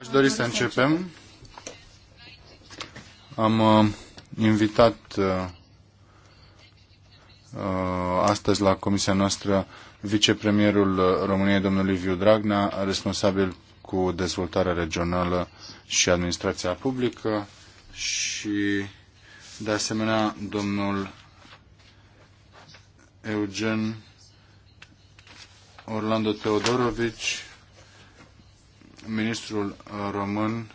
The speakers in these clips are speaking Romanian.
Aș dori să începem. Am uh, invitat uh, uh, astăzi la comisia noastră vicepremierul României, domnul Liviu Dragnea, responsabil cu dezvoltarea regională și administrația publică și de asemenea domnul Eugen Orlando Teodorovici, ministrul uh, român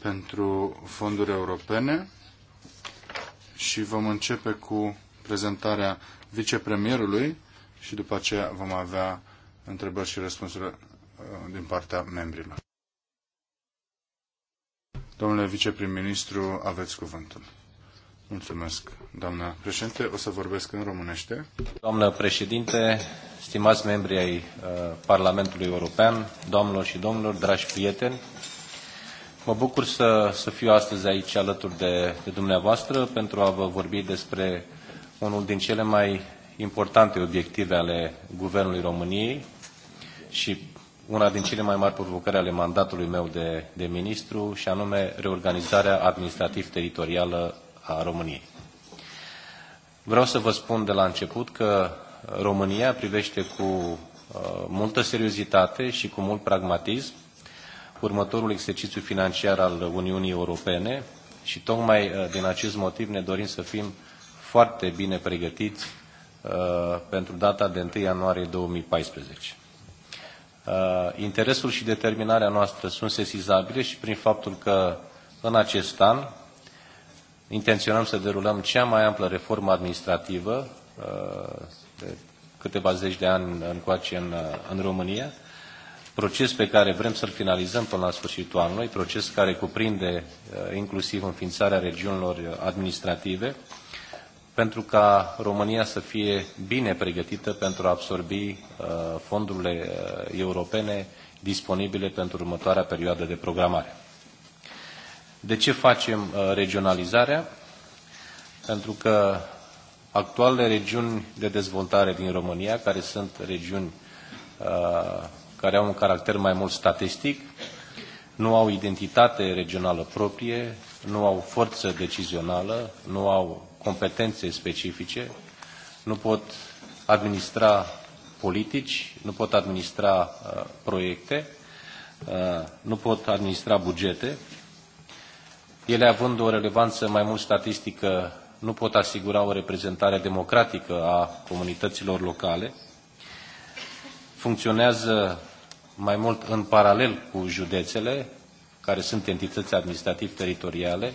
pentru fonduri europene și vom începe cu prezentarea vicepremierului și după aceea vom avea întrebări și răspunsuri uh, din partea membrilor. Domnule viceprim-ministru, aveți cuvântul. Mulțumesc, doamna președinte. O să vorbesc în românește. Doamnă președinte, stimați membri ai uh, Parlamentului European, doamnelor și domnilor, dragi prieteni, mă bucur să, să fiu astăzi aici alături de, de dumneavoastră pentru a vă vorbi despre unul din cele mai importante obiective ale Guvernului României și una din cele mai mari provocări ale mandatului meu de, de ministru, și anume reorganizarea administrativ-teritorială a României. Vreau să vă spun de la început că România privește cu uh, multă seriozitate și cu mult pragmatism următorul exercițiu financiar al Uniunii Europene și tocmai uh, din acest motiv ne dorim să fim foarte bine pregătiți uh, pentru data de 1 ianuarie 2014. Interesul și determinarea noastră sunt sesizabile și prin faptul că în acest an intenționăm să derulăm cea mai amplă reformă administrativă uh, de câteva zeci de ani încoace în, uh, în România, proces pe care vrem să-l finalizăm până la sfârșitul anului, proces care cuprinde uh, inclusiv înființarea regiunilor administrative, pentru ca România să fie bine pregătită pentru a absorbi fondurile europene disponibile pentru următoarea perioadă de programare. De ce facem uh, regionalizarea? Pentru că actualele regiuni de dezvoltare din România, care sunt regiuni uh, care au un caracter mai mult statistic, nu au identitate regională proprie, nu au forță decizională, nu au competențe specifice, nu pot administra politici, nu pot administra uh, proiecte, uh, nu pot administra bugete ele având o relevanță mai mult statistică, nu pot asigura o reprezentare democratică a comunităților locale, funcționează mai mult în paralel cu județele, care sunt entități administrativ-teritoriale,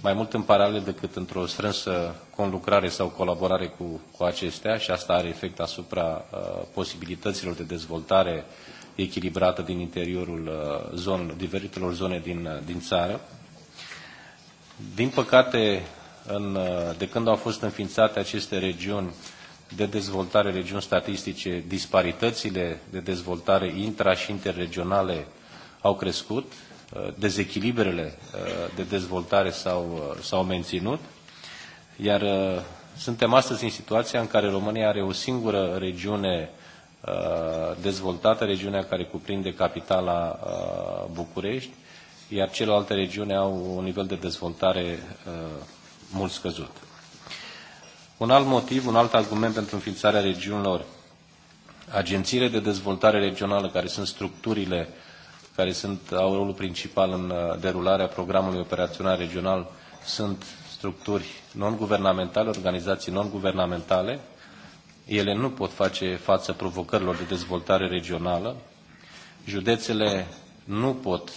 mai mult în paralel decât într-o strânsă conlucrare sau colaborare cu, cu acestea și asta are efect asupra uh, posibilităților de dezvoltare echilibrată din interiorul uh, diferitelor zone din, uh, din țară. Uh, din păcate, în, de când au fost înființate aceste regiuni de dezvoltare, regiuni statistice, disparitățile de dezvoltare intra- și interregionale au crescut, dezechilibrele uh, de dezvoltare s-au, uh, menținut, iar uh, suntem astăzi în situația în care România are o singură regiune dezvoltată, regiunea care cuprinde capitala București, iar celelalte regiuni au un nivel de dezvoltare uh, mult scăzut. Un alt motiv, un alt argument pentru înființarea regiunilor, agențiile de dezvoltare regională, care sunt structurile care sunt, au rolul principal în uh, derularea programului operațional regional, sunt structuri non-guvernamentale, organizații non-guvernamentale. Ele nu pot face față provocărilor de dezvoltare regională. Județele nu pot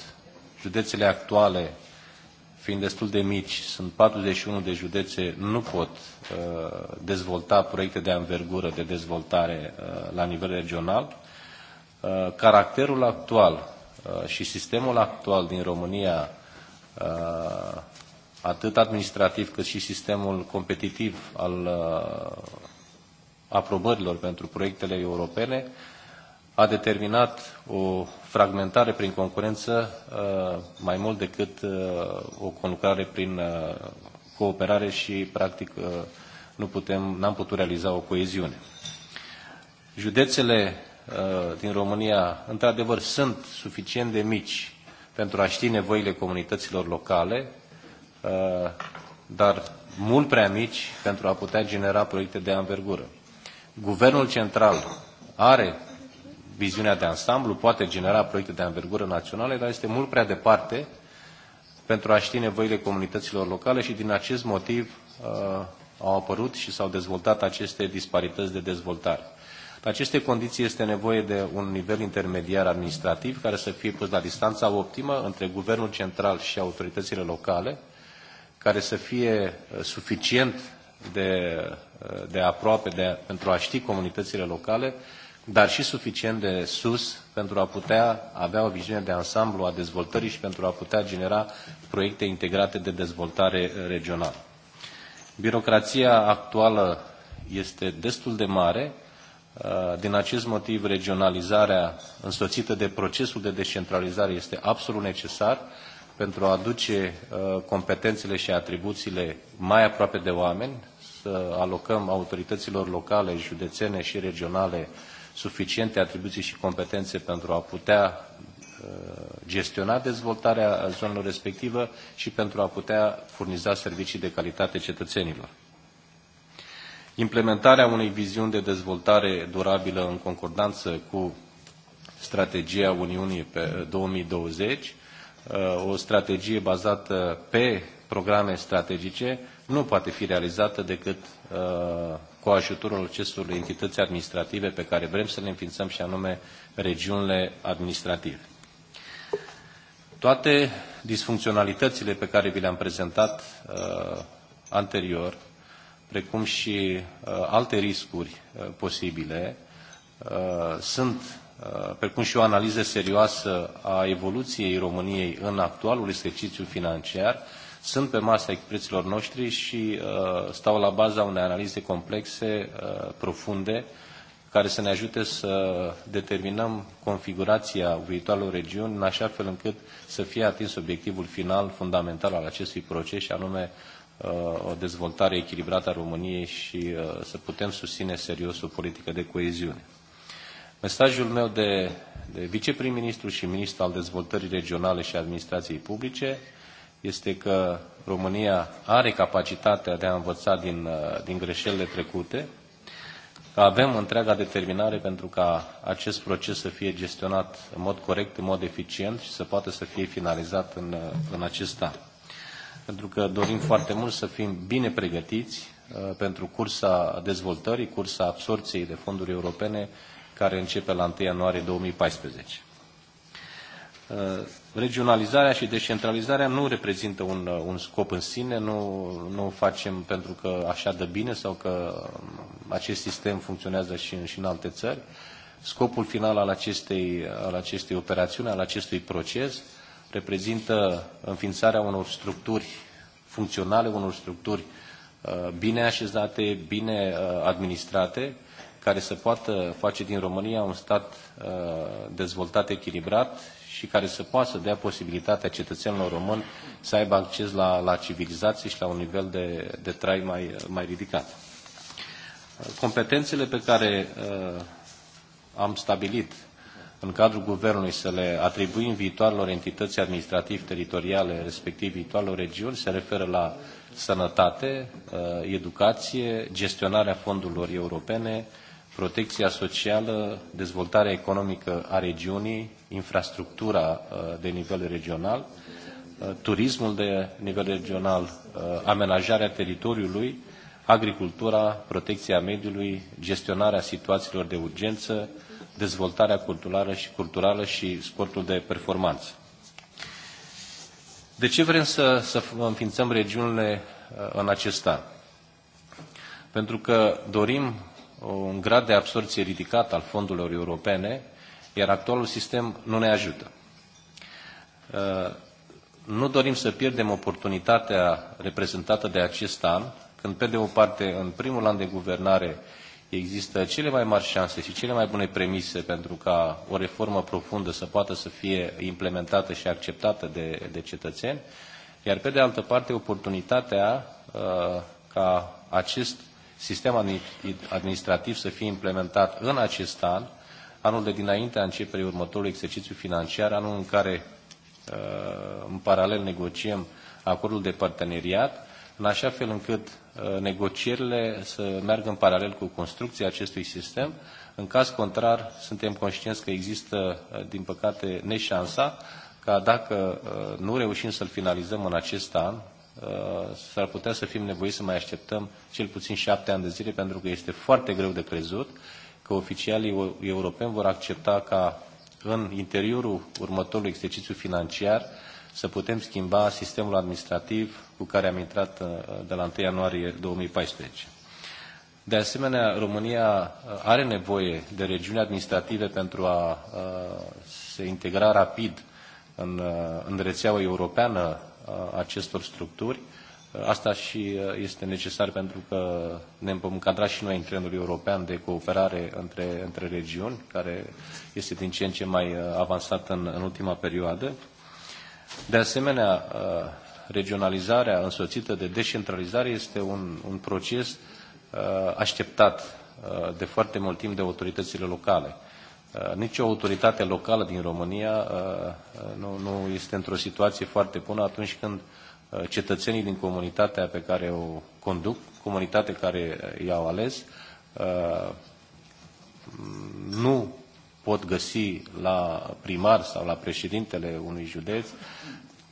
județele actuale, fiind destul de mici, sunt 41 de județe, nu pot uh, dezvolta proiecte de anvergură de dezvoltare uh, la nivel regional. Uh, caracterul actual și sistemul actual din România, atât administrativ cât și sistemul competitiv al aprobărilor pentru proiectele europene, a determinat o fragmentare prin concurență uh, mai mult decât uh, o conlucrare prin uh, cooperare și, practic, nu putem, n-am putut realiza o coeziune. Județele din România, într-adevăr, sunt suficient de mici pentru a ști nevoile comunităților locale, dar mult prea mici pentru a putea genera proiecte de anvergură. Guvernul central are viziunea de ansamblu, poate genera proiecte de anvergură naționale, dar este mult prea departe pentru a ști nevoile comunităților locale și din acest motiv uh, au apărut și s-au dezvoltat aceste disparități de dezvoltare. În aceste condiții este nevoie de un nivel intermediar administrativ care să fie pus la distanța optimă între guvernul central și autoritățile locale, care să fie uh, suficient de, uh, de aproape de, pentru a ști comunitățile locale, dar și suficient de sus pentru a putea avea o viziune de ansamblu a dezvoltării și pentru a putea genera proiecte integrate de dezvoltare regională. Birocrația actuală este destul de mare, uh, din acest motiv regionalizarea însoțită de procesul de descentralizare este absolut necesar pentru a aduce uh, competențele și atribuțiile mai aproape de oameni, să alocăm autorităților locale, județene și regionale suficiente atribuții și competențe pentru a putea uh, gestiona dezvoltarea zonelor respectivă și pentru a putea furniza servicii de calitate cetățenilor. Implementarea unei viziuni de dezvoltare durabilă în concordanță cu strategia Uniunii pe 2020, uh, uh, o strategie bazată pe programe strategice, nu poate fi realizată decât cu ajutorul acestor entități administrative pe care vrem să le înființăm și anume regiunile administrative. Toate disfuncționalitățile pe care vi le-am prezentat uh, anterior, precum și uh, alte riscuri uh, posibile, uh, sunt, uh, precum și o analiză serioasă a evoluției României în actualul exercițiu financiar, sunt pe masa experților noștri și uh, stau la baza unei analize complexe, uh, profunde, care să ne ajute să determinăm configurația viitoarelor regiuni în așa fel încât să fie atins obiectivul final, fundamental al acestui proces, și anume uh, o dezvoltare echilibrată a României și uh, să putem susține serios o politică de coeziune. Mesajul meu de, de viceprim-ministru și ministru al dezvoltării regionale și administrației publice este că România are capacitatea de a învăța din, uh, din greșelile trecute, că avem întreaga determinare pentru ca acest proces să fie gestionat în mod corect, în mod eficient și să poată să fie finalizat în, uh, în acest an. Pentru că dorim foarte mult să fim bine pregătiți uh, pentru cursa dezvoltării, cursa absorției de fonduri europene, care începe la 1 ianuarie 2014. Regionalizarea și descentralizarea nu reprezintă un, uh, un scop în sine, nu, nu o facem pentru că așa dă bine sau că um, acest sistem funcționează și în, și în alte țări. Scopul final al acestei, al acestei operațiuni, al acestui proces, reprezintă înființarea unor structuri funcționale, unor structuri uh, bine așezate, bine uh, administrate, care să poată face din România un stat dezvoltat, echilibrat și care să poată să dea posibilitatea cetățenilor români să aibă acces la, la civilizație și la un nivel de, de trai mai, mai ridicat. Competențele pe care uh, am stabilit în cadrul Guvernului să le atribuim viitoarelor entități administrative teritoriale respectiv viitoarelor regiuni, se referă la sănătate, uh, educație, gestionarea fondurilor europene, protecția socială, dezvoltarea economică a regiunii, infrastructura uh, de nivel regional, uh, turismul de nivel regional, uh, amenajarea teritoriului, agricultura, protecția mediului, gestionarea situațiilor de urgență, dezvoltarea culturală și, culturală și sportul de performanță. De ce vrem să, să înființăm regiunile în acest an? Pentru că dorim un grad de absorție ridicat al fondurilor europene, iar actualul sistem nu ne ajută. Uh, nu dorim să pierdem oportunitatea reprezentată de acest an, când, pe de o parte, în primul an de guvernare există cele mai mari șanse și cele mai bune premise pentru ca o reformă profundă să poată să fie implementată și acceptată de, de cetățeni, iar pe de altă parte oportunitatea uh, ca acest sistem administrativ să fie implementat în acest an anul de dinainte a începerii următorului exercițiu financiar, anul în care uh, în paralel negociem acordul de parteneriat, în așa fel încât uh, negocierile să meargă în paralel cu construcția acestui sistem. În caz contrar, suntem conștienți că există, uh, din păcate, neșansa ca dacă nu reușim să-l finalizăm în acest an, s-ar putea să fim nevoiți să mai așteptăm cel puțin șapte ani de zile, pentru că este foarte greu de crezut că oficialii europeni vor accepta ca în interiorul următorului exercițiu financiar să putem schimba sistemul administrativ cu care am intrat uh, de la 1 ianuarie 2014. De asemenea, România uh, are nevoie de regiuni administrative pentru a uh, se integra rapid în, în rețeaua europeană a acestor structuri Asta și uh, este necesar pentru că ne vom încadra și noi în trendul european de cooperare între, între regiuni, care este din ce în ce mai uh, avansat în, în ultima perioadă. De asemenea, uh, regionalizarea însoțită de descentralizare, este un, un proces așteptat de foarte mult timp de autoritățile locale. Nici o autoritate locală din România nu, nu este într-o situație foarte bună atunci când uh, Uh, cetățenii din comunitatea pe care o conduc, comunitate care i-au ales, uh, nu pot găsi la primar sau la președintele unui județ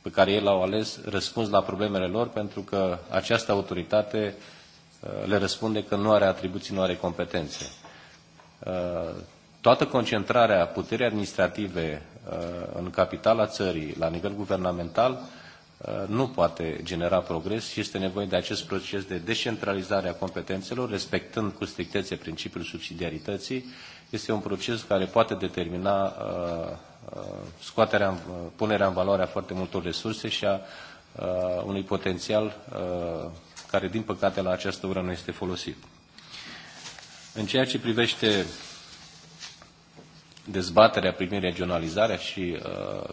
pe care ei l-au ales răspuns la problemele lor pentru că această autoritate uh, le răspunde că nu are atribuții, nu are competențe. Toată concentrarea puterii administrative în capitala țării, la nivel guvernamental, Uh, nu poate genera progres și este nevoie de acest proces de descentralizare a competențelor, respectând cu strictețe principiul subsidiarității. Este un proces care poate determina uh, uh, scoaterea, punerea în valoare a foarte multor resurse și a unui potențial care, din păcate, la această oră nu este folosit. În ceea ce privește dezbaterea primii regionalizarea și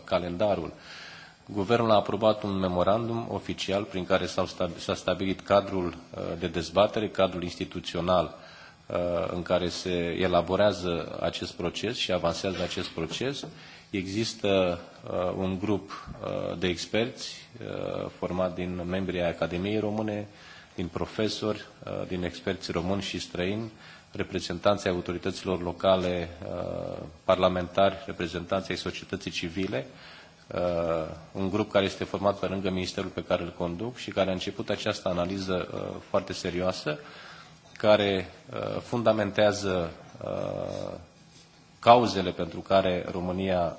calendarul, Guvernul a aprobat un memorandum oficial prin care s-a stabilit cadrul uh, de dezbatere, cadrul instituțional uh, în care se elaborează acest proces și avansează acest proces. Există uh, un grup de experți format din membrii Academiei Române, din profesori, din experți români și străini, reprezentanții autorităților locale, parlamentari, reprezentanții societății civile, Uh, un grup care este format pe lângă ministerul pe care îl conduc și care a început această analiză uh, foarte serioasă, care uh, fundamentează cauzele pentru care România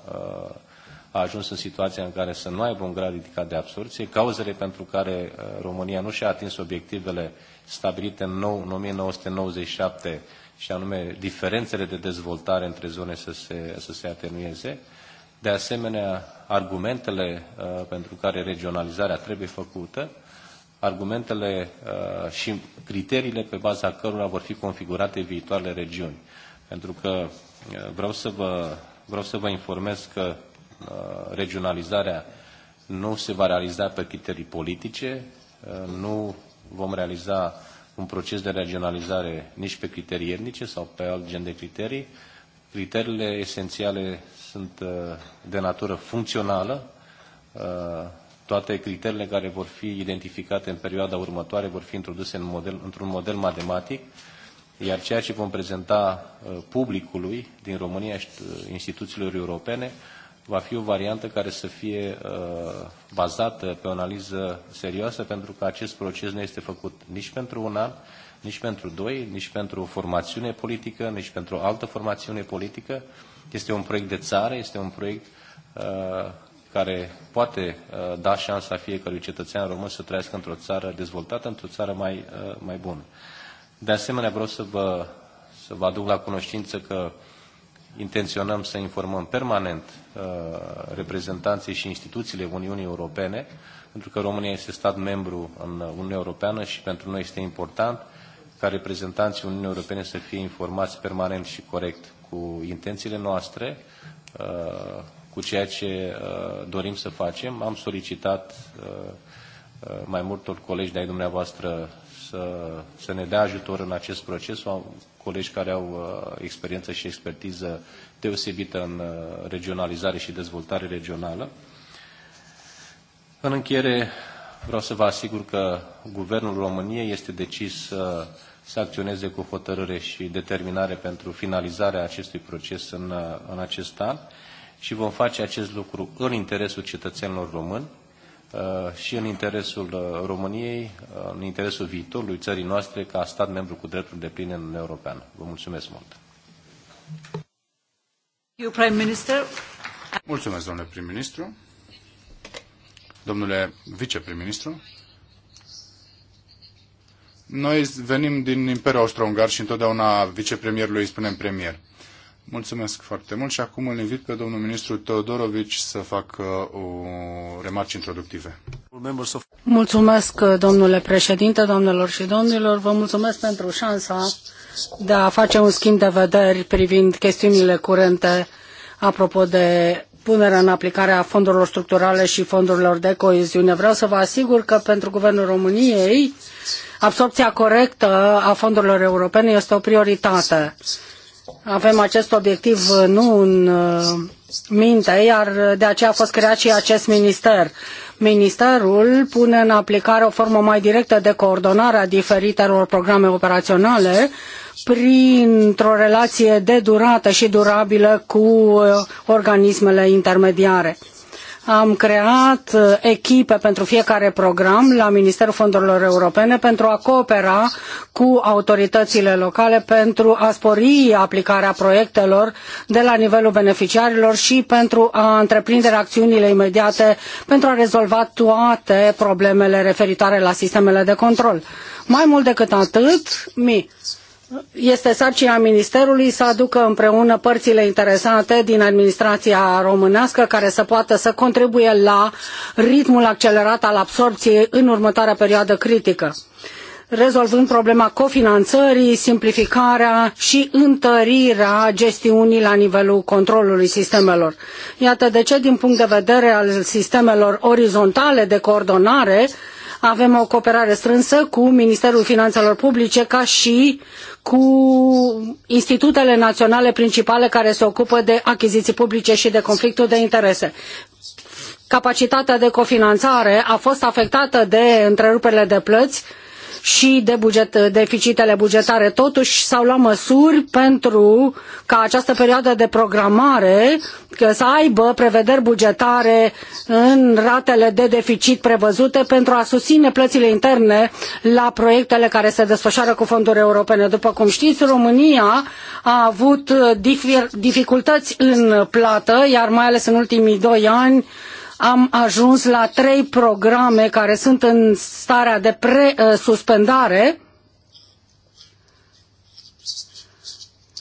a ajuns în situația în care să nu aibă un grad ridicat de absorție, cauzele pentru care România nu și-a atins obiectivele stabilite în, nou, în 1997 și anume diferențele de dezvoltare între zone să se, să se atenueze, de asemenea, argumentele uh, pentru care regionalizarea trebuie făcută, argumentele uh, și criteriile pe baza cărora vor fi configurate viitoarele regiuni. Pentru că uh, vreau să vă, vreau să vă informez că regionalizarea nu se va realiza pe criterii politice, nu vom realiza un proces de regionalizare nici pe criterii etnice sau pe alt gen de criterii. Criteriile esențiale sunt uh, de natură funcțională. Uh, toate criteriile care vor fi identificate în perioada următoare vor fi introduse în model, într-un model matematic, iar ceea ce vom prezenta uh, publicului din România și instituțiilor europene va fi o variantă care să fie bazată pe o analiză serioasă, pentru că acest proces nu este făcut nici pentru un an, nici pentru doi, nici pentru o formațiune politică, nici pentru o altă formațiune politică, este un proiect de țară, este un proiect uh, care poate uh, da șansa fiecărui cetățean român să trăiască într-o țară dezvoltată, într-o țară mai, uh, mai bună. De asemenea, vreau să vă, să vă aduc la cunoștință că intenționăm să informăm permanent uh, reprezentanții și instituțiile Uniunii Europene, pentru că România este stat membru în Uniunea Europeană și pentru noi este important ca reprezentanții Uniunii Europene să fie informați permanent și corect cu intențiile noastre, uh, cu ceea ce uh, dorim să facem. Am solicitat uh, mai multor colegi de-ai dumneavoastră să, să ne dea ajutor în acest proces. Am colegi care au experiență și expertiză deosebită în regionalizare și dezvoltare regională. În încheiere, vreau să vă asigur că Guvernul României este decis să să acționeze cu hotărâre și determinare pentru finalizarea acestui proces în, în acest an și vom face acest lucru în interesul cetățenilor români uh, și în interesul uh, României, uh, în interesul viitorului țării noastre ca stat membru cu dreptul de plin în Uniunea Europeană. Vă mulțumesc mult! Mulțumesc, domnule prim-ministru. Domnule viceprim-ministru, noi venim din Imperiul Austro-Ungar și întotdeauna vicepremierului îi spunem premier. Mulțumesc foarte mult și acum îl invit pe domnul ministru Teodorovici să facă o remarci introductive. Mulțumesc, domnule președinte, domnilor și domnilor. Vă mulțumesc pentru șansa de a face un schimb de vederi privind chestiunile curente apropo de punerea în aplicare a fondurilor structurale și fondurilor de coeziune. Vreau să vă asigur că pentru Guvernul României absorpția corectă a fondurilor europene este o prioritate. Avem acest obiectiv uh, nu în uh, minte, iar uh, de aceea a fost creat și acest minister. Ministerul pune în aplicare o formă mai directă de coordonare a diferitelor programe operaționale printr-o relație de durată și durabilă cu organismele intermediare. Am creat uh, echipe pentru fiecare program la Ministerul Fondurilor Europene pentru a coopera cu autoritățile locale pentru a spori aplicarea proiectelor de la nivelul beneficiarilor și pentru a întreprinde acțiunile imediate pentru a rezolva toate problemele referitoare la sistemele de control. Mai mult decât atât, mi este sarcina Ministerului să aducă împreună părțile interesate din administrația românească care să poată să contribuie la ritmul accelerat al absorpției în următoarea perioadă critică rezolvând problema cofinanțării, simplificarea și întărirea gestiunii la nivelul controlului sistemelor. Iată de ce, din punct de vedere al sistemelor orizontale de coordonare, avem o cooperare strânsă cu Ministerul Finanțelor Publice ca și cu institutele naționale principale care se ocupă de achiziții publice și de conflictul de interese capacitatea de cofinanțare a fost afectată de întreruperile de plăți și de buget, deficitele bugetare. Totuși s-au luat măsuri pentru ca această perioadă de programare că să aibă prevederi bugetare în ratele de deficit prevăzute pentru a susține plățile interne la proiectele care se desfășoară cu fonduri europene. După cum știți, România a avut dificultăți în plată, iar mai ales în ultimii doi ani am ajuns la trei programe care sunt în starea de pre-suspendare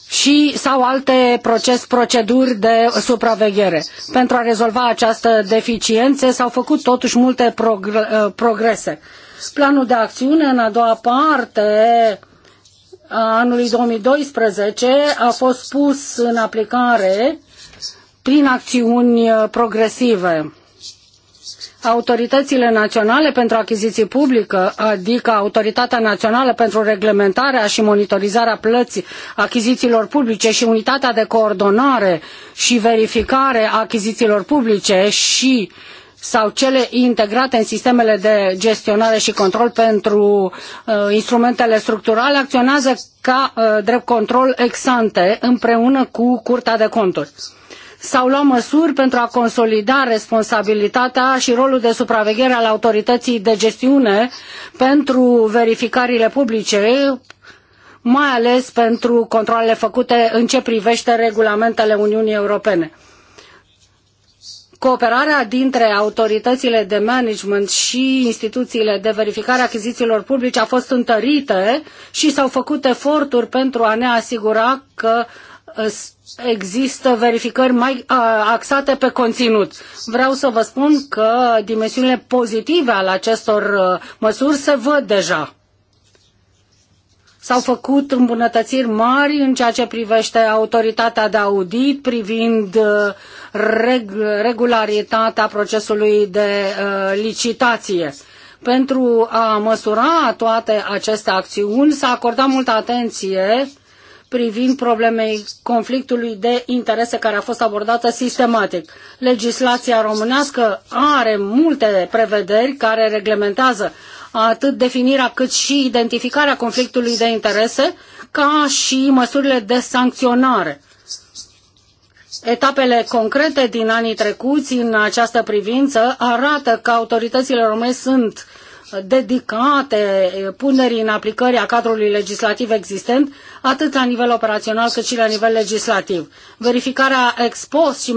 și sau alte proces, proceduri de supraveghere. Pentru a rezolva această deficiență s-au făcut totuși multe uh, progrese. Planul de acțiune în a doua parte a anului 2012 a fost pus în aplicare prin acțiuni uh, progresive autoritățile naționale pentru achiziții publică, adică Autoritatea Națională pentru Reglementarea și Monitorizarea Plății Achizițiilor Publice și Unitatea de Coordonare și Verificare a Achizițiilor Publice și sau cele integrate în sistemele de gestionare și control pentru uh, instrumentele structurale acționează ca uh, drept control ex ante împreună cu Curtea de Conturi s-au luat măsuri pentru a consolida responsabilitatea și rolul de supraveghere al autorității de gestiune pentru verificările publice, mai ales pentru controlele făcute în ce privește regulamentele Uniunii Europene. Cooperarea dintre autoritățile de management și instituțiile de verificare a achizițiilor publice a fost întărită și s-au făcut eforturi pentru a ne asigura că există verificări mai axate pe conținut. Vreau să vă spun că dimensiunile pozitive ale acestor uh, măsuri se văd deja. S-au făcut îmbunătățiri mari în ceea ce privește autoritatea de audit, privind uh, reg regularitatea procesului de uh, licitație. Pentru a măsura toate aceste acțiuni s-a acordat multă atenție privind problemei conflictului de interese care a fost abordată sistematic. Legislația românească are multe prevederi care reglementează atât definirea cât și identificarea conflictului de interese, ca și măsurile de sancționare. Etapele concrete din anii trecuți în această privință arată că autoritățile române sunt uh, dedicate punerii în aplicări a cadrului legislativ existent, atât la nivel operațional cât și la nivel legislativ. Verificarea ex post și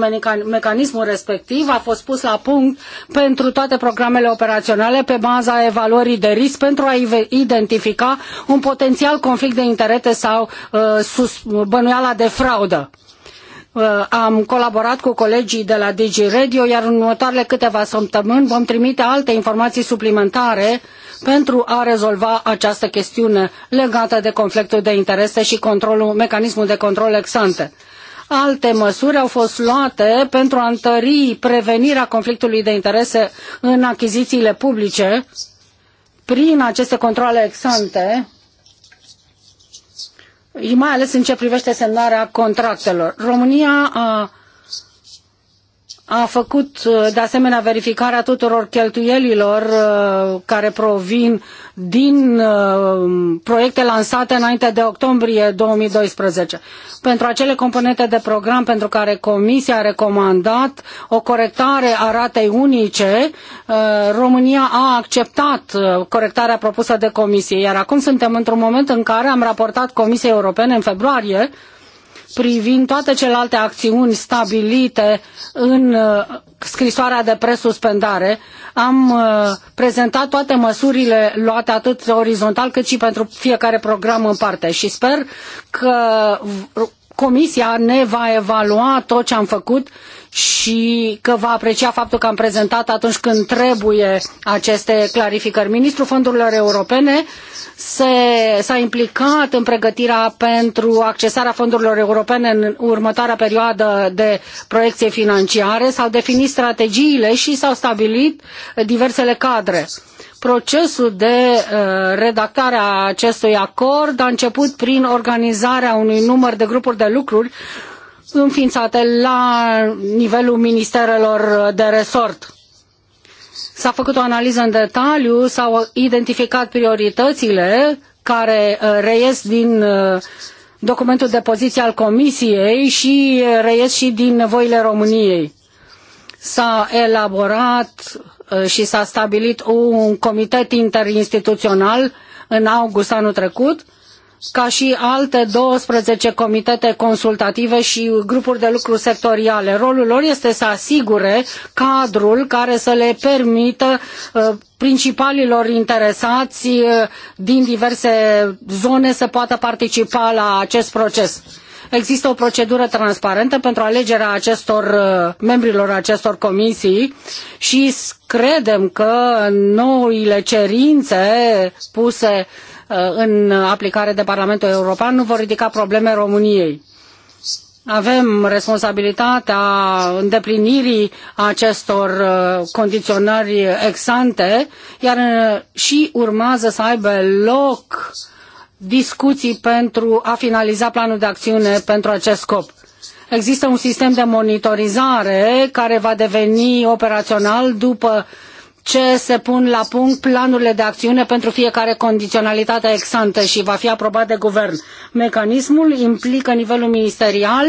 mecanismul respectiv a fost pus la punct pentru toate programele operaționale pe baza evaluării de risc pentru a identifica un potențial conflict de interese sau uh, sus, bănuiala de fraudă. Uh, am colaborat cu colegii de la DG Radio, iar în următoarele câteva săptămâni vom trimite alte informații suplimentare pentru a rezolva această chestiune legată de conflictul de interese și controlul, mecanismul de control ex-ante. Alte măsuri au fost luate pentru a întări prevenirea conflictului de interese în achizițiile publice prin aceste controle ex-ante mai ales în ce privește semnarea contractelor. România a a făcut uh, de asemenea verificarea tuturor cheltuielilor uh, care provin din uh, proiecte lansate înainte de octombrie 2012. Pentru acele componente de program pentru care Comisia a recomandat o corectare a ratei unice, România a acceptat corectarea propusă de Comisie, iar acum suntem într-un moment în care am raportat Comisiei Europene în februarie privind toate celelalte acțiuni stabilite în uh, scrisoarea de presuspendare. Am uh, prezentat toate măsurile luate atât orizontal cât și pentru fiecare program în parte și sper că Comisia ne va evalua tot ce am făcut și că va aprecia faptul că am prezentat atunci când trebuie aceste clarificări. Ministrul Fondurilor Europene s-a implicat în pregătirea pentru accesarea fondurilor europene în următoarea perioadă de proiecție financiare, s-au definit strategiile și s-au stabilit diversele cadre. Procesul de uh, redactare a acestui acord a început prin organizarea unui număr de grupuri de lucruri înființate la nivelul ministerelor de resort. S-a făcut o analiză în detaliu, s-au identificat prioritățile care uh, reies din uh, documentul de poziție al Comisiei și reies și din nevoile României. S-a elaborat Uh, și s-a stabilit un comitet interinstituțional în august anul trecut, ca și alte 12 comitete consultative și grupuri de lucru sectoriale. Rolul lor este să asigure cadrul care să le permită uh, principalilor interesați uh, din diverse zone să poată participa la acest proces Există o procedură transparentă pentru alegerea acestor uh, membrilor acestor comisii și credem că noile cerințe puse uh, în aplicare de Parlamentul European nu vor ridica probleme României avem responsabilitatea îndeplinirii acestor uh, condiționări ex ante, iar și urmează să aibă loc discuții pentru a finaliza planul de acțiune pentru acest scop. Există un sistem de monitorizare care va deveni operațional după ce se pun la punct planurile de acțiune pentru fiecare condiționalitate exantă și va fi aprobat de guvern. Mecanismul implică nivelul ministerial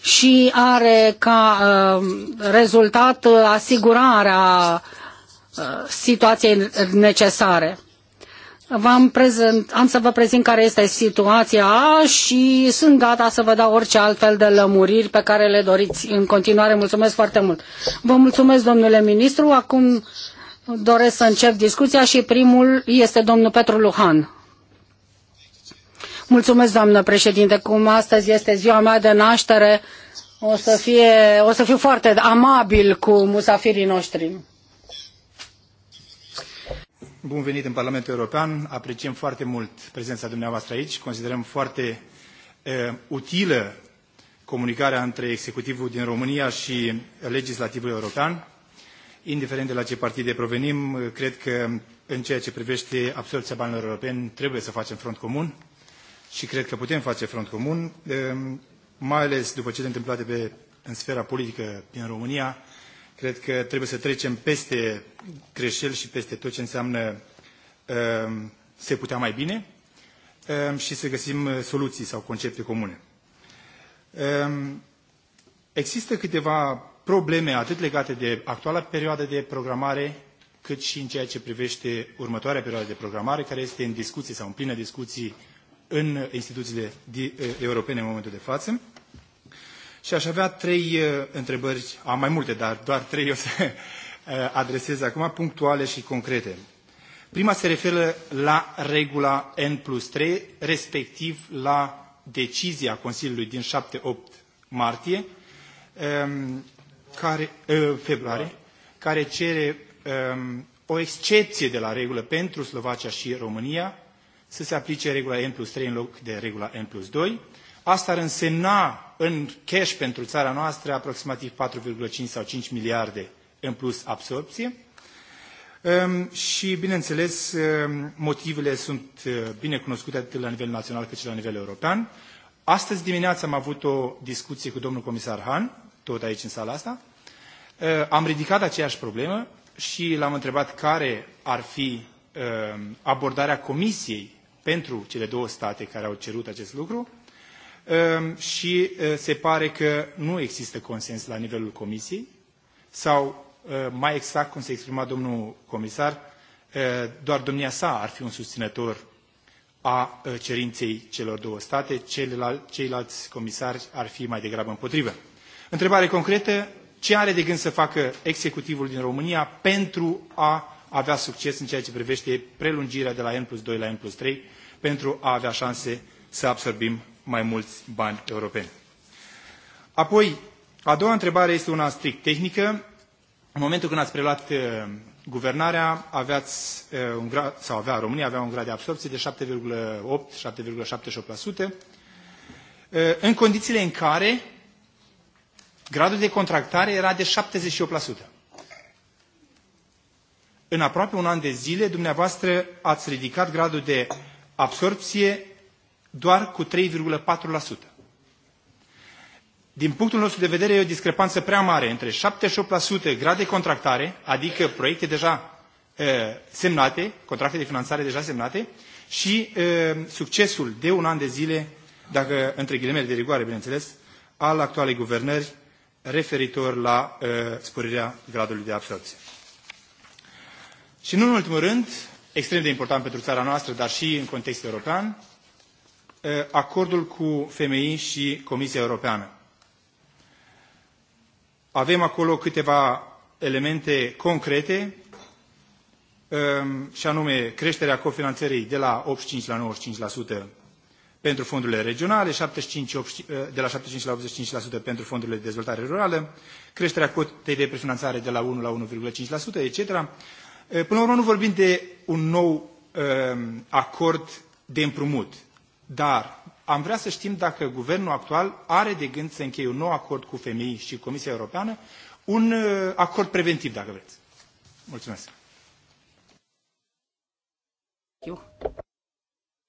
și are ca uh, rezultat asigurarea uh, situației necesare. V-am prezent, am să vă prezint care este situația și sunt gata să vă dau orice altfel de lămuriri pe care le doriți. În continuare, mulțumesc foarte mult. Vă mulțumesc, domnule ministru. Acum doresc să încep discuția și primul este domnul Petru Luhan. Mulțumesc, doamnă președinte. Cum astăzi este ziua mea de naștere, o să, fie, o să fiu foarte amabil cu musafirii noștri. Bun venit în Parlamentul European. Apreciem foarte mult prezența dumneavoastră aici. Considerăm foarte uh, utilă comunicarea între executivul din România și legislativul european. Indiferent de la ce partide provenim, cred că în ceea ce privește absorbția banilor europeni trebuie să facem front comun și cred că putem face front comun, mai ales după ce a întâmplat pe, în sfera politică din România, Cred că trebuie să trecem peste greșeli și peste tot ce înseamnă ehm, se putea mai bine ehm, și să găsim eh, soluții sau concepte comune. Ehm, există câteva probleme atât legate de actuala perioadă de programare, cât și în ceea ce privește următoarea perioadă de programare, care este în discuție sau în plină discuții în instituțiile eh, europene în momentul de față. Și aș avea trei uh, întrebări, am mai multe, dar doar trei o să uh, adresez acum, punctuale și concrete. Prima se referă la regula N plus 3, respectiv la decizia Consiliului din 7-8 martie, um, care, uh, februarie, care cere um, o excepție de la regulă pentru Slovacia și România, să se aplice regula N plus 3 în loc de regula N plus 2. Asta ar însemna în cash pentru țara noastră aproximativ 4,5 sau 5 miliarde în plus absorpție. Ehm, și, bineînțeles, ehm, motivele sunt eh, bine cunoscute atât la nivel național cât și la nivel european. Astăzi dimineața am avut o discuție cu domnul comisar Han, tot aici în sala asta. Eh, am ridicat aceeași problemă și l-am întrebat care ar fi ehm, abordarea comisiei pentru cele două state care au cerut acest lucru Ehm, și se pare că nu există consens la nivelul comisiei sau, mai exact, cum se exprima domnul comisar, doar domnia sa ar fi un susținător a cerinței celor două state, ceilalți comisari ar fi mai degrabă împotrivă. Întrebare concretă, ce are de gând să facă executivul din România pentru a avea succes în ceea ce privește prelungirea de la N plus 2 la N plus 3 pentru a avea șanse să absorbim mai mulți bani europeni. Apoi, a doua întrebare este una strict tehnică. În momentul când ați preluat uh, guvernarea, aveați uh, un grad, sau avea România, avea un grad de absorpție de 7,8-7,78%, uh, în condițiile în care gradul de contractare era de 78%. În aproape un an de zile, dumneavoastră ați ridicat gradul de absorpție doar cu 3,4%. Din punctul nostru de vedere, e o discrepanță prea mare între 78% și de contractare, adică proiecte deja semnate, contracte de finanțare deja semnate, și succesul de un an de zile, dacă între ghilimele de rigoare, bineînțeles, al actualei guvernări referitor la uh, sporirea gradului de absorpție. Și nu în ultimul rând, extrem de important pentru țara noastră, dar și în context european, acordul cu FMI și Comisia Europeană. Avem acolo câteva elemente concrete, și anume creșterea cofinanțării de la 85 la 95% pentru fondurile regionale, 75, de la 75 la 85% pentru fondurile de dezvoltare rurală, creșterea cotei de prefinanțare de la 1 la 1,5%, etc. Până la urmă nu vorbim de un nou acord de împrumut, dar am vrea să știm dacă guvernul actual are de gând să încheie un nou acord cu FMI și Comisia Europeană, un uh, acord preventiv, dacă vreți. Mulțumesc.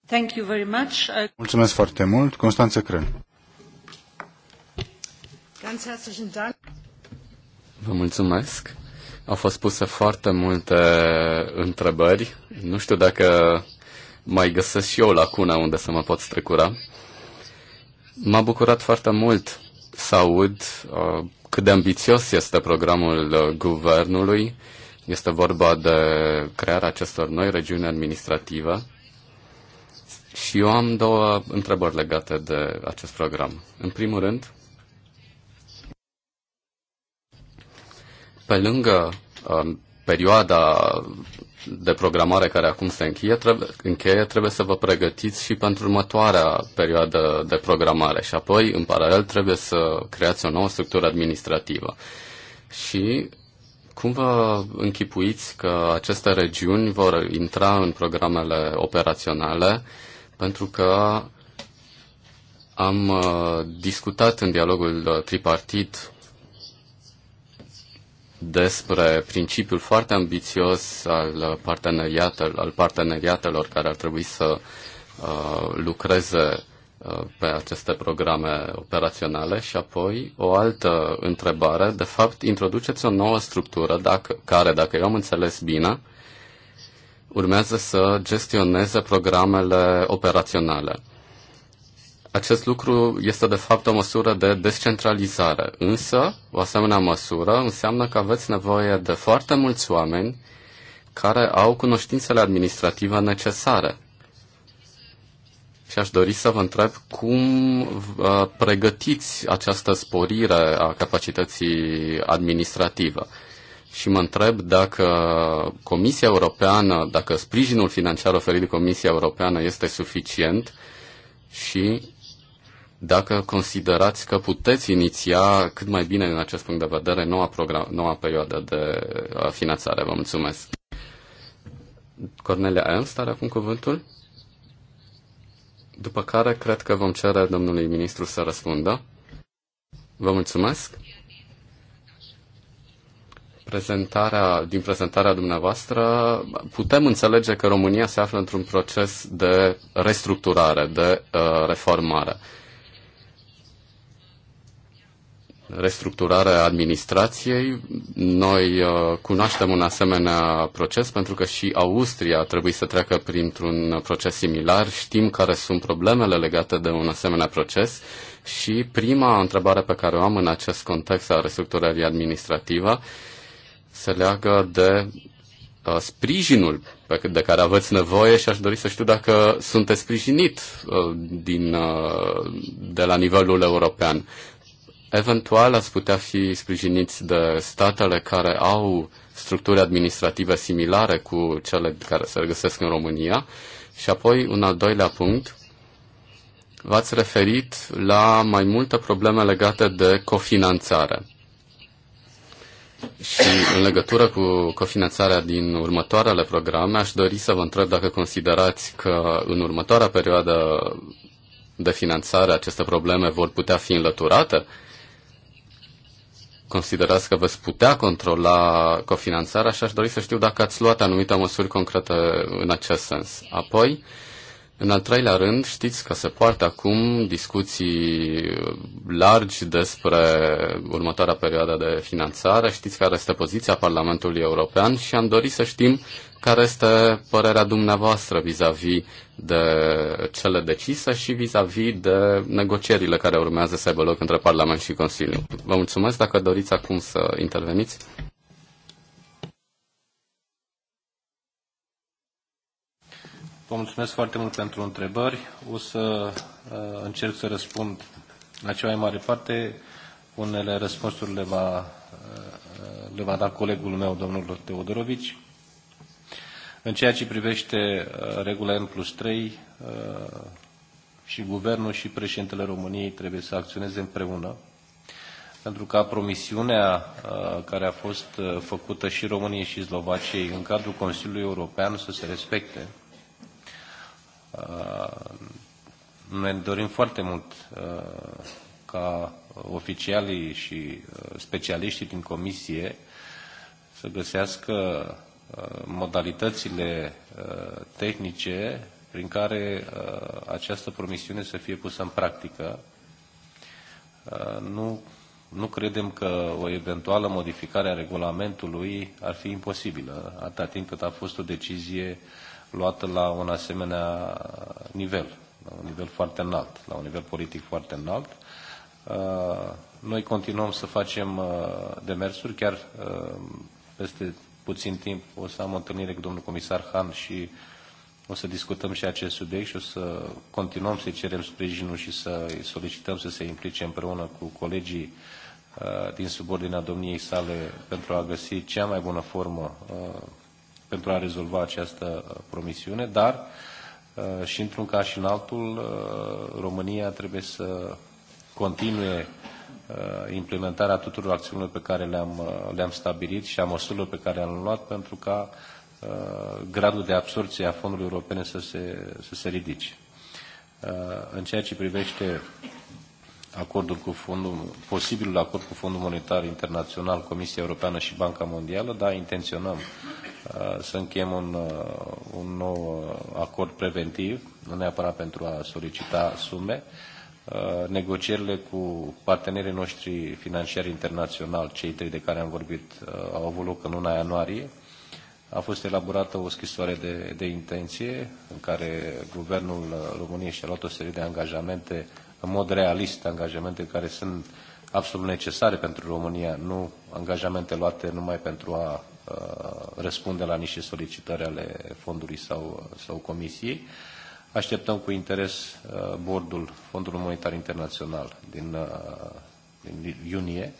Thank you very much. Uh, mulțumesc foarte mult. Constanță Crân. Vă mulțumesc. Au fost puse foarte multe întrebări. Nu știu dacă mai găsesc și eu lacuna unde să mă pot strecura. M-a bucurat foarte mult să aud uh, cât de ambițios este programul uh, guvernului. Este vorba de crearea acestor noi regiuni administrative. Și eu am două întrebări legate de acest program. În primul rând, pe lângă uh, perioada de programare care acum se încheie trebuie, încheie, trebuie să vă pregătiți și pentru următoarea perioadă de programare și apoi, în paralel, trebuie să creați o nouă structură administrativă. Și cum vă închipuiți că aceste regiuni vor intra în programele operaționale? Pentru că am uh, discutat în dialogul tripartit despre principiul foarte ambițios al, parteneriatel, al parteneriatelor care ar trebui să uh, lucreze uh, pe aceste programe operaționale și apoi o altă întrebare. De fapt, introduceți o nouă structură dacă, care, dacă eu am înțeles bine, urmează să gestioneze programele operaționale. Acest lucru este de fapt o măsură de descentralizare, însă o asemenea măsură înseamnă că aveți nevoie de foarte mulți oameni care au cunoștințele administrative necesare. Și aș dori să vă întreb cum uh, pregătiți această sporire a capacității administrative. Și mă întreb dacă Comisia Europeană, dacă sprijinul financiar oferit de Comisia Europeană este suficient și dacă considerați că puteți iniția cât mai bine în acest punct de vedere noua, program, noua perioadă de uh, finanțare. Vă mulțumesc. Cornelia Ernst are acum cuvântul. După care cred că vom cere domnului ministru să răspundă. Vă mulțumesc. Prezentarea, din prezentarea dumneavoastră putem înțelege că România se află într-un proces de restructurare, de uh, reformare. Uh, restructurare a administrației. Noi uh, cunoaștem un asemenea proces pentru că și Austria trebuie să treacă printr-un proces similar. Știm care sunt problemele legate de un asemenea proces și prima întrebare pe care o am în acest context a restructurării administrative se leagă de uh, sprijinul de care aveți nevoie și aș dori să știu dacă sunteți sprijinit uh, din, de la nivelul european. Eventual ați putea fi sprijiniți de statele care au structuri administrative similare cu cele care se regăsesc în România. Și apoi, un al doilea punct, v-ați referit la mai multe probleme legate de cofinanțare. Și în legătură cu cofinanțarea din următoarele programe, aș dori să vă întreb dacă considerați că în următoarea perioadă de finanțare aceste probleme vor putea fi înlăturate considerați că veți putea controla cofinanțarea și aș dori să știu dacă ați luat anumite măsuri concrete în acest sens. Apoi, în al treilea rând, știți că se poartă acum discuții largi despre următoarea perioadă de finanțare, știți care este poziția Parlamentului European și am dorit să știm uh, care este părerea dumneavoastră vis-a-vis -vis de cele decise și vis-a-vis -vis de negocierile care urmează să aibă loc între Parlament și Consiliu. Vă mulțumesc dacă doriți acum să interveniți. Vă mulțumesc foarte mult pentru întrebări. O să uh, încerc să răspund la cea mai mare parte. Unele răspunsuri le va, uh, le va da colegul meu, domnul Teodorovici. În ceea ce privește uh, regula N plus 3, uh, și guvernul și președintele României trebuie să acționeze împreună, pentru ca promisiunea uh, care a fost făcută și României și Slovaciei în cadrul Consiliului European să se respecte. Ne dorim foarte mult ca oficialii și specialiștii din comisie să găsească Uh, modalitățile uh, tehnice prin care uh, această promisiune să fie pusă în practică. Nu, nu credem că o eventuală modificare a regulamentului ar fi imposibilă, atâta timp cât a fost o decizie luată la un asemenea nivel, la un nivel foarte înalt, la un nivel politic foarte înalt. Noi continuăm să facem demersuri, chiar peste puțin timp o să am o întâlnire cu domnul comisar Han și o să discutăm și acest subiect și o să continuăm să-i cerem sprijinul și să solicităm să se implice împreună cu colegii uh, din subordinea domniei sale pentru a găsi cea mai bună formă uh, pentru a rezolva această promisiune, dar uh, și într-un caz și în altul, România trebuie să continue Uh, implementarea tuturor acțiunilor pe care le-am, uh, le stabilit și a măsurilor pe care le-am luat pentru ca uh, gradul de absorție a fondurilor europene să se, să se ridice. În ceea ce privește acordul cu fondul, posibilul acord cu Fondul Monetar Internațional, Comisia Europeană și Banca Mondială, da, intenționăm să încheiem un, un nou acord preventiv, nu neapărat pentru a solicita sume, Uh, negocierile cu partenerii noștri financiari internaționali, cei trei de care am vorbit, uh, au avut loc în luna ianuarie. A fost elaborată o scrisoare de, de intenție în care Guvernul uh, României și-a luat o serie de angajamente, în mod realist, angajamente care sunt absolut necesare pentru România, nu angajamente luate numai pentru a, răspunde la niște solicitări ale fondului sau, sau comisiei. Așteptăm cu interes uh, bordul Fondului Monetar Internațional din, uh, din iunie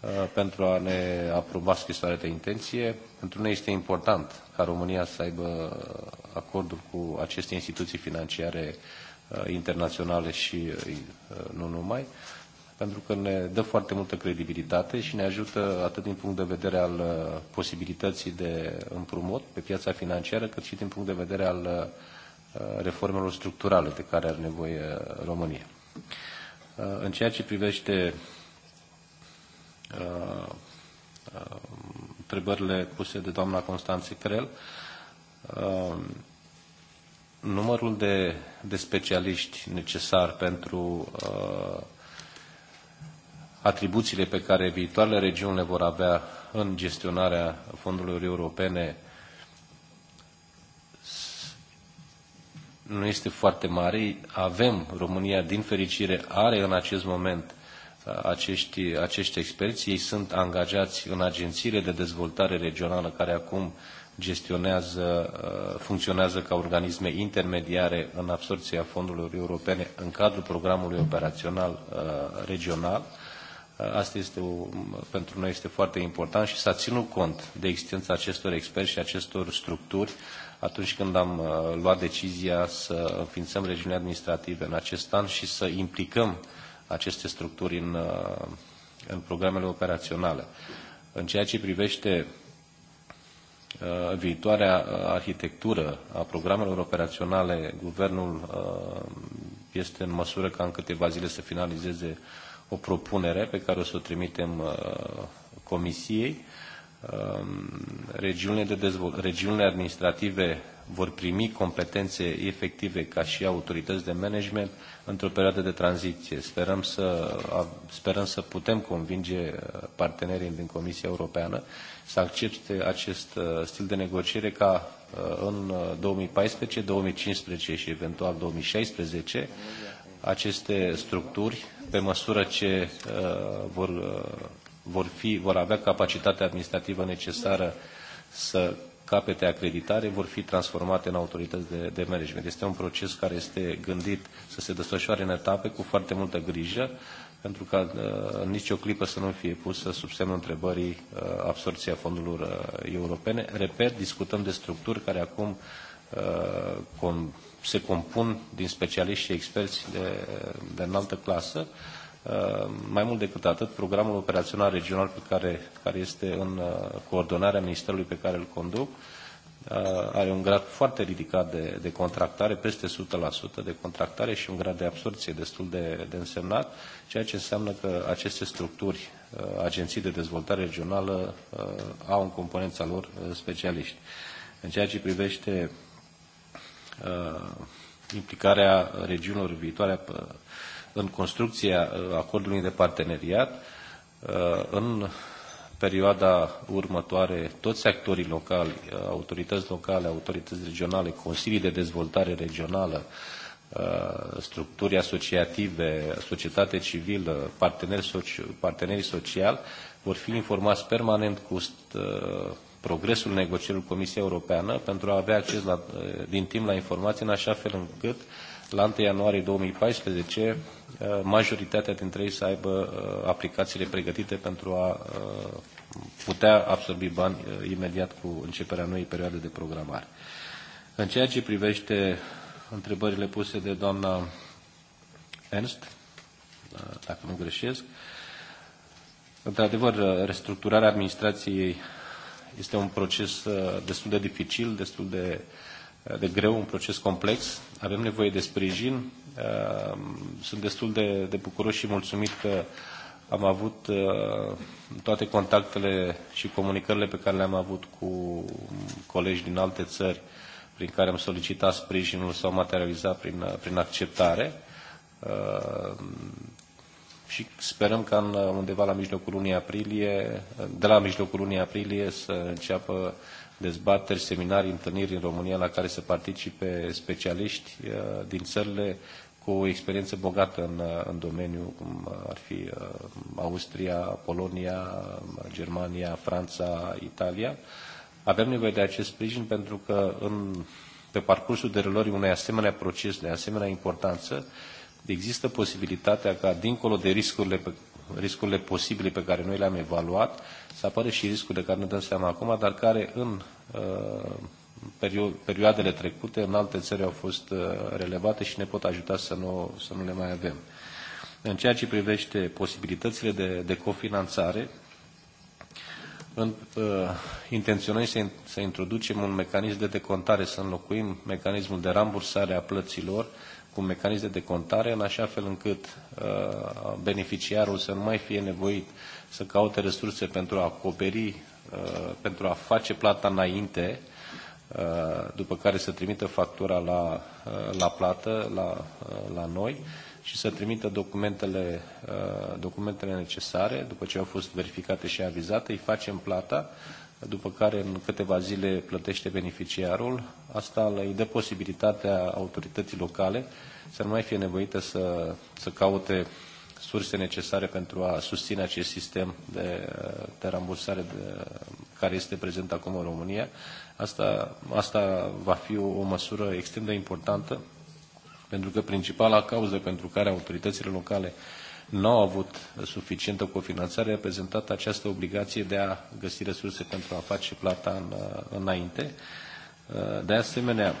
uh, pentru a ne aproba scrisoarea de intenție. Pentru noi este important ca România să aibă acordul cu aceste instituții financiare internaționale și nu numai, pentru că ne dă foarte multă credibilitate și ne ajută atât din punct de vedere al posibilității de împrumut pe piața financiară, cât și din punct de vedere al Uh, reformelor structurale de care are nevoie uh, România. Uh, în ceea ce privește întrebările puse de doamna Constanțe Crel, numărul de, de specialiști necesar pentru atribuțiile pe care viitoarele regiuni le vor avea în gestionarea fondurilor europene nu este foarte mare. Avem, România, din fericire, are în acest moment uh, acești, acești experți. Ei sunt angajați în agențiile de dezvoltare regională care acum gestionează, uh, funcționează ca organisme intermediare în absorția fondurilor europene în cadrul programului operațional uh, regional. Asta este o, pentru noi este foarte important și s-a ținut cont de existența acestor experți și acestor structuri atunci când am uh, luat decizia să înființăm regiunile administrative în acest an și să implicăm aceste structuri în, uh, în programele operaționale. În ceea ce privește uh, viitoarea arhitectură a programelor operaționale, guvernul este în măsură ca în câteva zile să finalizeze o propunere pe care o să o trimitem Comisiei Um, regiunile, de dezvol- regiunile administrative vor primi competențe efective ca și autorități de management într-o perioadă de tranziție. Sperăm să, sperăm să putem convinge uh, partenerii din Comisia Europeană să accepte acest uh, stil de negociere ca uh, în 2014, 2015 și eventual 2016 aceste structuri, pe măsură ce vor vor, fi, vor avea capacitatea administrativă necesară să capete acreditare, vor fi transformate în autorități de, de management. Este un proces care este gândit să se desfășoare în etape cu foarte multă grijă, pentru ca nici uh, nicio clipă să nu fie pusă sub semnul întrebării uh, absorția fondurilor uh, europene. Repet, discutăm de structuri care acum se compun din specialiști și experți de, de înaltă clasă, Uh, mai mult decât atât, programul operațional regional pe care, care este în uh, coordonarea ministerului pe care îl conduc, uh, are un grad foarte ridicat de, de contractare, peste 100% de contractare și un grad de absorție destul de, de însemnat, ceea ce înseamnă că aceste structuri, agenții de dezvoltare regională, au în componența lor specialiști. În ceea ce privește implicarea regiunilor viitoare în construcția uh, acordului de parteneriat. Uh, în perioada următoare, toți actorii locali, uh, autorități locale, autorități regionale, consilii de dezvoltare regională, structuri asociative, societate civilă, parteneri, soci, partenerii sociali, vor fi informați permanent cu progresul negocierilor Comisiei Europeană pentru a avea acces la, din timp la informații în așa fel încât uh, la 1 ianuarie 2014 uh, majoritatea dintre ei să aibă uh, aplicațiile pregătite pentru a uh, putea absorbi bani imediat cu începerea noii perioade de programare. În ceea ce privește întrebările puse de doamna Ernst, dacă nu greșesc, într-adevăr, restructurarea administrației este un proces destul de dificil, destul de uh, de greu, un proces complex. Avem nevoie de sprijin. Ehm, sunt destul de, de bucuros și mulțumit că am avut ehm, toate contactele și comunicările pe care le-am avut cu colegi din alte țări prin care am solicitat sprijinul sau materializat prin, prin acceptare. Ehm, și sperăm că undeva la mijlocul lunii aprilie, de la mijlocul lunii aprilie să înceapă dezbateri, seminarii, întâlniri în România la care să participe specialiști uh, din țările cu o experiență bogată în, uh, în domeniu, cum uh, ar fi Austria, Polonia, Germania, Franța, Italia. Avem nevoie de acest sprijin pentru că în, pe parcursul derulării unei asemenea proces de asemenea importanță, există posibilitatea ca, dincolo de riscurile pe riscurile posibile pe care noi le-am evaluat, să apară și riscul de care ne dăm seama acum, dar care în uh, perio perioadele trecute în alte țări au fost uh, relevate și ne pot ajuta să nu, să nu le mai avem. În ceea ce privește posibilitățile de, de cofinanțare, în, uh, intenționăm să, in, să introducem un mecanism de decontare, să înlocuim mecanismul de rambursare a plăților cu mecanisme de contare, în așa fel încât uh, beneficiarul să nu mai fie nevoit să caute resurse pentru a acoperi, uh, pentru a face plata înainte, uh, după care să trimită factura la, uh, la plată, la, uh, la noi, și să trimită documentele, uh, documentele necesare, după ce au fost verificate și avizate, îi facem plata după care în câteva zile plătește beneficiarul. Asta îi dă posibilitatea autorității locale să nu mai fie nevoită să, să caute surse necesare pentru a susține acest sistem de, de rambursare de, care este prezent acum în România. Asta, asta va fi o, o măsură extrem de importantă, pentru că principala cauză pentru care autoritățile locale uh, nu au avut suficientă cofinanțare, a prezentat această obligație de a găsi resurse pentru a face plata în, uh, înainte. Uh, de asemenea,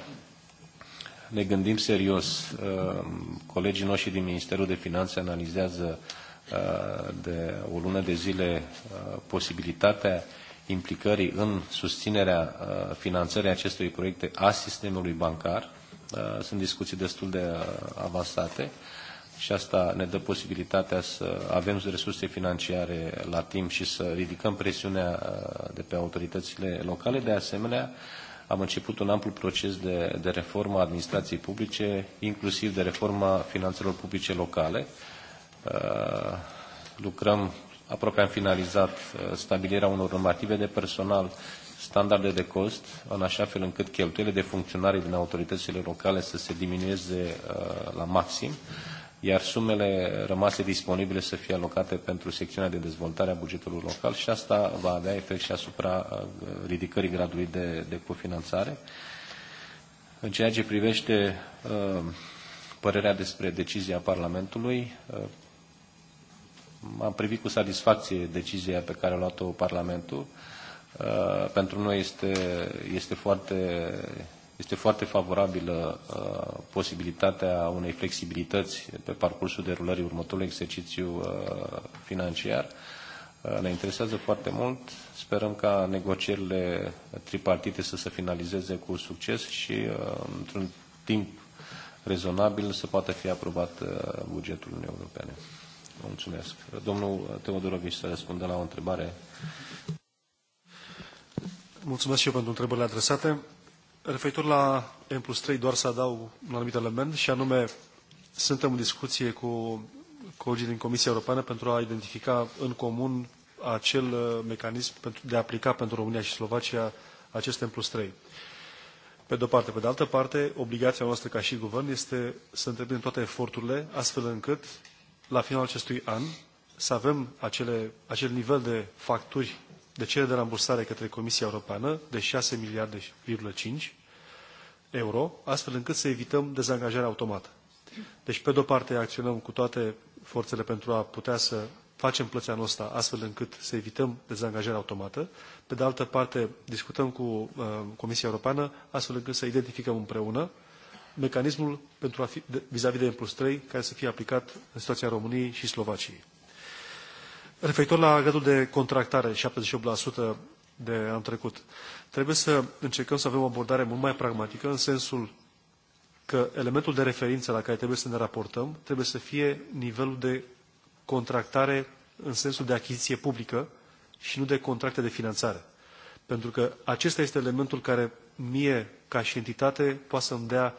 ne gândim serios. Uh, colegii noștri din Ministerul de Finanțe analizează de o lună de zile posibilitatea implicării în susținerea finanțării acestui proiecte a sistemului bancar. Sunt discuții destul de avansate și asta ne dă posibilitatea să avem resurse financiare la timp și să ridicăm presiunea uh, de pe autoritățile locale. De asemenea, am început un amplu proces de, de reformă a administrației publice, inclusiv de reforma finanțelor publice locale. Uh, lucrăm, aproape am finalizat uh, stabilirea unor normative de personal, standarde de cost, în așa fel încât cheltuielile de funcționare din autoritățile locale să se diminueze la maxim. Uh, iar sumele rămase disponibile să fie alocate pentru secțiunea de dezvoltare a bugetului local și asta va avea efect și asupra uh, ridicării gradului de, de cofinanțare. În ceea ce privește uh, părerea despre decizia Parlamentului, uh, am privit cu satisfacție decizia pe care a luat-o Parlamentul. pentru noi este, este foarte este foarte favorabilă uh, posibilitatea unei flexibilități pe parcursul derulării următorului exercițiu uh, financiar. Uh, ne interesează foarte mult. Sperăm ca negocierile tripartite să se finalizeze cu succes și într-un timp rezonabil să poată fi aprobat bugetul Uniunii Europene. mulțumesc. Domnul Teodorovici să răspundă la o întrebare. Mulțumesc și eu pentru întrebările adresate. Referitor la M plus 3, doar să adaug un anumit element și anume suntem în discuție cu colegii din Comisia Europeană pentru a identifica în comun acel uh, mecanism de a aplica pentru România și Slovacia acest M plus 3. Pe de-o parte. Pe de altă parte, obligația noastră ca și guvern este să întreprindem toate eforturile, astfel încât, la finalul acestui an, să avem acele, acel nivel de facturi de cele de rambursare către Comisia Europeană de 6 miliarde,5 euro, astfel încât să evităm dezangajarea automată. Deci, pe de-o parte, acționăm cu toate forțele pentru a putea să facem plăția noastră, astfel încât să evităm dezangajarea automată. Pe de altă parte, discutăm cu uh, Comisia Europeană, astfel încât să identificăm împreună mecanismul pentru a vis de, vis -vis de M plus 3, care să fie aplicat în situația României și Slovaciei. Referitor la gradul de contractare, 78% de an trecut, trebuie să încercăm să avem o abordare mult mai pragmatică în sensul că elementul de referință la care trebuie să ne raportăm trebuie să fie nivelul de contractare în sensul de achiziție publică și nu de contracte de finanțare. Pentru că acesta este elementul care mie, ca și entitate, poate să-mi dea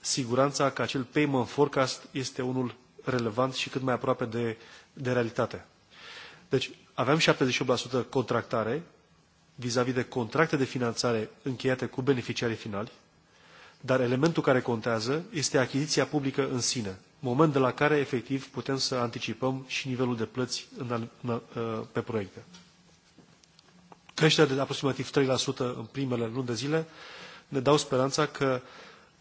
siguranța că acel payment forecast este unul relevant și cât mai aproape de, de realitate. Deci aveam 78% contractare vis-a-vis -vis de contracte de finanțare încheiate cu beneficiarii finali, dar elementul care contează este achiziția publică în sine, moment de la care efectiv putem să anticipăm și nivelul de plăți în, în, ă, pe proiecte. Creșterea de aproximativ 3% în primele luni de zile ne dau speranța că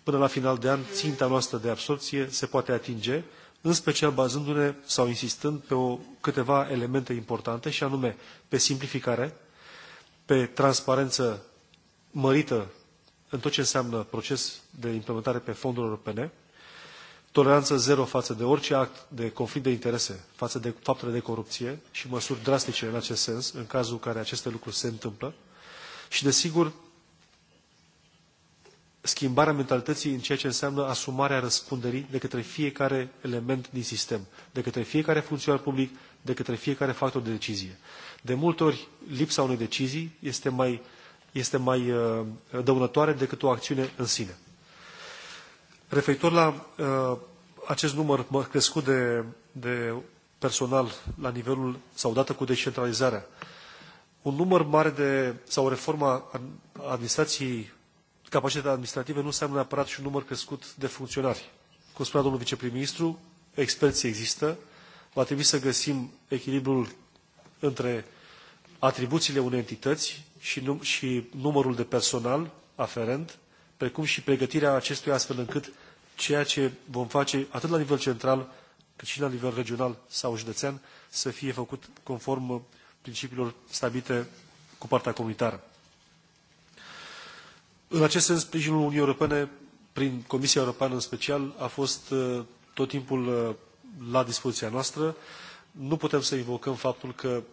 până la final de an ținta noastră de absorție se poate atinge în special bazându-ne sau insistând pe o, câteva elemente importante, și anume pe simplificare, pe transparență mărită în tot ce înseamnă proces de implementare pe fonduri europene, toleranță zero față de orice act de conflict de interese, față de faptele de corupție și măsuri drastice în acest sens, în cazul în care aceste lucruri se întâmplă, și, desigur, schimbarea mentalității în ceea ce înseamnă asumarea răspunderii de către fiecare element din sistem, de către fiecare funcționar public, de către fiecare factor de decizie. De multe ori, lipsa unei decizii este mai, este mai uh, dăunătoare decât o acțiune în sine. Referitor la uh, acest număr crescut de, de personal la nivelul sau dată cu descentralizarea, un număr mare de, sau reforma administrației capacitatea administrativă nu înseamnă neapărat și un număr crescut de funcționari. Cum spunea domnul viceprim-ministru, experții există, va trebui să găsim echilibrul între atribuțiile unei entități și, num și numărul de personal aferent, precum și pregătirea acestui astfel încât ceea ce vom face atât la nivel central, cât și la nivel regional sau județean, să fie făcut conform uh, principiilor stabilite cu partea comunitară. În acest sens, sprijinul Uniunii Europene, prin Comisia Europeană în special, a fost uh, tot timpul uh, la dispoziția noastră. Nu putem să invocăm faptul că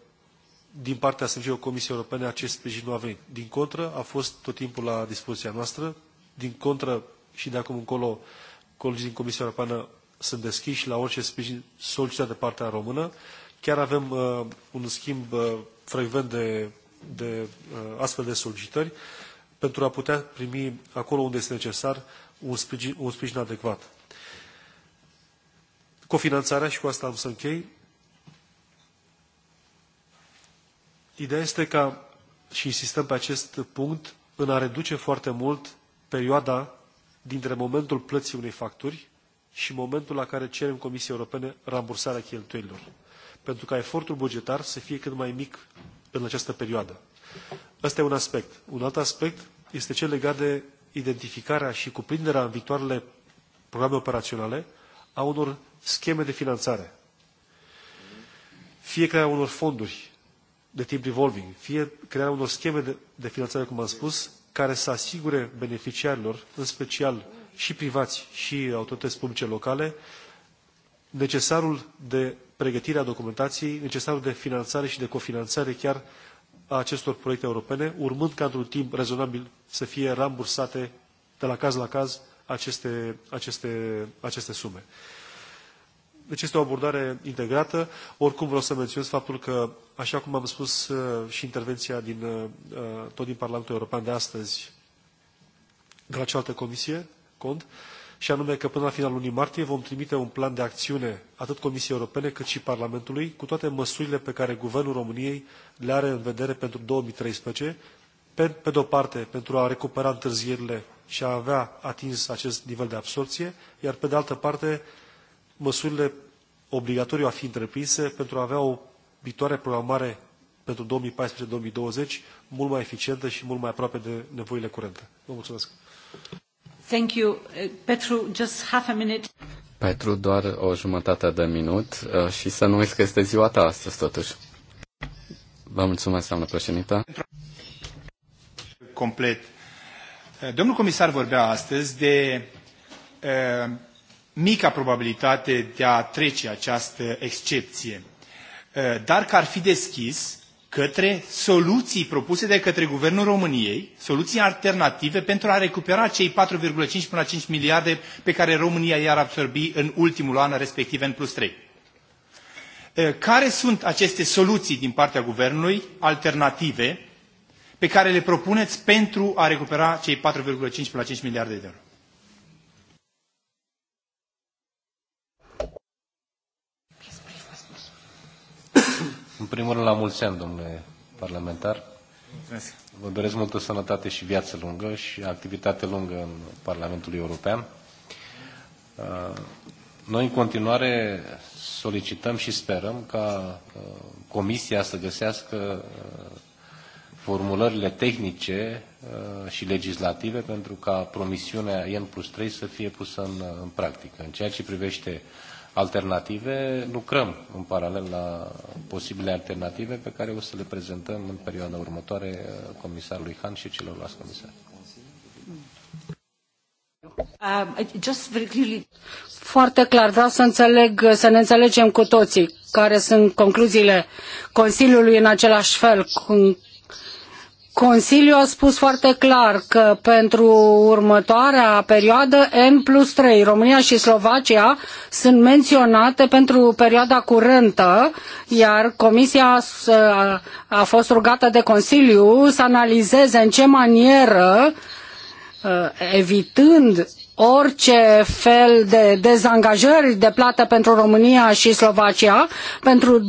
din partea SNG-ului Comisiei Europene acest sprijin nu a venit. Din contră, a fost tot timpul la dispoziția noastră. Din contră, și de acum încolo, colegii din Comisia Europeană sunt deschiși la orice sprijin solicitat de partea română. Chiar avem uh, un schimb uh, frecvent de, de uh, astfel de solicitări. Uh, pentru a putea primi acolo unde este necesar un sprijin, un sprijin adecvat. Cofinanțarea, și cu asta am să închei, ideea este ca, și insistăm pe acest punct, în a reduce foarte mult perioada dintre momentul plății unei facturi și momentul la care cerem Comisiei Europene rambursarea cheltuielilor, pentru ca efortul bugetar să fie cât mai mic în această perioadă. Ăsta e un aspect. Un alt aspect este cel legat de identificarea și cuprinderea în viitoarele programe operaționale a unor scheme de finanțare. Fie crearea unor fonduri de tip revolving, fie crearea unor scheme de, de finanțare, cum am spus, care să asigure beneficiarilor, în special și privați și autorități publice locale, necesarul de pregătire a documentației, necesarul de finanțare și de cofinanțare chiar a acestor proiecte europene, urmând ca într-un timp rezonabil să fie rambursate de la caz la caz aceste, aceste, aceste sume. Deci este o abordare integrată. Oricum vreau să menționez faptul că, așa cum am spus uh, și intervenția din, uh, uh, tot din Parlamentul European de astăzi, de la cealaltă comisie, cont, și anume că până la finalul lunii martie vom trimite un plan de acțiune atât Comisiei Europene cât și Parlamentului cu toate măsurile pe care Guvernul României le are în vedere pentru 2013, pe, pe de-o parte pentru a recupera întârzierile și a avea atins acest nivel de absorție, iar pe de altă parte măsurile obligatoriu a fi întreprinse pentru a avea o viitoare programare pentru 2014-2020 mult mai eficientă și mult mai aproape de nevoile curente. Vă mulțumesc! Thank you. Uh, Petru, just half a minute. Petru, doar o jumătate de minut uh, și să nu uiți că este ziua ta astăzi, totuși. Vă mulțumesc, doamnă președintă. Complet. Uh, domnul comisar vorbea astăzi de mica probabilitate de a trece această excepție, dar că ar fi deschis către soluții propuse de către Guvernul României, soluții alternative pentru a recupera cei 4,5 până la 5 miliarde pe care România i-ar absorbi în ultimul an, respectiv în plus 3. Care sunt aceste soluții din partea Guvernului, alternative, pe care le propuneți pentru a recupera cei 4,5 până la 5 miliarde de euro? În primul rând, la mulți ani, domnule parlamentar. Vă doresc multă sănătate și viață lungă și activitate lungă în Parlamentul European. Uh, noi, în continuare, solicităm și sperăm ca uh, Comisia să găsească uh, formulările tehnice și legislative pentru ca promisiunea IN plus 3 să fie pusă în, în practică. În ceea ce privește alternative, lucrăm în paralel la posibile alternative pe care o să le prezentăm în perioada următoare uh, comisarului Han și celorlalți comisari. Um, Foarte clar, vreau să înțeleg, să ne înțelegem cu toții care sunt concluziile Consiliului în același fel, Consiliul a spus foarte clar că pentru următoarea perioadă N plus 3, România și Slovacia sunt menționate pentru perioada curentă, iar Comisia uh, a fost rugată de Consiliu să analizeze în ce manieră, uh, evitând orice fel de dezangajări de plată pentru România și Slovacia pentru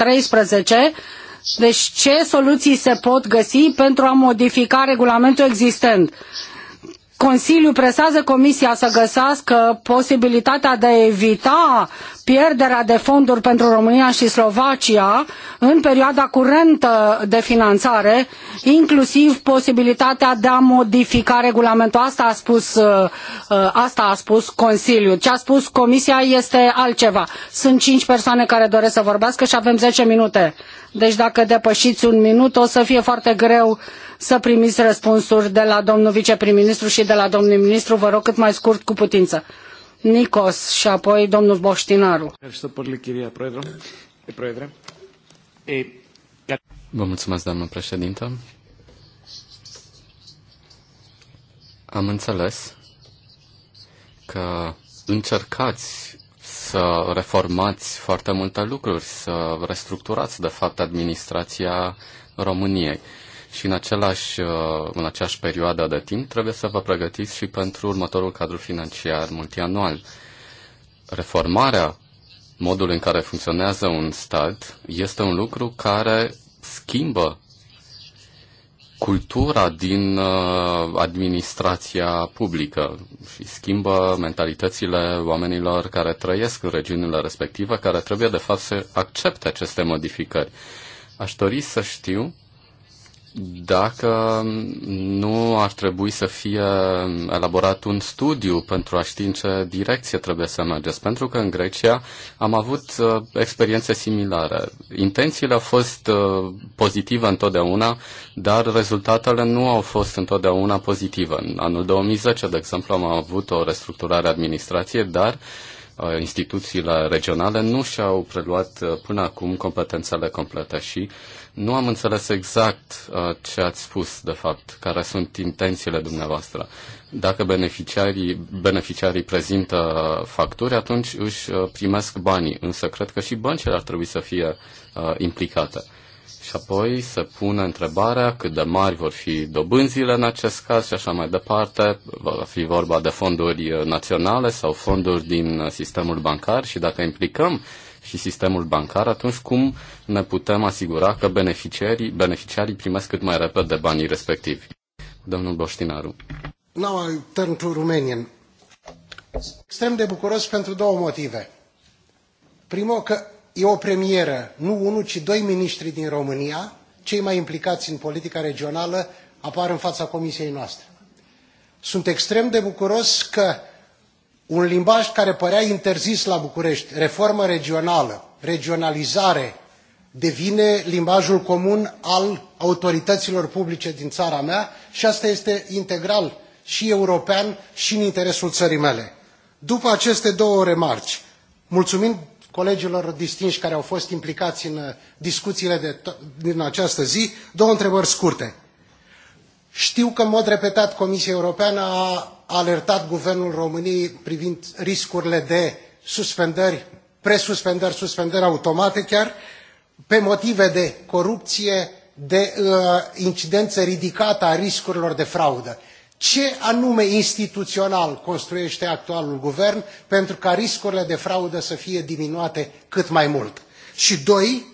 2007-2013, deci ce soluții se pot găsi pentru a modifica regulamentul existent? Consiliul presează Comisia să găsească posibilitatea de a evita pierderea de fonduri pentru România și Slovacia în perioada curentă de finanțare, inclusiv posibilitatea de a modifica regulamentul. Asta a spus, uh, uh, asta a spus Consiliul. Ce a spus Comisia este altceva. Sunt cinci persoane care doresc să vorbească și avem zece minute. Deci dacă depășiți un minut, o să fie foarte greu să primiți răspunsuri de la domnul viceprim-ministru și de la domnul ministru. Vă rog cât mai scurt cu putință. Nicos și apoi domnul Boștinaru. Vă mulțumesc, doamnă președintă. Am înțeles că încercați să reformați foarte multe lucruri, să restructurați, de fapt, administrația României și în, același, uh, în aceeași perioadă de timp trebuie să vă pregătiți și pentru următorul cadru financiar multianual. Reformarea modului în care funcționează un stat este un lucru care schimbă cultura din uh, administrația publică și schimbă mentalitățile oamenilor care trăiesc în regiunile respective, care trebuie de fapt să accepte aceste modificări. Aș dori să știu dacă nu ar trebui să fie elaborat un studiu pentru a ști în ce direcție trebuie să mergeți, pentru că în Grecia am avut uh, experiențe similare. Intențiile au fost uh, pozitive întotdeauna, dar rezultatele nu au fost întotdeauna pozitive. În anul 2010, de exemplu, am avut o restructurare a administrației, dar uh, Uh, instituțiile regionale nu și-au preluat uh, până acum competențele complete și nu am înțeles exact uh, ce ați spus, de fapt, care sunt intențiile dumneavoastră. Dacă beneficiarii, beneficiarii prezintă facturi, atunci își primesc banii, însă cred că și băncile ar trebui să fie implicate. Și apoi se pune întrebarea cât de mari vor fi dobânzile în acest caz și așa mai departe. Va fi vorba de fonduri uh, naționale sau fonduri din uh, sistemul bancar și dacă implicăm și sistemul bancar, atunci cum ne putem asigura că beneficiarii, beneficiarii primesc cât mai repede banii respectivi? Domnul Boștinaru. Now I turn to Romanian. Extrem de bucuros pentru două motive. Primul, că e o premieră, nu unul, ci doi miniștri din România, cei mai implicați în politica regională, apar în fața comisiei noastre. Sunt extrem de bucuros că un limbaj care părea interzis la București, reformă regională, regionalizare, devine limbajul comun al autorităților publice din țara mea și asta este integral și european și în interesul țării mele. După aceste două remarci, mulțumim colegilor distinși care au fost implicați în uh, discuțiile de din această zi, două întrebări scurte. Știu că în mod repetat Comisia Europeană a alertat Guvernul României privind riscurile de suspendări, presuspendări, suspendări automate chiar, pe motive de corupție, de uh, incidență ridicată a riscurilor de fraudă ce anume instituțional construiește actualul guvern pentru ca riscurile de fraudă să fie diminuate cât mai mult? Și doi,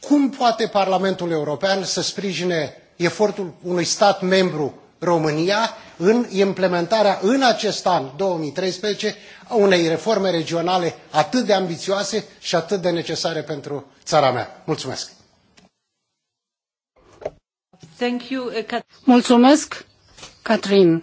cum poate Parlamentul European să sprijine efortul unui stat membru România în implementarea în acest an 2013 a unei reforme regionale atât de ambițioase și atât de necesare pentru țara mea. Mulțumesc! Mulțumesc! Catherine.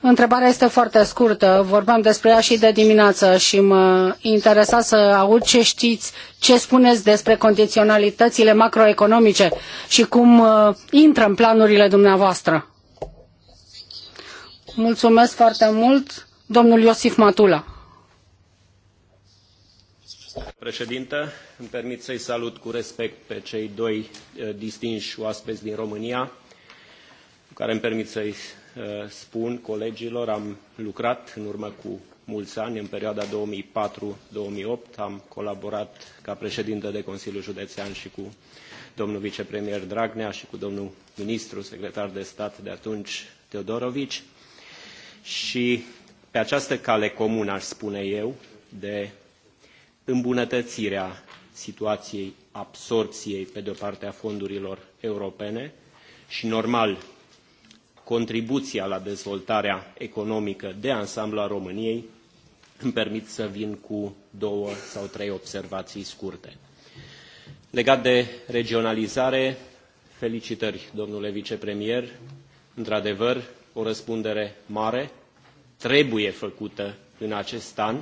Întrebarea este foarte scurtă, vorbeam despre ea și de dimineață și mă interesa să aud ce știți, ce spuneți despre condiționalitățile macroeconomice și cum uh, intră în planurile dumneavoastră. Mulțumesc foarte mult, domnul Iosif Matula. Președintă, îmi permit să-i salut cu respect pe cei doi uh, distinși oaspeți din România care îmi permit să-i uh, spun colegilor, am lucrat în urmă cu mulți ani, în perioada 2004-2008, am colaborat ca președinte de Consiliul Județean și cu domnul vicepremier Dragnea și cu domnul ministru, secretar de stat de atunci, Teodorovici. Și pe această cale comună, aș spune eu, de îmbunătățirea situației absorpției, pe de-o parte, a fondurilor europene și, normal, contribuția la dezvoltarea economică de ansamblu a României, îmi permit să vin cu două sau trei observații scurte. Legat de regionalizare, felicitări, domnule vicepremier, într-adevăr, o răspundere mare, trebuie făcută în acest an,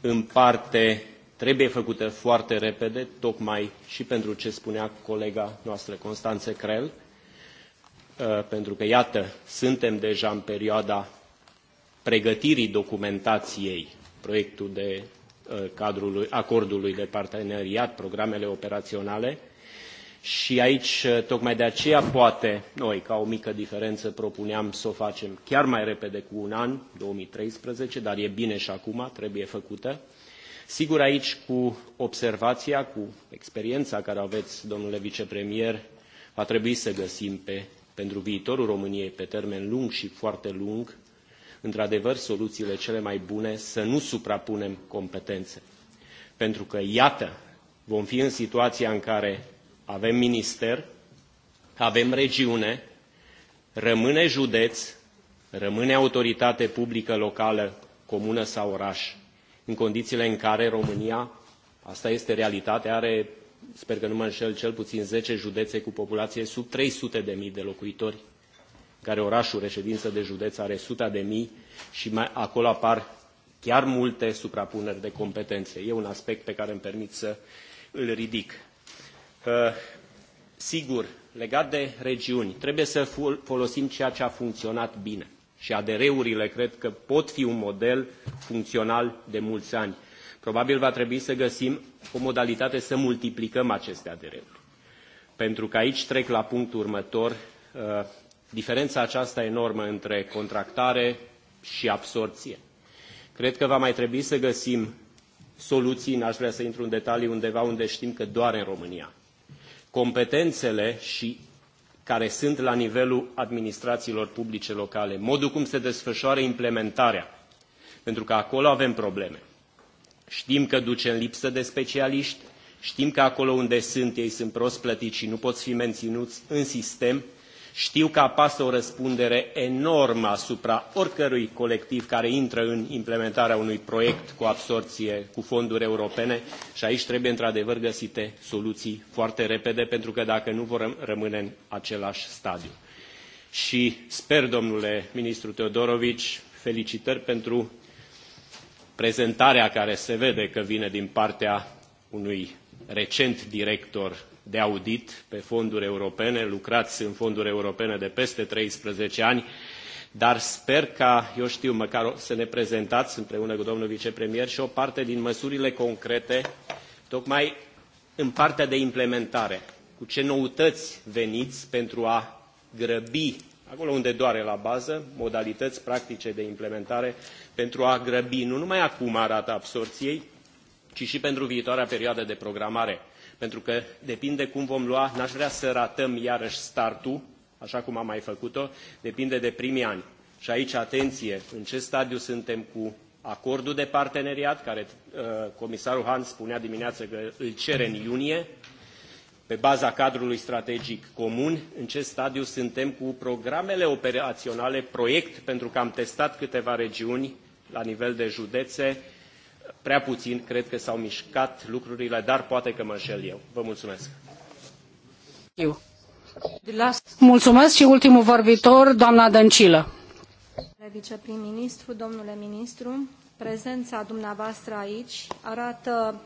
în parte trebuie făcută foarte repede, tocmai și pentru ce spunea colega noastră Constanțe Crel, Uh, pentru că, iată, suntem deja în perioada pregătirii documentației, proiectul de uh, cadrului, acordului de parteneriat, programele operaționale și aici, uh, tocmai de aceea, poate noi, ca o mică diferență, propuneam să o facem chiar mai repede cu un an, 2013, dar e bine și acum, trebuie făcută. Sigur, aici, cu observația, cu experiența care aveți, domnule vicepremier, va trebui să găsim pe pentru viitorul României pe termen lung și foarte lung, într-adevăr, soluțiile cele mai bune să nu suprapunem competențe. Pentru că, iată, vom fi în situația în care avem minister, avem regiune, rămâne județ, rămâne autoritate publică locală, comună sau oraș, în condițiile în care România, asta este realitatea, are sper că nu mă înșel, cel puțin 10 județe cu populație sub 300 de mii de locuitori, care orașul reședință de județ are suta de mii și mai, acolo apar chiar multe suprapuneri de competențe. E un aspect pe care îmi permit să îl ridic. Uh, sigur, legat de regiuni, trebuie să folosim ceea ce a funcționat bine. Și ADR-urile cred că pot fi un model funcțional de mulți ani. Probabil va trebui să găsim o modalitate să multiplicăm aceste ADR-uri. Pentru că aici trec la punctul următor, uh, diferența aceasta enormă între contractare și absorție. Cred că va mai trebui să găsim soluții, n-aș vrea să intru în detalii undeva unde știm că doar în România. Competențele și care sunt la nivelul administrațiilor publice locale, modul cum se desfășoară implementarea, pentru că acolo avem probleme. Știm că duce în lipsă de specialiști, știm că acolo unde sunt ei sunt prost plătiți și nu pot fi menținuți în sistem, știu că apasă o răspundere enormă asupra oricărui colectiv care intră în implementarea unui proiect cu absorție cu fonduri europene și aici trebuie într-adevăr găsite soluții foarte repede, pentru că dacă nu vor rămâne în același stadiu. Și sper, domnule ministru Teodorovici, felicitări pentru prezentarea care se vede că vine din partea unui recent director de audit pe fonduri europene, lucrați în fonduri europene de peste 13 ani, dar sper ca, eu știu, măcar să ne prezentați împreună cu domnul vicepremier și o parte din măsurile concrete, tocmai în partea de implementare. Cu ce noutăți veniți pentru a grăbi acolo unde doare la bază, modalități practice de implementare pentru a grăbi nu numai acum arată absorției, ci și pentru viitoarea perioadă de programare. Pentru că depinde cum vom lua, n-aș vrea să ratăm iarăși startul, așa cum am mai făcut-o, depinde de primii ani. Și aici, atenție, în ce stadiu suntem cu acordul de parteneriat, care uh, comisarul Hans spunea dimineață că îl cere în iunie, pe baza cadrului strategic comun, în ce stadiu suntem cu programele operaționale, proiect, pentru că am testat câteva regiuni la nivel de județe, prea puțin cred că s-au mișcat lucrurile, dar poate că mă înșel eu. Vă mulțumesc. Eu. Mulțumesc și ultimul vorbitor, doamna Dăncilă. Viceprim-ministru, domnule ministru, prezența dumneavoastră aici arată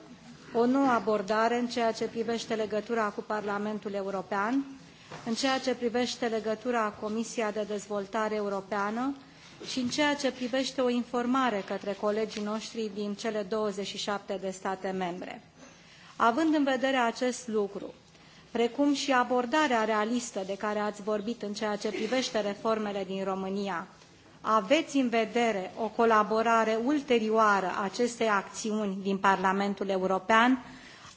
o nouă abordare în ceea ce privește legătura cu Parlamentul European, în ceea ce privește legătura cu Comisia de Dezvoltare Europeană și în ceea ce privește o informare către colegii noștri din cele 27 de state membre. Având în vedere acest lucru, precum și abordarea realistă de care ați vorbit în ceea ce privește reformele din România, aveți în vedere o colaborare ulterioară acestei acțiuni din Parlamentul European,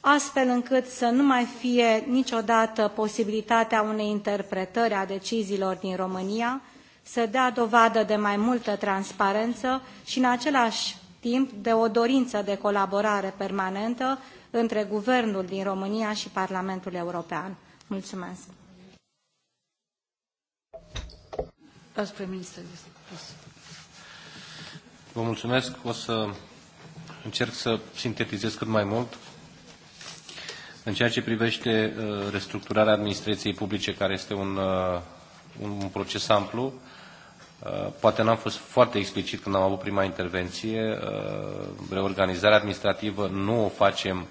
astfel încât să nu mai fie niciodată posibilitatea unei interpretări a deciziilor din România, să dea dovadă de mai multă transparență și în același timp de o dorință de colaborare permanentă între Guvernul din România și Parlamentul European. Mulțumesc! As Prime Vă mulțumesc. O să încerc să sintetizez cât mai mult. În ceea ce privește uh, restructurarea administrației publice, care este un, uh, un proces amplu, uh, poate n-am fost foarte explicit când am avut prima intervenție, reorganizarea administrativă nu o facem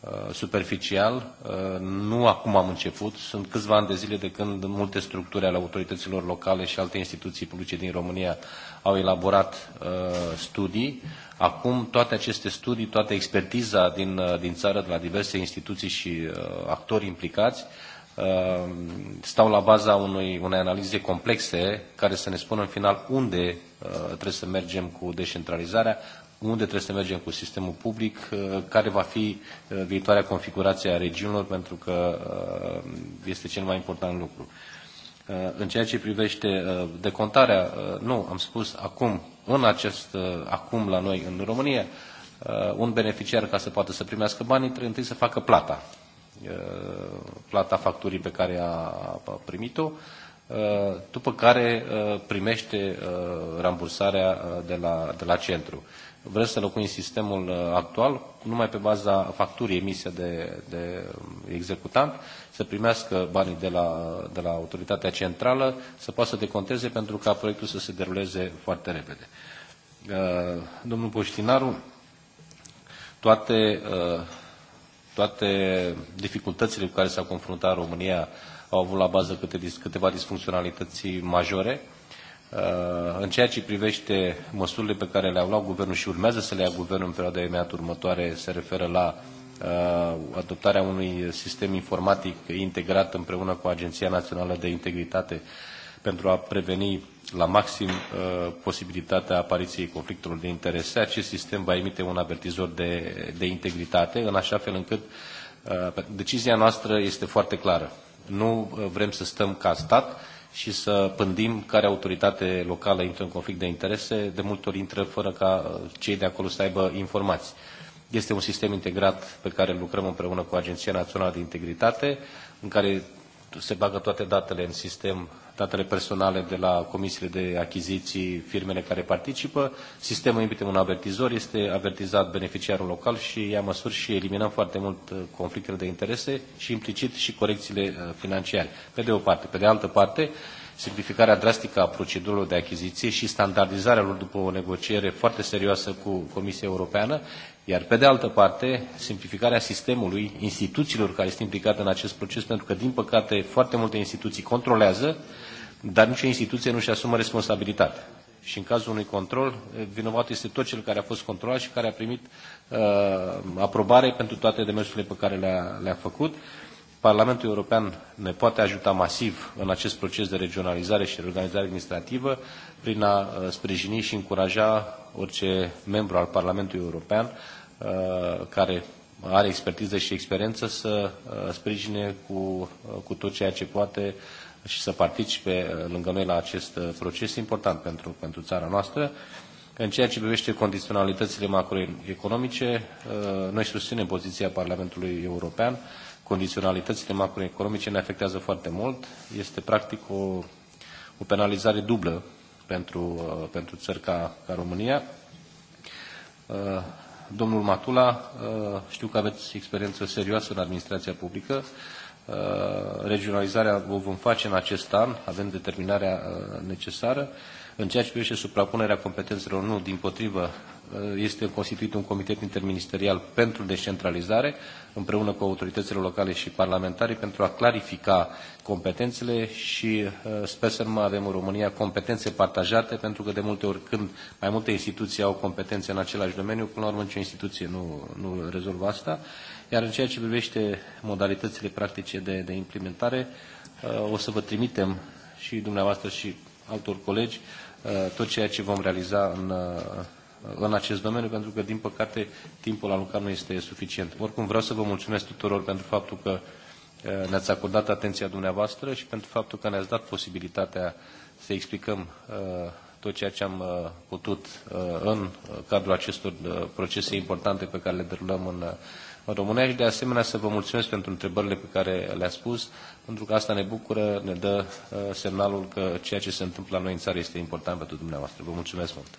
Uh, superficial. Uh, nu acum am început. Sunt câțiva ani de zile de când multe structuri ale autorităților locale și alte instituții publice din România au elaborat uh, studii. Acum toate aceste studii, toată expertiza din, din țară, de la diverse instituții și actori implicați, stau la baza unui, unei analize complexe care să ne spună în final unde trebuie să mergem cu descentralizarea, unde trebuie să mergem cu sistemul public, uh, care va fi uh, viitoarea configurație a regiunilor, pentru că uh, este cel mai important lucru. În ceea ce privește decontarea, nu, am spus acum, în acest, acum la noi în România, un beneficiar ca să poată să primească banii, trebuie întâi să facă plata. Plata facturii pe care a primit-o, după care primește rambursarea de la, de la centru vrem să locuim sistemul uh, actual, numai pe baza facturii emise de, de um, executant, să primească banii de la, de la autoritatea centrală, să poată să deconteze pentru ca proiectul să se deruleze foarte repede. Uh, domnul Poștinaru, toate, uh, toate dificultățile cu care s-a confruntat România au avut la bază câte, câteva disfuncționalități majore, Uh, în ceea ce privește măsurile pe care le-au luat guvernul și urmează să le ia guvernul în perioada imediat următoare, se referă la uh, adoptarea unui sistem informatic integrat împreună cu Agenția Națională de Integritate pentru a preveni la maxim uh, posibilitatea apariției conflictului de interese. Acest sistem va emite un avertizor de, de integritate, în așa fel încât uh, decizia noastră este foarte clară. Nu uh, vrem să stăm ca stat, și să pândim care autoritate locală intră în conflict de interese, de multe ori intră fără ca uh, cei de acolo să aibă informații. Este un sistem integrat pe care lucrăm împreună cu Agenția Națională de Integritate, în care se bagă toate datele în sistem, datele personale de la comisiile de achiziții, firmele care participă. Sistemul emite un avertizor, este avertizat beneficiarul local și ia măsuri și eliminăm foarte mult uh, conflictele de interese și implicit și corecțiile uh, financiare. Pe de o parte. Pe de altă parte, uh, simplificarea drastică a procedurilor de achiziție și standardizarea lor după o negociere foarte serioasă cu Comisia Europeană, iar pe de altă parte, simplificarea sistemului instituțiilor care sunt implicate în acest proces, pentru că, din păcate, foarte multe instituții controlează, dar nicio instituție nu și asumă responsabilitatea. Și în cazul unui control, vinovat este tot cel care a fost controlat și care a primit uh, aprobare pentru toate demersurile pe care le-a, le, făcut. Uh, Parlamentul European ne poate ajuta masiv în acest proces de regionalizare și reorganizare administrativă prin a uh, sprijini și încuraja orice membru al Parlamentului European uh, care are expertiză și experiență să uh, sprijine cu, cu tot ceea ce poate și să participe lângă noi la acest proces important pentru, pentru țara noastră. În ceea ce privește condiționalitățile macroeconomice, noi susținem poziția Parlamentului European condiționalitățile macroeconomice ne afectează foarte mult. Este practic o, o penalizare dublă pentru, uh, pentru țări ca, ca România. Uh, domnul Matula, uh, știu că aveți experiență serioasă în administrația publică. Regionalizarea o vom face în acest an, avem determinarea necesară. În ceea ce privește suprapunerea competențelor, nu, din potrivă, ă, este constituit un comitet interministerial pentru descentralizare, împreună cu autoritățile locale și parlamentare, pentru a clarifica competențele și ă, sper să nu mai avem în România competențe partajate, pentru că de multe ori când mai multe instituții au competențe în același domeniu, până la urmă nicio instituție nu, nu rezolvă asta. Iar în ceea ce privește modalitățile practice de, de implementare, ă, o să vă trimitem și dumneavoastră și altor colegi uh, tot ceea ce vom realiza în, uh, în acest domeniu, pentru că, din păcate, timpul alocat nu este suficient. Oricum, vreau să vă mulțumesc tuturor pentru faptul că uh, ne-ați acordat atenția dumneavoastră și pentru faptul că ne-ați dat posibilitatea să explicăm tot ceea ce am putut în cadrul acestor procese importante pe care le derulăm în în și de asemenea să vă mulțumesc pentru întrebările pe care le-ați spus, pentru că asta ne bucură, ne dă uh, semnalul că ceea ce se întâmplă la noi în țară este important pentru dumneavoastră. Vă mulțumesc mult!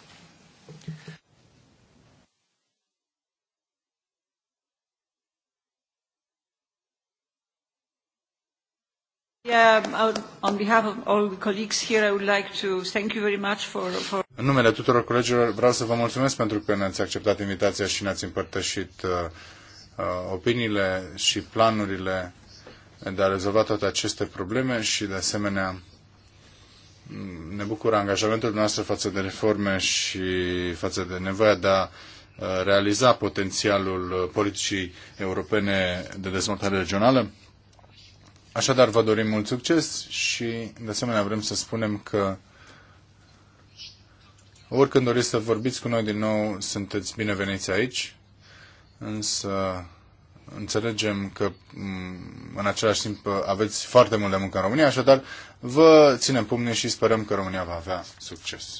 În numele tuturor colegilor vreau să vă mulțumesc pentru că ne-ați acceptat invitația și ne-ați împărtășit uh, Uh, opiniile și planurile de a rezolva toate aceste probleme și, de asemenea, ne bucură angajamentul noastră față de reforme și față de nevoia de a uh, realiza potențialul politicii europene de dezvoltare regională. Așadar, vă dorim mult succes și, de asemenea, vrem să spunem că oricând doriți să vorbiți cu noi din nou, sunteți bineveniți aici însă înțelegem că mm, în același timp aveți foarte mult de muncă în România, așadar vă ținem pumne și sperăm că România va avea succes.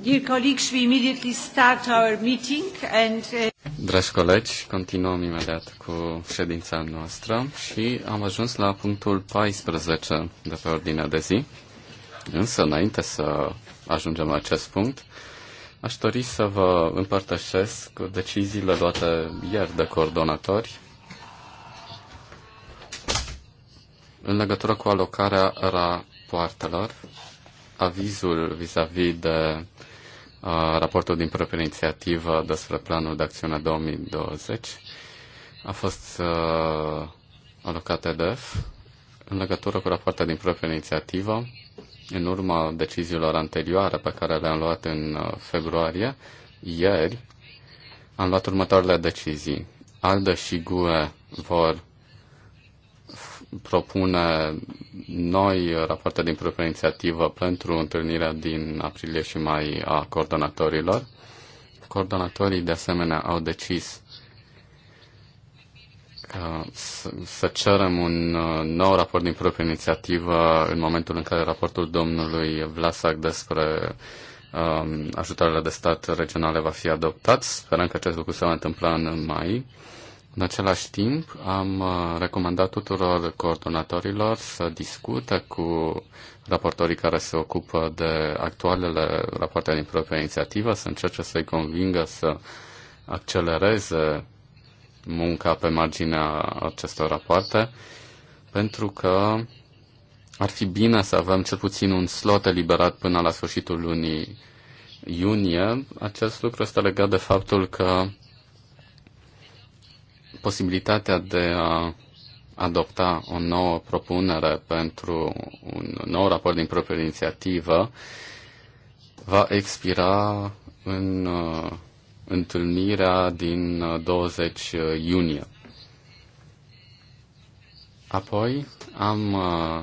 Dear colleagues, we immediately start our meeting and... Uh, Dragi colegi, continuăm imediat cu ședința noastră și am ajuns la punctul 14 de pe ordinea de zi. Însă, înainte să ajungem la acest punct, aș dori să vă împărtășesc deciziile luate ieri de coordonatori în legătură cu alocarea rapoartelor avizul vis-a-vis -vis de raportul din proprie inițiativă despre planul de acțiune 2020. A fost uh, alocat EDF în legătură cu rapoartea din proprie inițiativă. În urma deciziilor anterioare pe care le-am luat în februarie, ieri, am luat următoarele decizii. ALDE și GUE vor propun noi rapoarte din propria inițiativă pentru întâlnirea din aprilie și mai a coordonatorilor. Coordonatorii, de asemenea, au decis să, să cerem un uh, nou raport din propria inițiativă în momentul în care raportul domnului Vlasac despre um, ajutoarele de stat regionale va fi adoptat. Sperăm că acest lucru se va întâmpla în mai. În același timp, am uh, recomandat tuturor coordonatorilor să discute cu raportorii care se ocupă de actualele rapoarte din propria inițiativă, să încerce să-i convingă să accelereze munca pe marginea acestor rapoarte, pentru că ar fi bine să avem cel puțin un slot eliberat până la sfârșitul lunii iunie. Acest lucru este legat de faptul că posibilitatea de a adopta o nouă propunere pentru un nou raport din proprie inițiativă va expira în uh, întâlnirea din 20 uh, uh, iunie. Apoi am uh,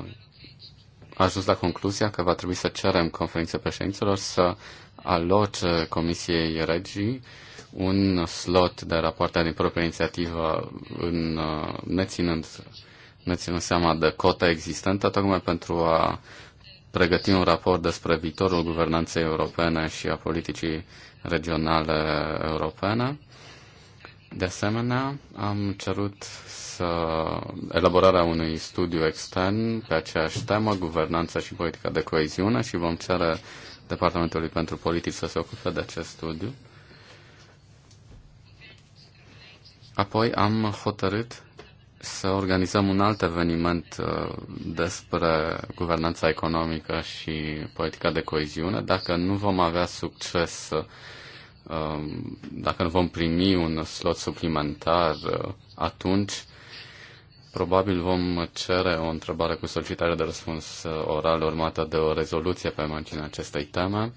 ajuns la concluzia că va trebui să cerem conferința președinților să aloce Comisiei Regii uh, un slot de rapoarte din propria inițiativă în, uh, neținând, neținând seama de cota existentă, tocmai pentru a pregăti un raport despre viitorul guvernanței europene și a politicii regionale europene. De asemenea, am cerut să elaborarea unui studiu extern pe aceeași temă, guvernanța și politica de coeziune și vom cere Departamentului pentru Politici să se ocupe de acest studiu. Apoi am hotărât să organizăm un alt eveniment uh, despre guvernanța economică și politica de coeziune. Dacă nu vom avea succes, uh, um, dacă nu vom primi un slot suplimentar, uh, atunci probabil vom cere o întrebare cu solicitare de răspuns oral urmată de o rezoluție pe marginea acestei teme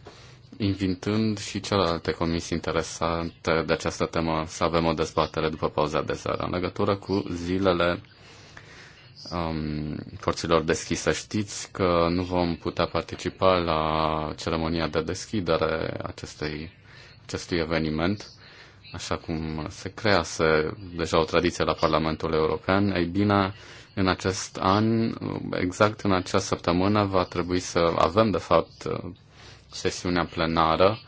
invitând și celelalte comisii interesante de această temă să avem o dezbatere după pauza de seară în legătură cu zilele um, forțelor deschise. Știți că nu vom putea participa la ceremonia de deschidere acestei, acestui eveniment, așa cum se crease deja o tradiție la Parlamentul European. Ei bine, în acest an, exact în această săptămână, va trebui să avem, de fapt, sesiunea plenară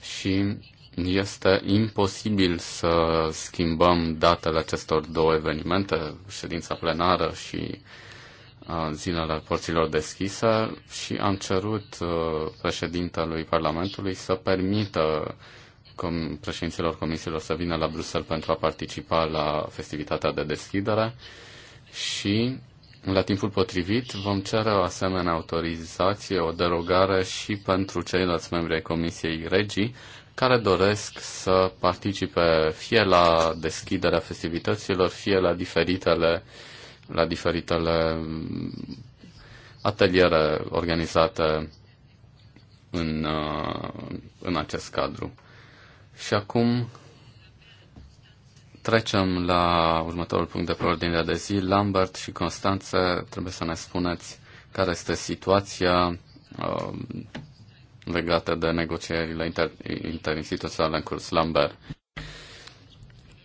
și este imposibil să schimbăm datele acestor două evenimente, ședința plenară și uh, zilele porților deschise și am cerut uh, președintelui Parlamentului să permită com- președinților comisiilor să vină la Bruxelles pentru a participa la festivitatea de deschidere și la timpul potrivit vom cere o asemenea autorizație, o derogare și pentru ceilalți membri ai Comisiei Regii care doresc să participe fie la deschiderea festivităților, fie la diferitele, la diferitele mm, ateliere organizate în, uh, în acest cadru. Și acum Trecem la următorul punct de pe ordinea de zi. Lambert și Constanță, trebuie să ne spuneți care este situația uh, legată de negocierile inter, interinstituționale în curs Lambert.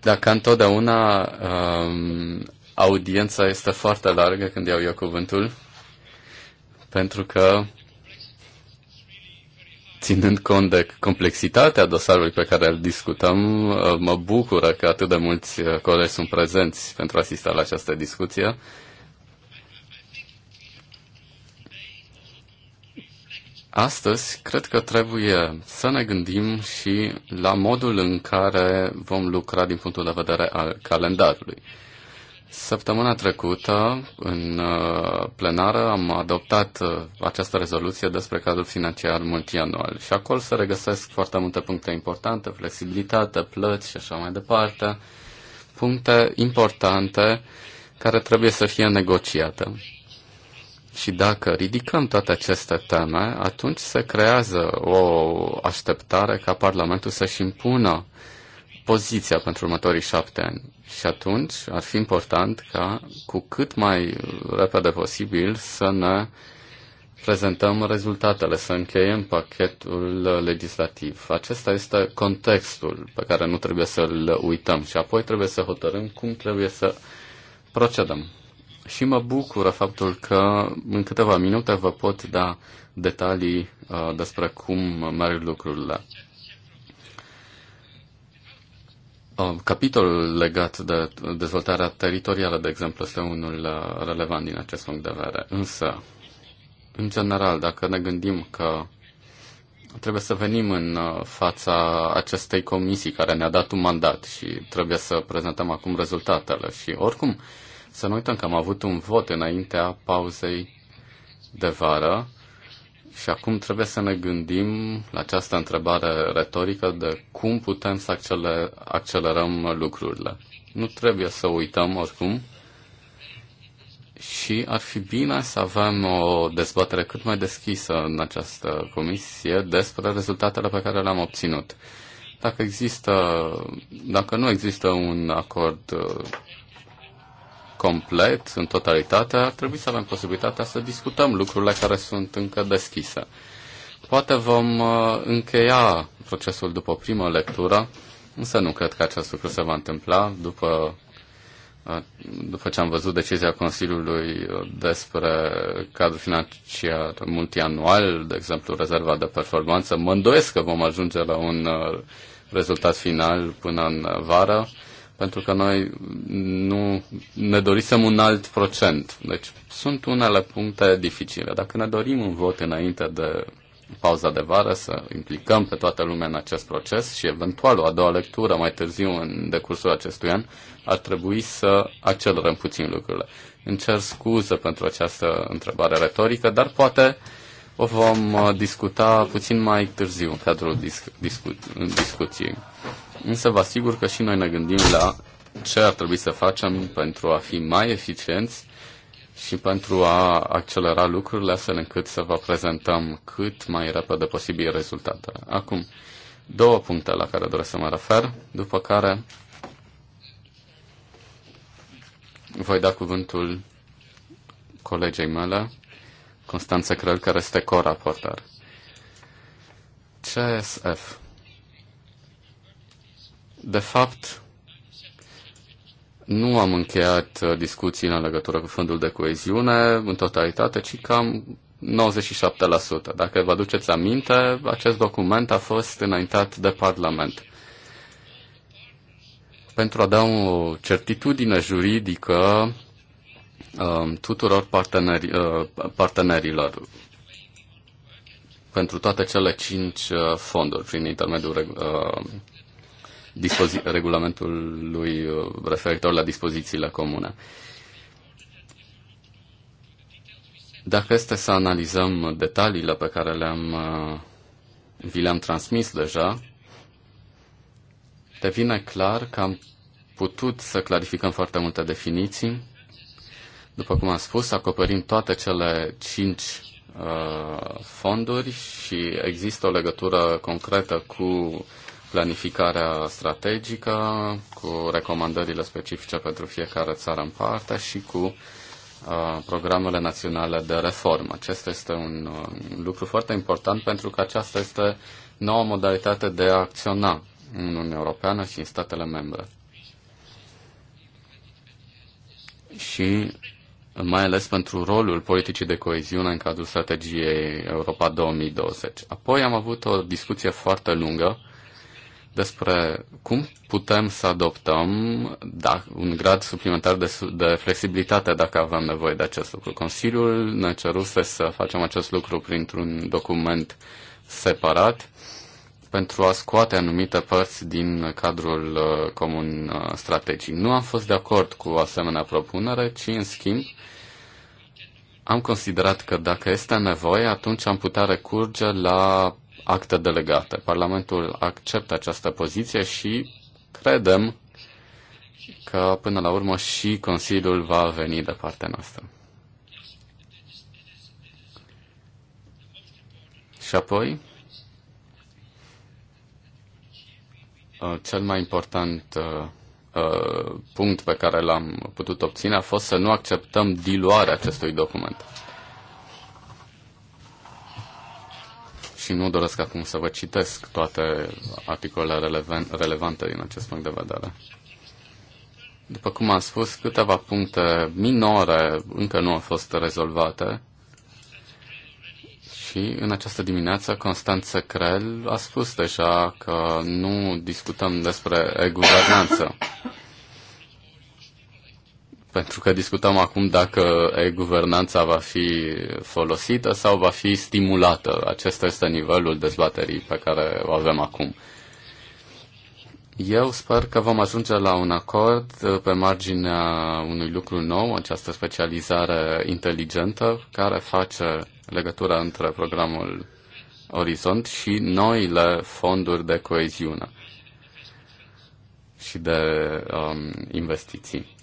Dacă întotdeauna um, audiența este foarte largă când iau eu cuvântul, pentru că ținând cont de complexitatea dosarului pe care îl discutăm, mă bucură că atât de mulți colegi sunt prezenți pentru a asista la această discuție. Astăzi, cred că trebuie să ne gândim și la modul în care vom lucra din punctul de vedere al calendarului. Săptămâna trecută, în uh, plenară, am adoptat uh, această rezoluție despre cadrul financiar multianual și acolo se regăsesc foarte multe puncte importante, flexibilitate, plăți și așa mai departe, puncte importante care trebuie să fie negociate. Și dacă ridicăm toate aceste teme, atunci se creează o așteptare ca Parlamentul să-și impună uh, poziția pentru următorii șapte ani. Și atunci ar fi important ca cu cât mai repede posibil să ne prezentăm rezultatele, să încheiem pachetul legislativ. Acesta este contextul pe care nu trebuie să-l uităm și apoi trebuie să hotărâm cum trebuie să procedăm. Și mă bucură faptul că în câteva minute vă pot da detalii uh, despre cum merg lucrurile. Capitolul legat de dezvoltarea teritorială, de exemplu, este unul uh, relevant din acest punct de vedere. Însă, în general, dacă ne gândim că trebuie să venim în uh, fața acestei comisii care ne-a dat un mandat și trebuie să prezentăm acum rezultatele și oricum să nu uităm că am avut un vot înaintea pauzei de vară și acum trebuie să ne gândim la această întrebare retorică de cum putem să accelerăm lucrurile. Nu trebuie să uităm oricum și ar fi bine să avem o dezbatere cât mai deschisă în această comisie despre rezultatele pe care le-am obținut. Dacă există, dacă nu există un acord complet, în totalitate, ar trebui să avem posibilitatea să discutăm lucrurile care sunt încă deschise. Poate vom uh, încheia procesul după o primă lectură, însă nu cred că acest lucru se va întâmpla după uh, după ce am văzut decizia Consiliului uh, despre cadrul financiar multianual, de exemplu rezerva de performanță, mă îndoiesc că vom ajunge la un rezultat final până în vară pentru că noi nu ne dorisem un alt procent. Deci sunt unele puncte dificile. Dacă ne dorim un vot înainte de pauza de vară, să implicăm pe toată lumea în acest proces și eventual o a doua lectură mai târziu în decursul acestui an, ar trebui să accelerăm puțin lucrurile. Îmi cer pentru această întrebare retorică, dar poate o vom uh, discuta puțin mai târziu în cadrul discu- discu- discuției însă vă asigur că și noi ne gândim la ce ar trebui să facem pentru a fi mai eficienți și pentru a accelera lucrurile astfel încât să vă prezentăm cât mai repede posibil rezultatele. Acum, două puncte la care doresc să mă refer, după care voi da cuvântul colegei mele, Constanța Crăl, care este co-raportar. CSF. De fapt, nu am încheiat uh, discuții în legătură cu fondul de coeziune în totalitate, ci cam 97%. Dacă vă aduceți aminte, acest document a fost înaintat de Parlament. Pentru a da o certitudine juridică um, tuturor parteneri, uh, partenerilor pentru toate cele cinci uh, fonduri prin intermediul dispozi- lui uh, referitor la dispozițiile comune. Dacă este să analizăm detaliile pe care le-am, uh, vi le-am transmis deja, devine clar că am putut să clarificăm foarte multe definiții. După cum am spus, acoperim toate cele cinci uh, fonduri și există o legătură concretă cu planificarea strategică, cu recomandările specifice pentru fiecare țară în parte și cu uh, programele naționale de reformă. Acesta este uh, un lucru foarte important pentru că aceasta este noua modalitate de a acționa în Uniunea Europeană și în statele membre. Și mai ales pentru rolul politicii de coeziune în cadrul strategiei Europa 2020. Apoi am avut o discuție foarte lungă despre cum putem să adoptăm da, un grad suplimentar de, de flexibilitate dacă avem nevoie de acest lucru. Consiliul ne ceruse să facem acest lucru printr-un document separat pentru a scoate anumite părți din cadrul uh, comun uh, strategic. Nu am fost de acord cu o asemenea propunere, ci în schimb am considerat că dacă este nevoie, atunci am putea recurge la acte delegate. Parlamentul acceptă această poziție și credem că până la urmă și Consiliul va veni de partea noastră. Și apoi, uh, cel mai important uh, uh, punct pe care l-am putut obține a fost să nu acceptăm diluarea acestui document. și nu doresc acum să vă citesc toate articolele relevante din acest punct de vedere. După cum am spus, câteva puncte minore încă nu au fost rezolvate și în această dimineață Constanță Crel a spus deja că nu discutăm despre e-guvernanță. pentru că discutăm acum dacă e-guvernanța va fi folosită sau va fi stimulată. Acesta este nivelul dezbaterii pe care o avem acum. Eu sper că vom ajunge la un acord pe marginea unui lucru nou, această specializare inteligentă care face legătura între programul Orizont și noile fonduri de coeziune și de um, investiții.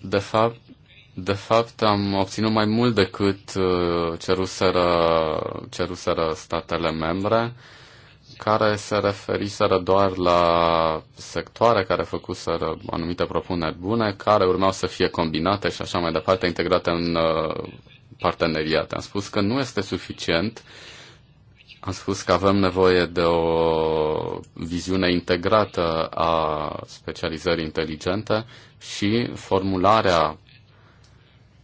de fapt, de fapt, am obținut mai mult decât uh, ceruseră, ceruseră statele membre, care se referiseră doar la sectoare care făcuseră anumite propuneri bune, care urmeau să fie combinate și așa mai departe, integrate în uh, parteneriate. Am spus că nu este suficient uh, am spus că avem nevoie de o viziune integrată a specializării inteligente și formularea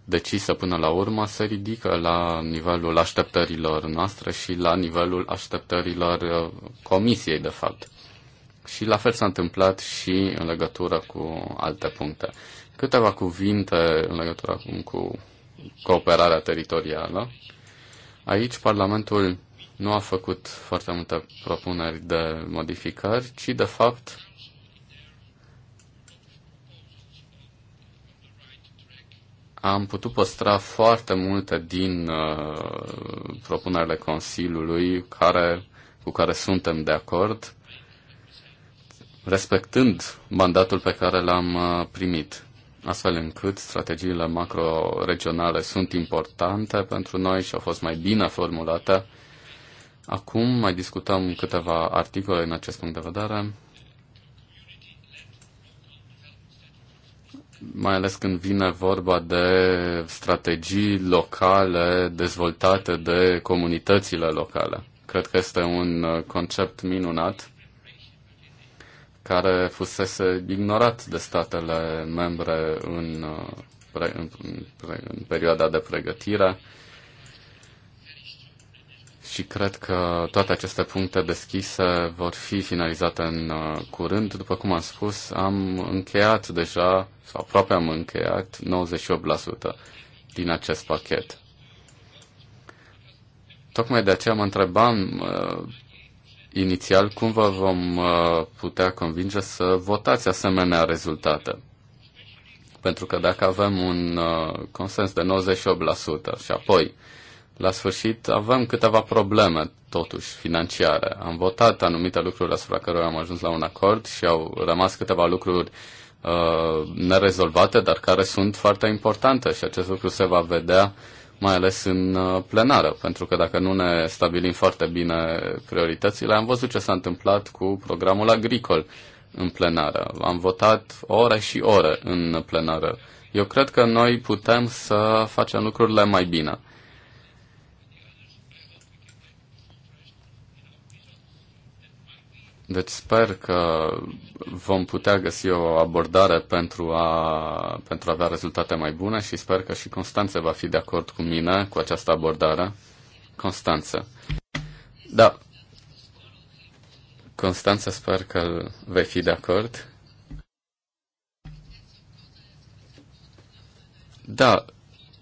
decisă până la urmă se ridică la nivelul așteptărilor noastre și la nivelul așteptărilor uh, comisiei, de fapt. Și la fel s-a întâmplat și în legătură cu alte puncte. Câteva cuvinte în legătură acum cu cooperarea teritorială. Aici Parlamentul nu a făcut foarte multe propuneri de modificări, ci de fapt am putut păstra foarte multe din uh, propunerile Consiliului care, cu care suntem de acord, respectând mandatul pe care l-am uh, primit, astfel încât strategiile macro-regionale sunt importante pentru noi și au fost mai bine formulate Acum mai discutăm câteva articole în acest punct de vedere. mai ales când vine vorba de strategii locale dezvoltate de comunitățile locale. Cred că este un concept minunat care fusese ignorat de statele membre în, în, în perioada de pregătire și cred că toate aceste puncte deschise vor fi finalizate în uh, curând. După cum am spus, am încheiat deja, sau aproape am încheiat, 98% din acest pachet. Tocmai de aceea mă întrebam uh, inițial cum vă vom uh, putea convinge să votați asemenea rezultate. Pentru că dacă avem un uh, consens de 98% și apoi uh, la sfârșit avem câteva probleme, totuși, financiare. Am votat anumite lucruri asupra cărora am ajuns la un acord și au rămas câteva lucruri uh, nerezolvate, dar care sunt foarte importante și acest lucru se va vedea mai ales în uh, plenară, pentru că dacă nu ne stabilim foarte bine prioritățile, am văzut ce s-a întâmplat cu programul agricol în plenară. Am votat ore și ore în plenară. Eu cred că noi putem să facem lucrurile mai bine. Deci sper că vom putea găsi o abordare pentru a, pentru a avea rezultate mai bune și sper că și Constanță va fi de acord cu mine cu această abordare. Constanță. Da. Constanță, sper că vei fi de acord. Da,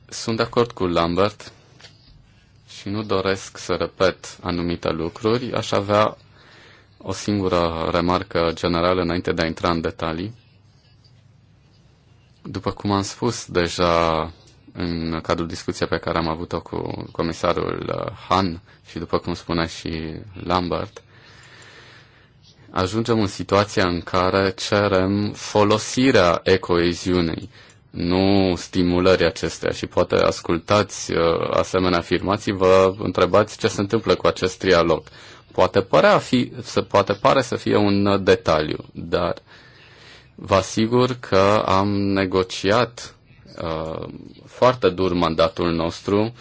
sunt de acord cu Lambert și nu doresc să repet anumite lucruri. Aș avea o singură remarcă generală înainte de a intra în detalii. După cum am spus deja în cadrul discuției pe care am avut-o cu comisarul uh, Han și după cum spunea și Lambert, ajungem în situația în care cerem folosirea ecoeziunii, nu stimulării acesteia. Și poate ascultați uh, asemenea afirmații, vă întrebați ce se întâmplă cu acest trialog. Poate, părea fi, se poate pare să fie un detaliu, dar vă asigur că am negociat uh, foarte dur mandatul nostru,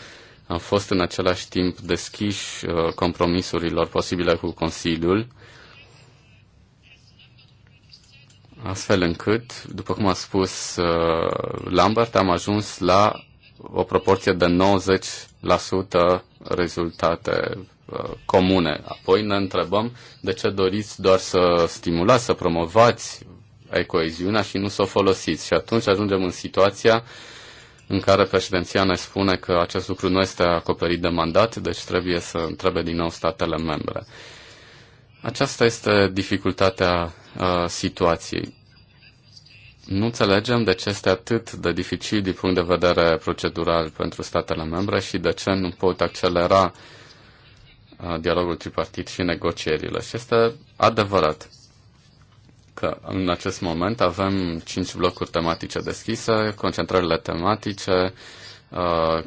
am fost în același timp deschiși uh, compromisurilor posibile cu Consiliul, astfel încât, după cum a spus uh, Lambert, am ajuns la o proporție de 90% rezultate Uh, comune. Apoi ne întrebăm de ce doriți doar să stimulați, să promovați ecoeziunea și nu să o folosiți. Și atunci ajungem în situația în care președinția ne spune că acest lucru nu este acoperit de mandat, deci trebuie să întrebe din nou statele membre. Aceasta este dificultatea uh, situației. Nu înțelegem de ce este atât de dificil din punct de vedere procedural pentru statele membre și de ce nu pot accelera dialogul tripartit și negocierile. Și este adevărat că în acest moment avem cinci blocuri tematice deschise, concentrările tematice,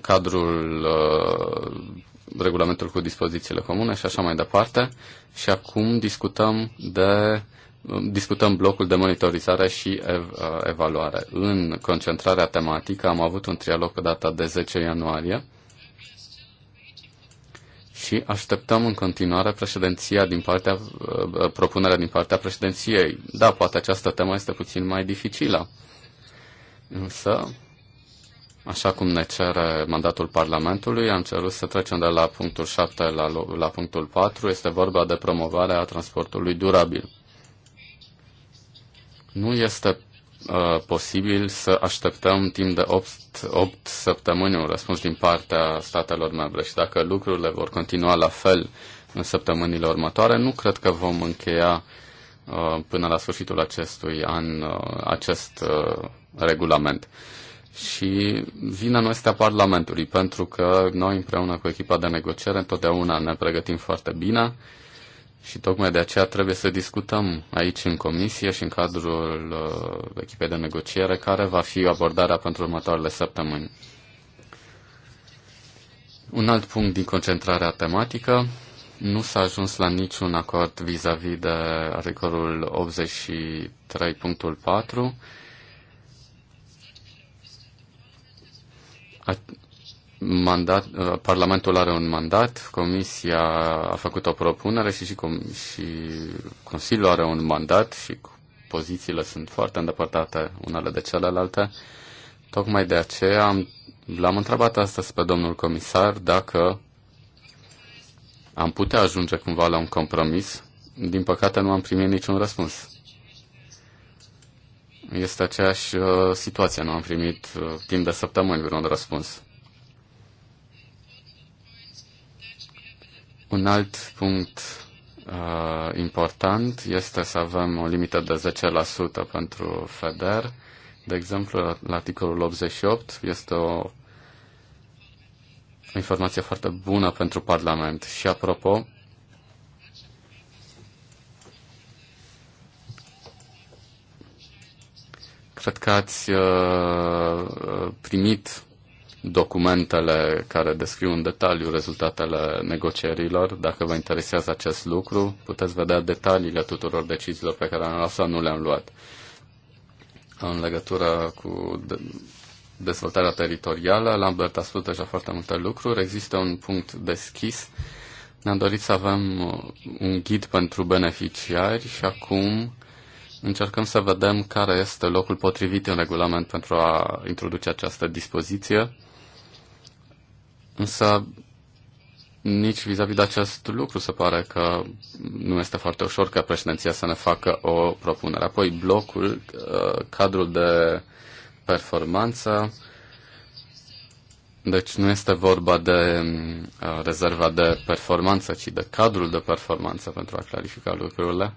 cadrul regulamentul cu dispozițiile comune și așa mai departe. Și acum discutăm de discutăm blocul de monitorizare și ev- evaluare. În concentrarea tematică am avut un trialog pe data de 10 ianuarie și așteptăm în continuare președinția din partea, uh, uh, propunerea din partea președinției. Da, poate această temă este puțin mai dificilă, însă, așa cum ne cere mandatul Parlamentului, am cerut să trecem de la punctul 7 la, la punctul 4, este vorba de promovarea transportului durabil. Nu este Uh, posibil să așteptăm timp de 8, 8 săptămâni un răspuns din partea statelor membre și dacă lucrurile vor continua la fel în săptămânile următoare, nu cred că vom încheia uh, până la sfârșitul acestui an uh, acest regulament. Și vina nu a Parlamentului, pentru că noi împreună cu echipa de negociere întotdeauna ne pregătim foarte bine și tocmai de aceea trebuie să discutăm aici în comisie și în cadrul uh, echipei de negociere care va fi abordarea pentru următoarele săptămâni. Un alt punct din concentrarea tematică. Nu s-a ajuns la niciun acord vis-a-vis -vis de articolul 83.4 mandat, uh, Parlamentul are un mandat, Comisia a făcut o propunere și, și, com- și Consiliul are un mandat și pozițiile sunt foarte îndepărtate unele de celelalte. Tocmai de aceea am, l-am întrebat astăzi pe domnul comisar dacă am putea ajunge cumva la un compromis. Din păcate nu am primit niciun răspuns. Este aceeași uh, situație, nu am primit uh, timp de săptămâni vreun răspuns. Un alt punct uh, important este să avem o limită de 10% pentru FEDER. De exemplu, la articolul 88 este o informație foarte bună pentru Parlament. Și apropo, cred că ați uh, uh primit documentele care descriu în detaliu rezultatele negocierilor. Dacă vă interesează acest lucru, puteți vedea detaliile tuturor deciziilor pe care le-am luat sau nu le-am luat în legătură cu dezvoltarea teritorială. Lambert a spus deja foarte multe lucruri. Există un punct deschis. Ne-am dorit să avem uh, un ghid pentru beneficiari și acum încercăm să vedem care este locul potrivit în regulament pentru a introduce această dispoziție. Însă nici vis-a-vis -vis de acest lucru se pare că nu este foarte ușor ca președinția să ne facă o propunere. Apoi blocul, uh, cadrul de performanță, deci nu este vorba de uh, rezerva de performanță, ci de cadrul de performanță pentru a clarifica lucrurile.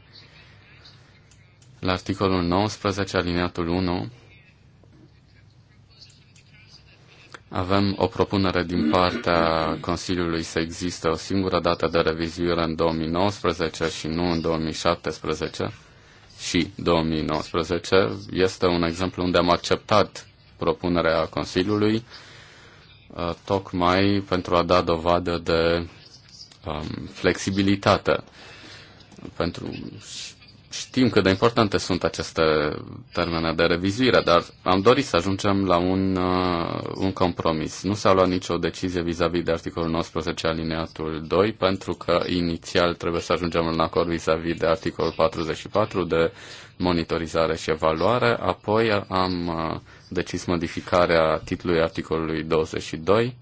La articolul 19, aliniatul 1, Avem o propunere din partea Consiliului să existe o singură dată de revizuire în 2019 și nu în 2017 și 2019. Este un exemplu unde am acceptat propunerea Consiliului uh, tocmai pentru a da dovadă de um, flexibilitate pentru Știm cât de importante sunt aceste termene de revizuire, dar am dorit să ajungem la un, uh, un compromis. Nu s-a luat nicio decizie vis-a-vis -vis de articolul 19 alineatul 2, pentru că inițial trebuie să ajungem la acord vis-a-vis -vis de articolul 44 de monitorizare și evaluare, apoi am uh, decis modificarea titlului articolului 22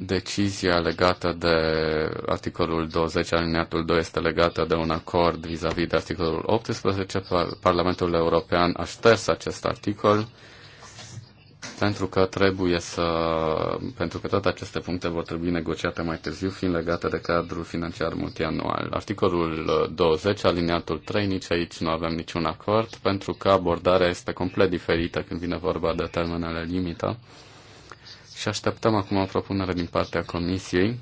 Decizia legată de articolul 20 alineatul 2 este legată de un acord vis-a-vis -vis de articolul 18. Parlamentul European a șters acest articol pentru că trebuie să, pentru că toate aceste puncte vor trebui negociate mai târziu, fiind legate de cadrul financiar multianual. Articolul 20, aliniatul 3, nici aici nu avem niciun acord, pentru că abordarea este complet diferită când vine vorba de termenele limită și așteptăm acum o propunere din partea Comisiei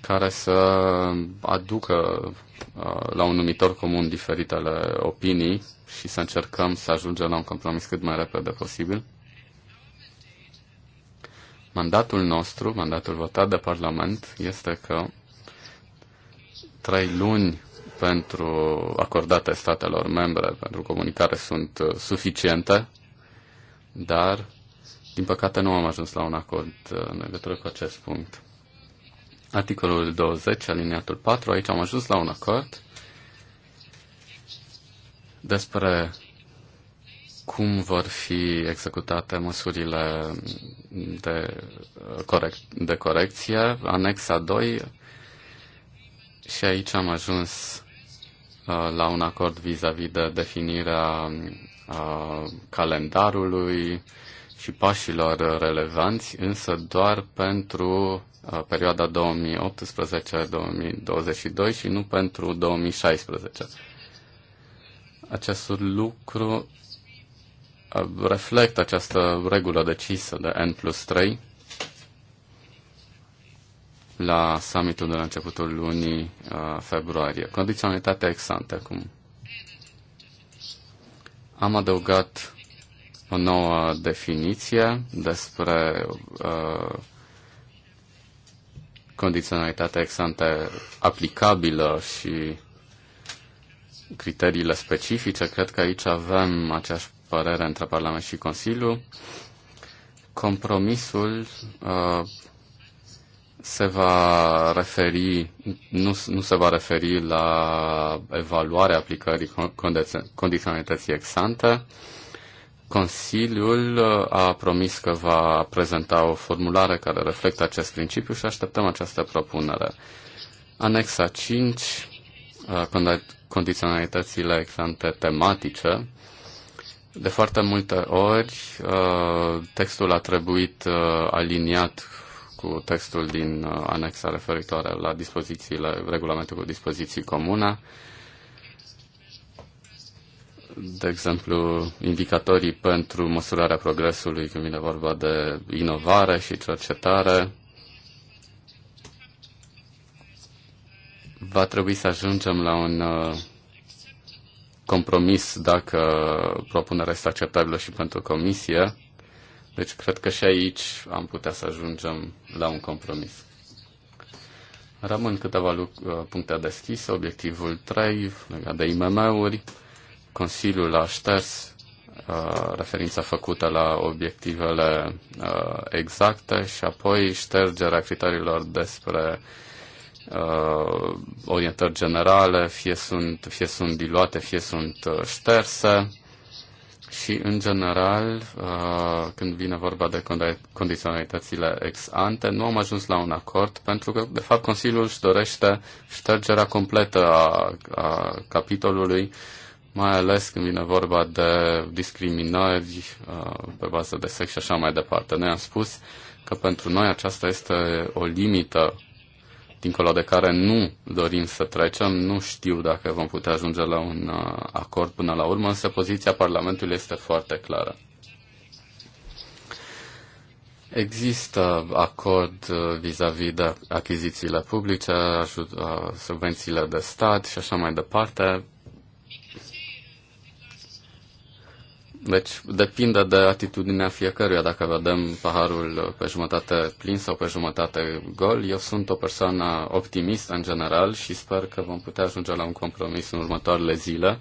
care să aducă uh, la un numitor comun diferitele opinii și să încercăm să ajungem la un compromis cât mai repede posibil. Mandatul nostru, mandatul votat de Parlament, este că trei luni pentru acordate statelor membre pentru comunicare sunt uh, suficiente, dar din păcate nu am ajuns la un acord uh, în legătură cu acest punct. Articolul 20, aliniatul 4, aici am ajuns la un acord despre cum vor fi executate măsurile de, uh, corect, de corecție, anexa 2, și aici am ajuns uh, la un acord vis-a-vis -vis de definirea calendarului, și pașilor relevanți, însă doar pentru uh, perioada 2018-2022 și nu pentru 2016. Acest lucru uh, reflectă această regulă decisă de N plus 3 la summitul de la începutul lunii uh, februarie. Condiționalitatea ex cum. Am adăugat o nouă definiție despre uh, condiționalitatea exante aplicabilă și criteriile specifice. Cred că aici avem aceeași părere între Parlament și Consiliu. Compromisul uh, se va referi, nu, nu se va referi la evaluarea aplicării condiționalității exante, Consiliul uh, a promis că va prezenta o formulare care reflectă acest principiu și așteptăm această propunere. Anexa 5, uh, condiționalitățile exante tematice. De foarte multe ori, uh, textul a trebuit aliniat cu textul din anexa referitoare la dispozițiile, regulamentul cu dispoziții comune de exemplu, indicatorii pentru măsurarea progresului când vine vorba de inovare și cercetare. Va trebui să ajungem la un uh, compromis dacă propunerea este acceptabilă și pentru comisie. Deci cred că și aici am putea să ajungem la un compromis. Rămân câteva uh, puncte deschise, obiectivul 3 legat de IMM-uri. Consiliul a șters uh, referința făcută la obiectivele uh, exacte și apoi ștergerea criteriilor despre uh, orientări generale, fie sunt, fie sunt diluate, fie sunt uh, șterse. Și, în general, uh, când vine vorba de condi condiționalitățile ex ante, nu am ajuns la un acord, pentru că, de fapt, Consiliul își dorește ștergerea completă a, a capitolului uh, mai ales când vine vorba de discriminări uh, pe bază de sex și așa mai departe. Noi am spus că pentru noi aceasta este o limită dincolo de care nu dorim să trecem. Nu știu dacă vom putea ajunge la un uh, acord până la urmă, însă poziția Parlamentului este foarte clară. Există acord uh, vis-a-vis -vis de achizițiile publice, subvențiile de stat și așa mai departe. Deci depinde de atitudinea fiecăruia. Dacă vedem paharul pe jumătate plin sau pe jumătate gol, eu sunt o persoană optimistă în general și sper că vom putea ajunge la un compromis în următoarele zile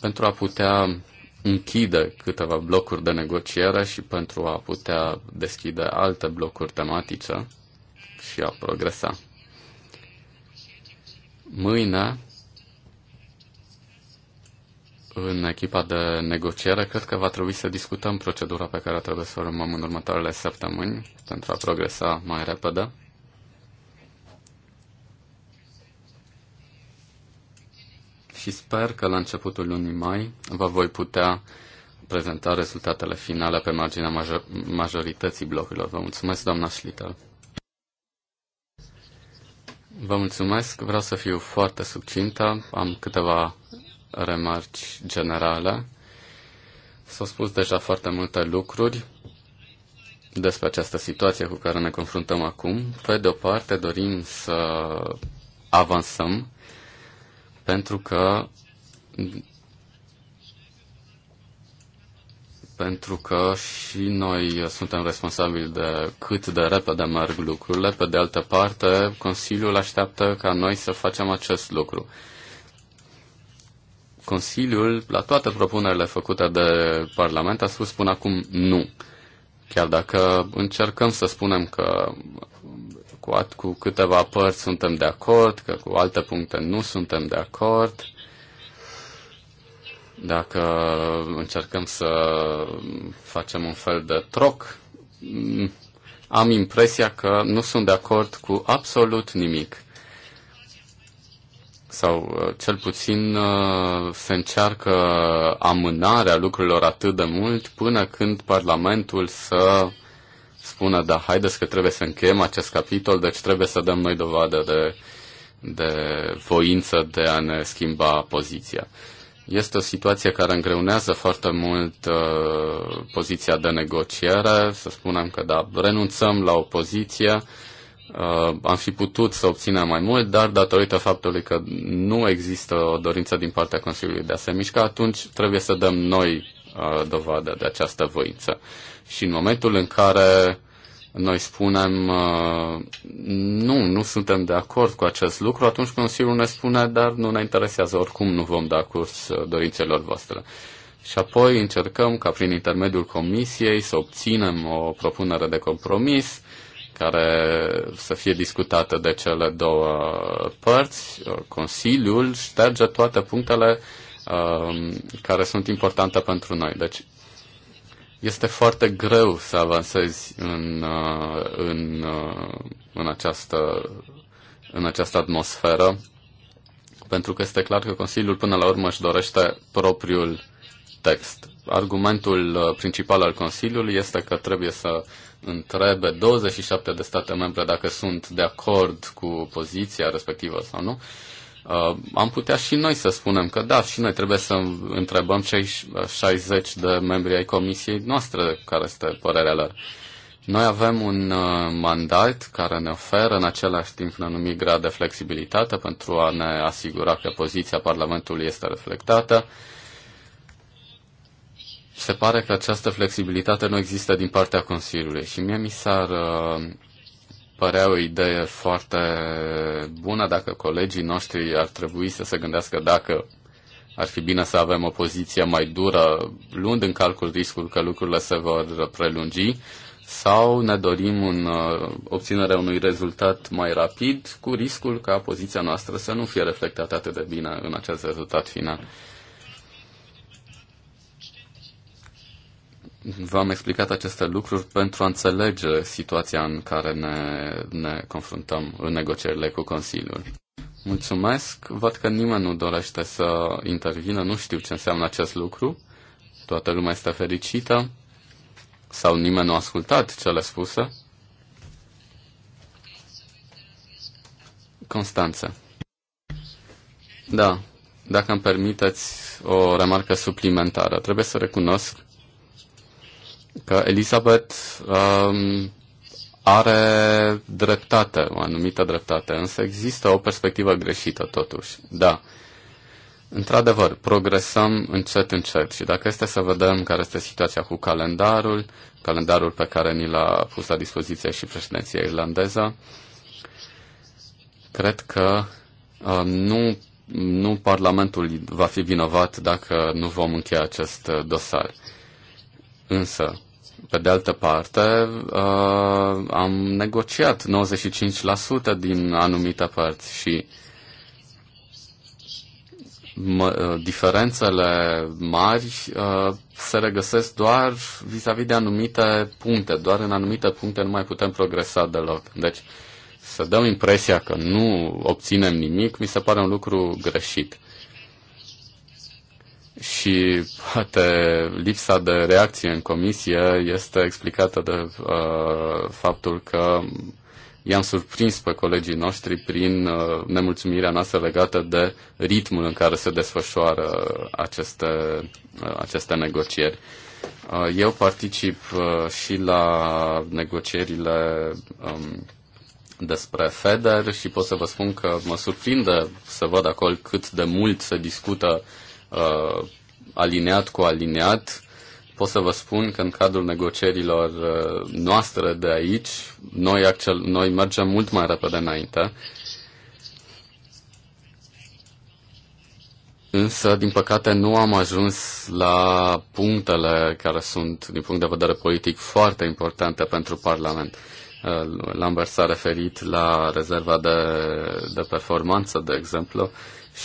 pentru a putea închide câteva blocuri de negociere și pentru a putea deschide alte blocuri tematice și a progresa. Mâine în echipa de negociere, cred că va trebui să discutăm procedura pe care trebuie să o urmăm în următoarele săptămâni pentru a progresa mai repede. Și sper că la începutul lunii mai vă voi putea prezenta rezultatele finale pe marginea major- majorității blocurilor. Vă mulțumesc, doamna Schlittel. Vă mulțumesc, vreau să fiu foarte succintă, am câteva remarci generale. S-au spus deja foarte multe lucruri despre această situație cu care ne confruntăm acum. Pe de o parte dorim să avansăm pentru că pentru că și noi suntem responsabili de cât de repede merg lucrurile. Pe de altă parte, Consiliul așteaptă ca noi să facem acest lucru. Consiliul, la toate propunerile făcute de Parlament, a spus până acum nu. Chiar dacă încercăm să spunem că cu, cu câteva părți suntem de acord, că cu alte puncte nu suntem de acord, dacă încercăm să facem un fel de troc, mm, am impresia că nu sunt de acord cu absolut nimic sau uh, cel puțin uh, se încearcă amânarea lucrurilor atât de mult până când Parlamentul să spună, da, haideți că trebuie să încheiem acest capitol, deci trebuie să dăm noi dovadă de, de voință de a ne schimba poziția. Este o situație care îngreunează foarte mult uh, poziția de negociere, să spunem că da, renunțăm la o poziție, Uh, am fi putut să obținem mai mult, dar datorită faptului că nu există o dorință din partea Consiliului de a se mișca, atunci trebuie să dăm noi uh, dovadă de această voință. Și în momentul în care noi spunem uh, nu, nu suntem de acord cu acest lucru, atunci Consiliul ne spune, dar nu ne interesează, oricum nu vom da curs uh, dorințelor voastre. Și apoi încercăm ca prin intermediul Comisiei să obținem o propunere de compromis care să fie discutată de cele două părți. Consiliul șterge toate punctele um, care sunt importante pentru noi. Deci este foarte greu să avansezi în, uh, în, uh, în, această, în această atmosferă, pentru că este clar că Consiliul până la urmă își dorește propriul text. Argumentul uh, principal al Consiliului este că trebuie să întrebe 27 de state membre dacă sunt de acord cu poziția respectivă sau nu, uh, am putea și noi să spunem că da, și noi trebuie să întrebăm cei 60 de membri ai comisiei noastre care este părerea lor. Noi avem un uh, mandat care ne oferă în același timp un anumit grad de flexibilitate pentru a ne asigura că poziția Parlamentului este reflectată. Uh, se pare că această flexibilitate nu există din partea Consiliului și mie mi s-ar uh, părea o idee foarte bună dacă colegii noștri ar trebui să se gândească dacă ar fi bine să avem o poziție mai dură, luând în calcul riscul că lucrurile se vor prelungi, sau ne dorim un, uh, obținerea unui rezultat mai rapid, cu riscul ca poziția noastră să nu fie reflectată atât de bine în acest rezultat final. v-am explicat aceste lucruri pentru a înțelege situația în care ne, ne confruntăm în negocierile cu Consiliul. Mulțumesc. Văd că nimeni nu dorește să intervină. Nu știu ce înseamnă acest lucru. Toată lumea este fericită. Sau nimeni nu a ascultat cele spuse. Constanță. Da, dacă îmi permiteți o remarcă suplimentară. Trebuie să recunosc că Elisabeth um, are dreptate, o anumită dreptate, însă există o perspectivă greșită totuși. Da. Într-adevăr, progresăm încet, încet și dacă este să vedem care este situația cu calendarul, calendarul pe care ni l-a pus la dispoziție și președinția irlandeză, cred că um, nu, nu Parlamentul va fi vinovat dacă nu vom încheia acest dosar. Însă, pe de altă parte, uh, am negociat 95% din anumite părți și mă, uh, diferențele mari uh, se regăsesc doar vis-a-vis -vis de anumite puncte. Doar în anumite puncte nu mai putem progresa deloc. Deci, să dăm impresia că nu obținem nimic, mi se pare un lucru greșit și poate lipsa de reacție în comisie este explicată de uh, faptul că i-am surprins pe colegii noștri prin uh, nemulțumirea noastră legată de ritmul în care se desfășoară aceste, uh, aceste negocieri. Uh, eu particip uh, și la negocierile um, despre FEDER și pot să vă spun că mă surprinde să văd acolo cât de mult se discută uh, uh, alineat cu alineat, pot să vă spun că în cadrul negocierilor uh, noastre de aici, noi, accel- noi mergem mult mai repede înainte. Însă, din păcate, nu am ajuns la punctele care sunt, din punct de vedere politic, foarte importante pentru Parlament. Uh, Lambert s-a referit la rezerva de, de performanță, de exemplu,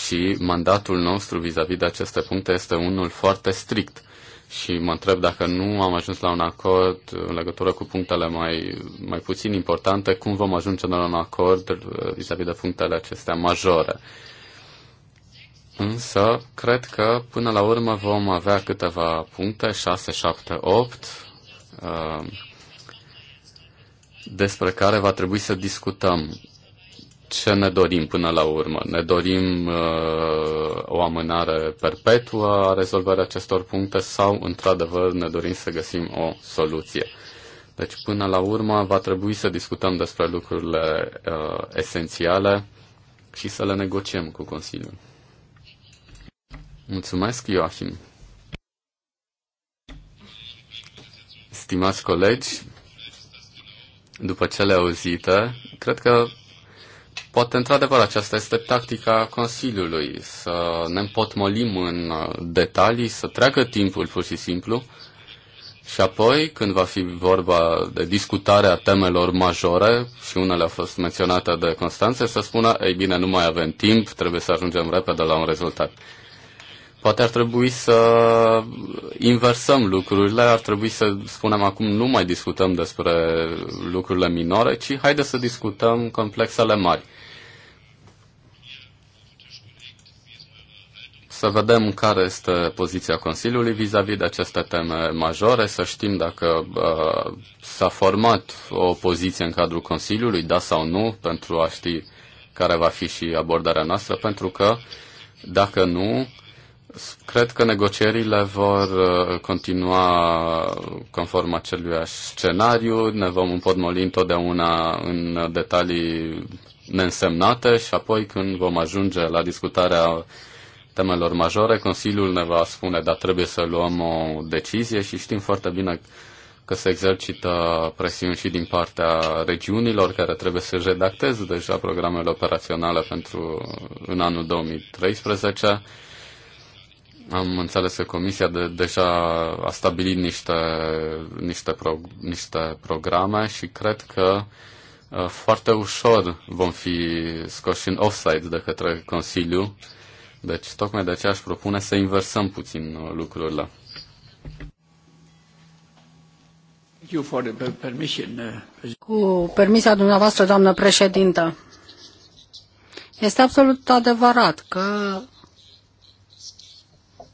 și mandatul nostru vis-a-vis -vis de aceste puncte este unul foarte strict. Și mă întreb dacă nu am ajuns la un acord în legătură cu punctele mai, mai puțin importante, cum vom ajunge la un acord uh, vis-a-vis -vis de punctele acestea majore. Însă, cred că până la urmă vom avea câteva puncte, 6, 7, 8, despre care va trebui să discutăm ce ne dorim până la urmă? Ne dorim uh, o amânare perpetuă a rezolvării acestor puncte sau, într-adevăr, ne dorim să găsim o soluție? Deci, până la urmă, va trebui să discutăm despre lucrurile uh, esențiale și să le negociem cu Consiliul. Mulțumesc, Joachim. Stimați colegi, după cele auzite, cred că Poate, într-adevăr, aceasta este tactica Consiliului, să ne împotmolim în uh, detalii, să treacă timpul pur și simplu și apoi, când va fi vorba de discutarea temelor majore, și unele au fost menționate de Constanțe, să spună, ei bine, nu mai avem timp, trebuie să ajungem repede la un rezultat. Poate ar trebui să inversăm lucrurile, ar trebui să spunem acum nu mai discutăm despre lucrurile minore, ci haide să discutăm complexele mari. să vedem care este poziția Consiliului vis-a-vis -vis de aceste teme majore, să știm dacă uh, s-a format o poziție în cadrul Consiliului, da sau nu, pentru a ști care va fi și abordarea noastră, pentru că dacă nu, cred că negocierile vor uh, continua conform acelui scenariu, ne vom împotmoli întotdeauna în detalii nensemnate și apoi când vom ajunge la discutarea temelor majore, Consiliul ne va spune, dar trebuie să luăm o decizie și știm foarte bine că se exercită presiuni și din partea regiunilor care trebuie să redacteze deja programele operaționale pentru în anul 2013. Am înțeles că Comisia de, deja a stabilit niște, niște, pro, niște programe și cred că uh, foarte ușor vom fi scoși în offside de către Consiliu deci, tocmai de aceea aș propune să inversăm puțin uh, lucrurile. Uh, Cu permisia dumneavoastră, doamnă președintă, este absolut adevărat că,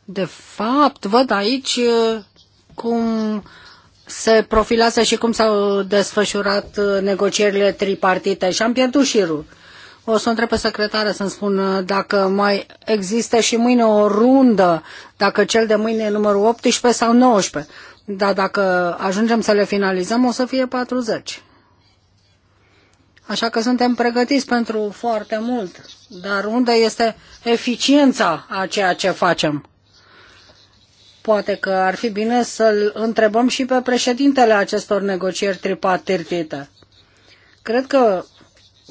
de fapt, văd aici uh, cum se profilează și cum s-au desfășurat negocierile tripartite și am pierdut șirul. O să întreb pe secretară să-mi spun uh, dacă mai există și mâine o rundă, dacă cel de mâine e numărul 18 sau 19. Dar dacă ajungem să le finalizăm, o să fie 40. Așa că suntem pregătiți pentru foarte mult. Dar unde este eficiența a ceea ce facem? Poate că ar fi bine să-l întrebăm și pe președintele acestor negocieri tripartite. Cred că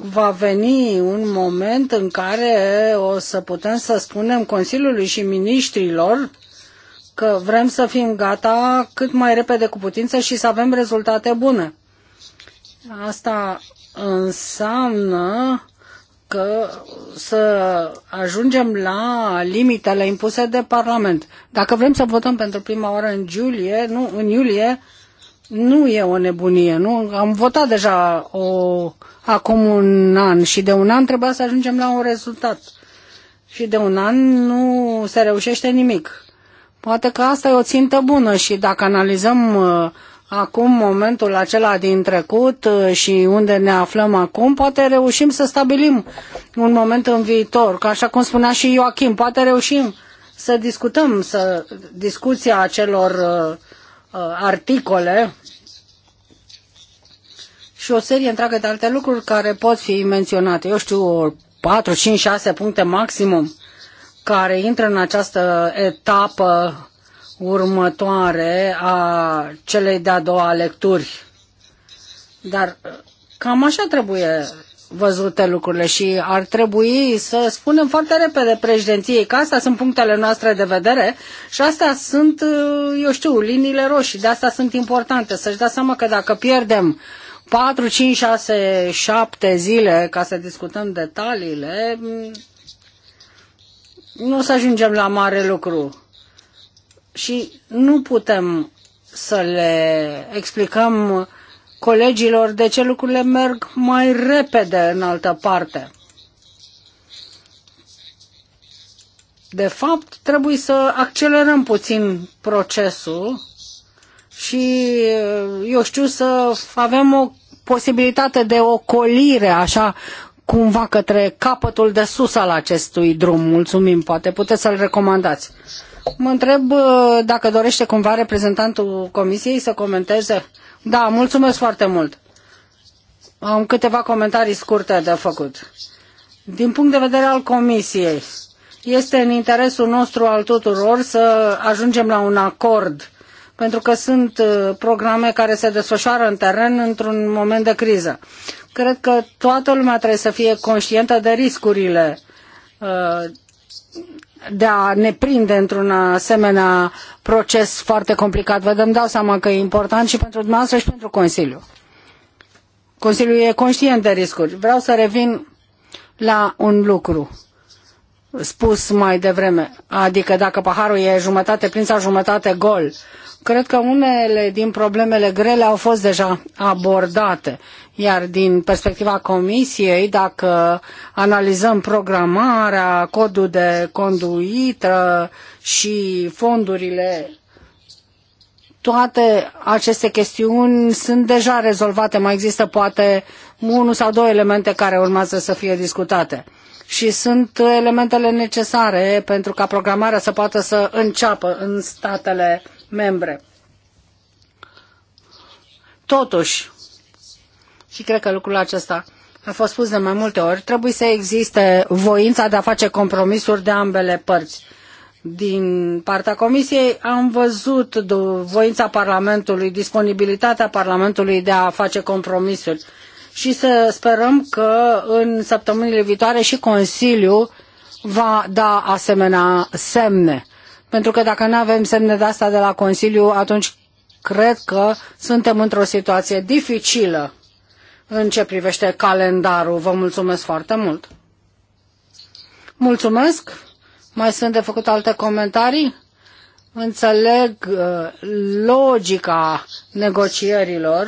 va veni un moment în care o să putem să spunem Consiliului și ministrilor că vrem să fim gata cât mai repede cu putință și să avem rezultate bune. Asta înseamnă că să ajungem la limitele impuse de Parlament. Dacă vrem să votăm pentru prima oară în iulie, nu, în iulie, nu e o nebunie, nu? Am votat deja o acum un an și de un an trebuia să ajungem la un rezultat. Și de un an nu se reușește nimic. Poate că asta e o țintă bună și dacă analizăm uh, acum momentul acela din trecut uh, și unde ne aflăm acum, poate reușim să stabilim un moment în viitor, că așa cum spunea și Ioachim, poate reușim să discutăm să, discuția acelor uh, uh articole și o serie întreagă de alte lucruri care pot fi menționate. Eu știu, 4, 5, 6 puncte maximum care intră în această etapă următoare a celei de-a doua lecturi. Dar uh, cam așa trebuie văzute lucrurile și ar trebui să spunem foarte repede președinției că astea sunt punctele noastre de vedere și astea sunt, uh, eu știu, liniile roșii, de asta sunt importante. Să-și dea seama că dacă pierdem uh, 4, 5, 6, 7 zile ca să discutăm detaliile, mm, nu o să ajungem la mare lucru. Și nu putem să le explicăm colegilor de ce lucrurile merg mai repede în altă parte. De fapt, trebuie să accelerăm puțin procesul și, eu știu, să avem o posibilitate de ocolire, așa cumva către capătul de sus al acestui drum. Mulțumim, poate puteți să-l recomandați. Mă întreb uh, dacă dorește cumva reprezentantul comisiei să comenteze. Da, mulțumesc foarte mult. Am câteva comentarii scurte de făcut. Din punct de vedere al comisiei, este în interesul nostru al tuturor să ajungem la un acord pentru că sunt uh, programe care se desfășoară în teren într-un moment de criză. Cred că toată lumea trebuie să fie conștientă de riscurile uh, de a ne prinde într-un asemenea proces foarte complicat. Vă dăm dau seama că e important și pentru dumneavoastră și pentru Consiliu. Consiliul e conștient de riscuri. Vreau să revin la un lucru spus mai devreme, adică dacă paharul e jumătate plin sau jumătate gol. Cred că unele din problemele grele au fost deja abordate, iar din perspectiva comisiei, dacă analizăm programarea, codul de conduită și fondurile toate aceste chestiuni sunt deja rezolvate, mai există poate unul sau două elemente care urmează să fie discutate. Și sunt elementele necesare pentru ca programarea să poată să înceapă în statele membre. Totuși, și cred că lucrul acesta a fost spus de mai multe ori, trebuie să existe voința de a face compromisuri de ambele părți din partea Comisiei am văzut voința Parlamentului, disponibilitatea Parlamentului de a face compromisuri și să sperăm că în săptămânile viitoare și Consiliul va da asemenea semne. Pentru că dacă nu avem semne de asta de la Consiliu, atunci cred că suntem într-o situație dificilă în ce privește calendarul. Vă mulțumesc foarte mult! Mulțumesc! Mai sunt de făcut alte comentarii? Înțeleg uh, logica negocierilor.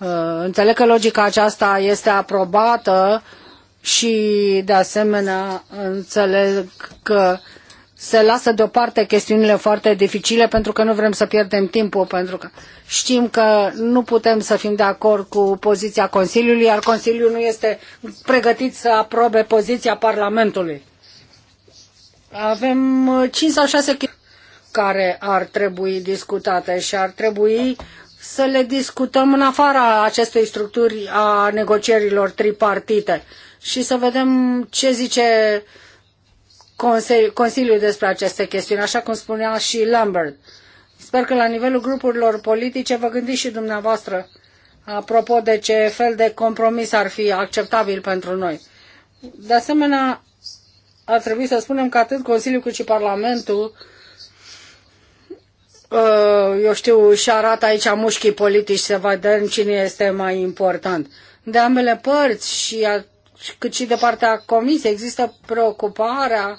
Uh, înțeleg că logica aceasta este aprobată și, de asemenea, înțeleg că se lasă deoparte chestiunile foarte dificile pentru că nu vrem să pierdem timpul, pentru că știm că nu putem să fim de acord cu poziția Consiliului, iar Consiliul nu este pregătit să aprobe poziția Parlamentului. Avem 5 uh, sau 6 care ar trebui discutate și ar trebui să le discutăm în afara acestei structuri a negocierilor tripartite și să vedem ce zice Consiliul despre aceste chestiuni, așa cum spunea și Lambert. Sper că la nivelul grupurilor politice vă gândiți și dumneavoastră apropo de ce fel de compromis ar fi acceptabil pentru noi. De asemenea, ar trebui să spunem că atât Consiliul cât și Parlamentul uh, eu știu, și arată aici mușchii politici să vedem cine este mai important. De ambele părți și a, cât și de partea comisiei există preocuparea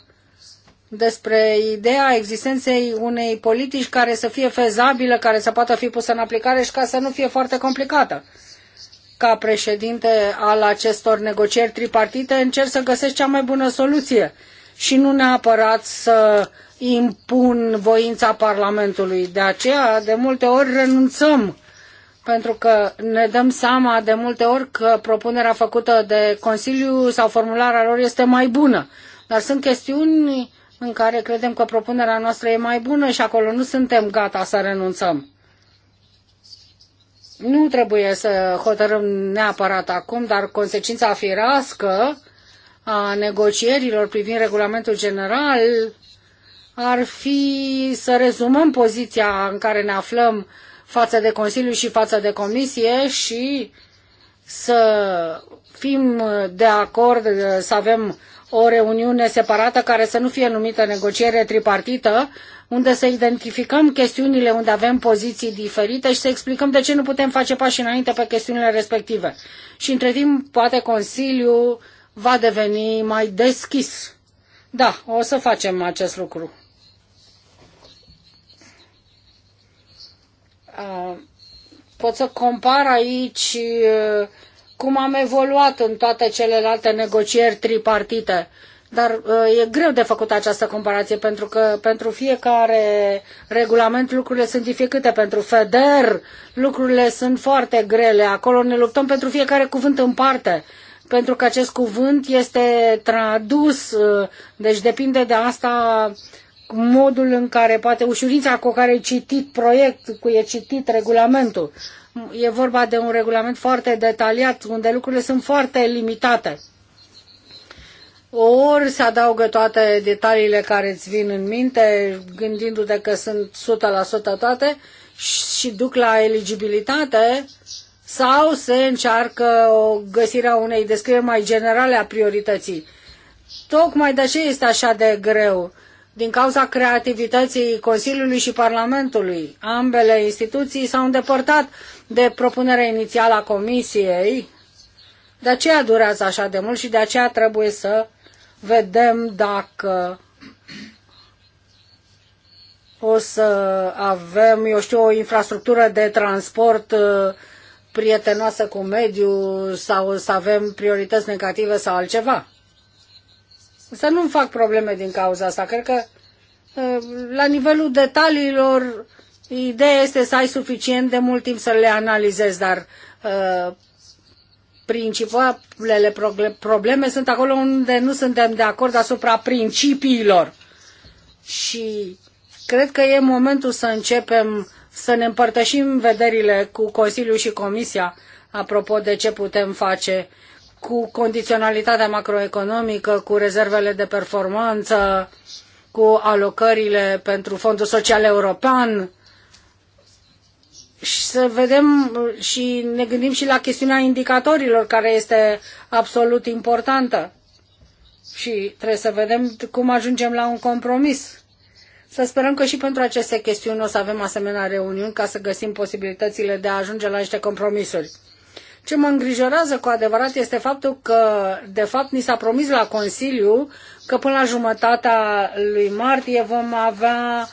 despre ideea existenței unei politici care să fie fezabilă, care să poată fi pusă în aplicare și ca să nu fie foarte complicată ca președinte al acestor negocieri tripartite, încerc să găsesc cea mai bună soluție și nu neapărat să impun voința Parlamentului. De aceea, de multe ori, renunțăm pentru că ne dăm seama de multe ori că propunerea făcută de Consiliu sau formularea lor este mai bună. Dar sunt chestiuni în care credem că propunerea noastră e mai bună și acolo nu suntem gata să renunțăm nu trebuie să hotărâm neapărat acum, dar consecința firească a negocierilor privind regulamentul general ar fi să rezumăm poziția în care ne aflăm față de Consiliu și față de Comisie și să fim de acord să avem o reuniune separată care să nu fie numită negociere tripartită, unde să identificăm chestiunile unde avem poziții diferite și să explicăm de ce nu putem face pași înainte pe chestiunile respective. Și între timp, poate Consiliul va deveni mai deschis. Da, o să facem acest lucru. Pot să compar aici uh, cum am evoluat în toate celelalte negocieri tripartite dar uh, e greu de făcut această comparație pentru că pentru fiecare regulament lucrurile sunt dificile. Pentru FEDER lucrurile sunt foarte grele. Acolo ne luptăm pentru fiecare cuvânt în parte pentru că acest cuvânt este tradus, uh, deci depinde de asta modul în care, poate ușurința cu care e citit proiect, cu e citit regulamentul. E vorba de un regulament foarte detaliat, unde lucrurile sunt foarte limitate ori se adaugă toate detaliile care îți vin în minte, gândindu-te că sunt 100% toate și duc la eligibilitate, sau se încearcă o găsirea unei descrieri mai generale a priorității. Tocmai de ce este așa de greu, din cauza creativității Consiliului și Parlamentului. Ambele instituții s-au îndepărtat de propunerea inițială a Comisiei, de aceea durează așa de mult și de aceea trebuie să vedem dacă o să avem, eu știu, o infrastructură de transport uh, prietenoasă cu mediul sau să avem priorități negative sau altceva. Să nu-mi fac probleme din cauza asta. Cred că uh, la nivelul detaliilor, ideea este să ai suficient de mult timp să le analizezi, dar uh, principalele probleme sunt acolo unde nu suntem de acord asupra principiilor. Și cred că e momentul să începem să ne împărtășim vederile cu Consiliul și Comisia apropo de ce putem face cu condiționalitatea macroeconomică, cu rezervele de performanță, cu alocările pentru Fondul Social European, și să vedem uh, și ne gândim și la chestiunea indicatorilor, care este absolut importantă. Și trebuie să vedem cum ajungem la un compromis. Să sperăm că și pentru aceste chestiuni o să avem asemenea reuniuni ca să găsim posibilitățile de a ajunge la niște compromisuri. Ce mă îngrijorează cu adevărat este faptul că, de fapt, ni s-a promis la Consiliu că până la jumătatea lui martie vom avea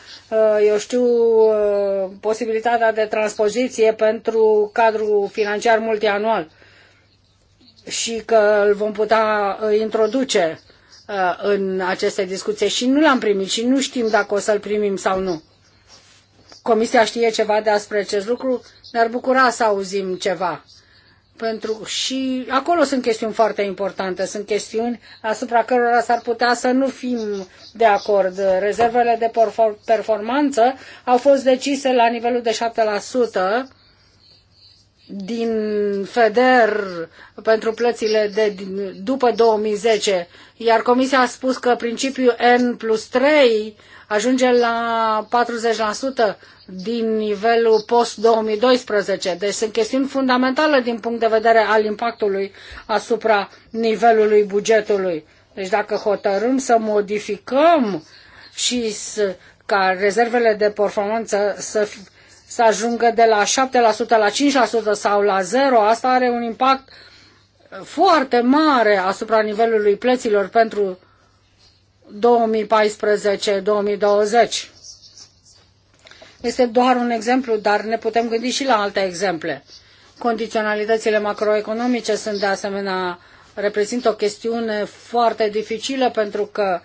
eu știu, uh, posibilitatea de transpoziție pentru cadrul financiar multianual și că îl vom putea uh, introduce uh, în aceste discuții și nu l-am primit și nu știm dacă o să-l primim sau nu. Comisia știe ceva despre acest lucru, ne-ar bucura să auzim ceva pentru și acolo sunt chestiuni foarte importante, sunt chestiuni asupra cărora s-ar putea să nu fim de acord. Rezervele de performanță au fost decise la nivelul de 7% din FEDER pentru plățile de după 2010, iar Comisia a spus că principiul N plus 3 ajunge la 40% din nivelul post-2012. Deci sunt chestiuni fundamentale din punct de vedere al impactului asupra nivelului bugetului. Deci dacă hotărâm să modificăm și să, ca rezervele de performanță să, să ajungă de la 7% la 5% sau la 0, asta are un impact foarte mare asupra nivelului plăților pentru 2014-2020. Este doar un exemplu, dar ne putem gândi și la alte exemple. Condiționalitățile macroeconomice sunt de asemenea reprezintă o chestiune foarte dificilă pentru că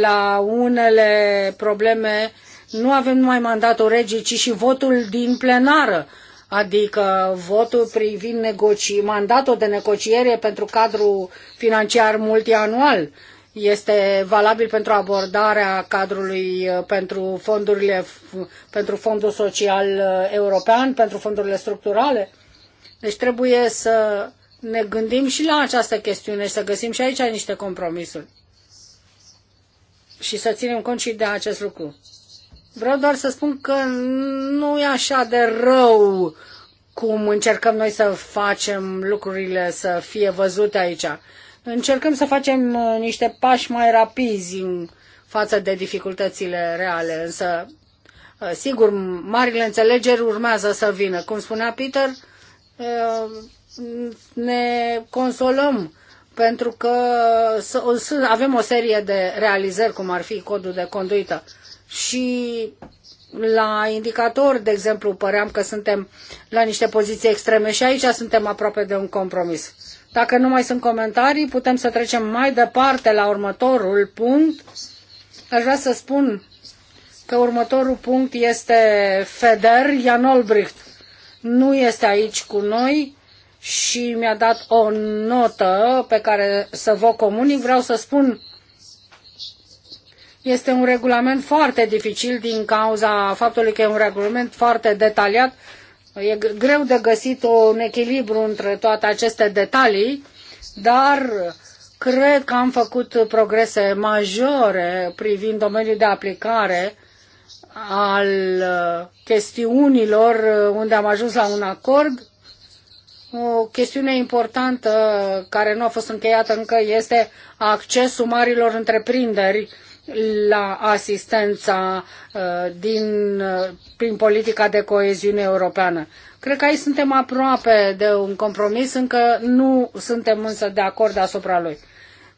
la unele probleme nu avem numai mandatul regii, ci și votul din plenară, adică votul privind negoci- mandatul de negociere pentru cadrul financiar multianual este valabil pentru abordarea cadrului uh, pentru fondurile pentru fondul social uh, european, pentru fondurile structurale. Deci trebuie să ne gândim și la această chestiune și să găsim și aici niște compromisuri. Și să ținem cont și de acest lucru. Vreau doar să spun că nu e așa de rău cum încercăm noi să facem lucrurile să fie văzute aici încercăm să facem uh, niște pași mai rapizi în față de dificultățile reale, însă uh, sigur, marile înțelegeri urmează să vină. Cum spunea Peter, uh, ne consolăm pentru că avem o serie de realizări, cum ar fi codul de conduită. Și la indicator, de exemplu, păream că suntem la niște poziții extreme și aici suntem aproape de un compromis. Dacă nu mai sunt comentarii, putem să trecem mai departe la următorul punct. Aș vrea să spun că următorul punct este Feder Jan Olbricht. Nu este aici cu noi și mi-a dat o notă pe care să vă comunic. Vreau să spun este un regulament foarte dificil din cauza faptului că e un regulament foarte detaliat E greu de găsit un echilibru între toate aceste detalii, dar cred că am făcut progrese majore privind domeniul de aplicare al uh, chestiunilor uh, unde am ajuns la un acord. O chestiune importantă care nu a fost încheiată încă este accesul marilor întreprinderi la asistența uh, din, uh, prin politica de coeziune europeană. Cred că aici suntem aproape de un compromis, încă nu suntem însă de acord asupra lui.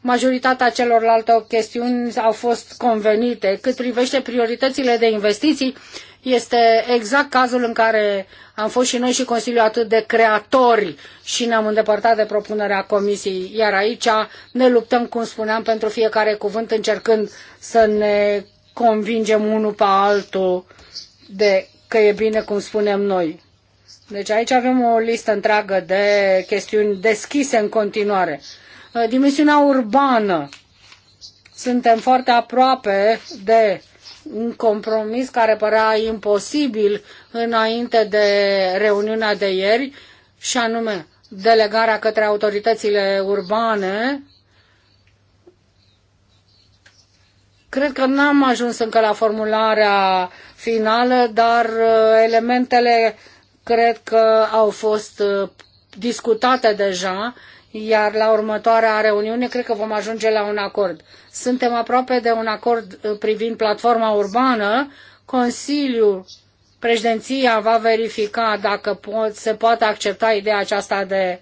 Majoritatea celorlalte chestiuni au fost convenite. Cât privește prioritățile de investiții, este exact cazul în care am fost și noi și Consiliul atât de creatori și ne-am îndepărtat de propunerea Comisiei. Iar aici ne luptăm, cum spuneam, pentru fiecare cuvânt, încercând să ne convingem unul pe altul de că e bine cum spunem noi. Deci aici avem o listă întreagă de chestiuni deschise în continuare. Dimensiunea urbană. Suntem foarte aproape de un compromis care părea imposibil înainte de reuniunea de ieri, și anume delegarea către autoritățile urbane. Cred că n-am ajuns încă la formularea finală, dar uh, elementele cred că au fost uh, discutate deja iar la următoarea reuniune cred că vom ajunge la un acord. Suntem aproape de un acord uh, privind platforma urbană. Consiliul, președinția va verifica dacă pot, se poate accepta ideea aceasta de,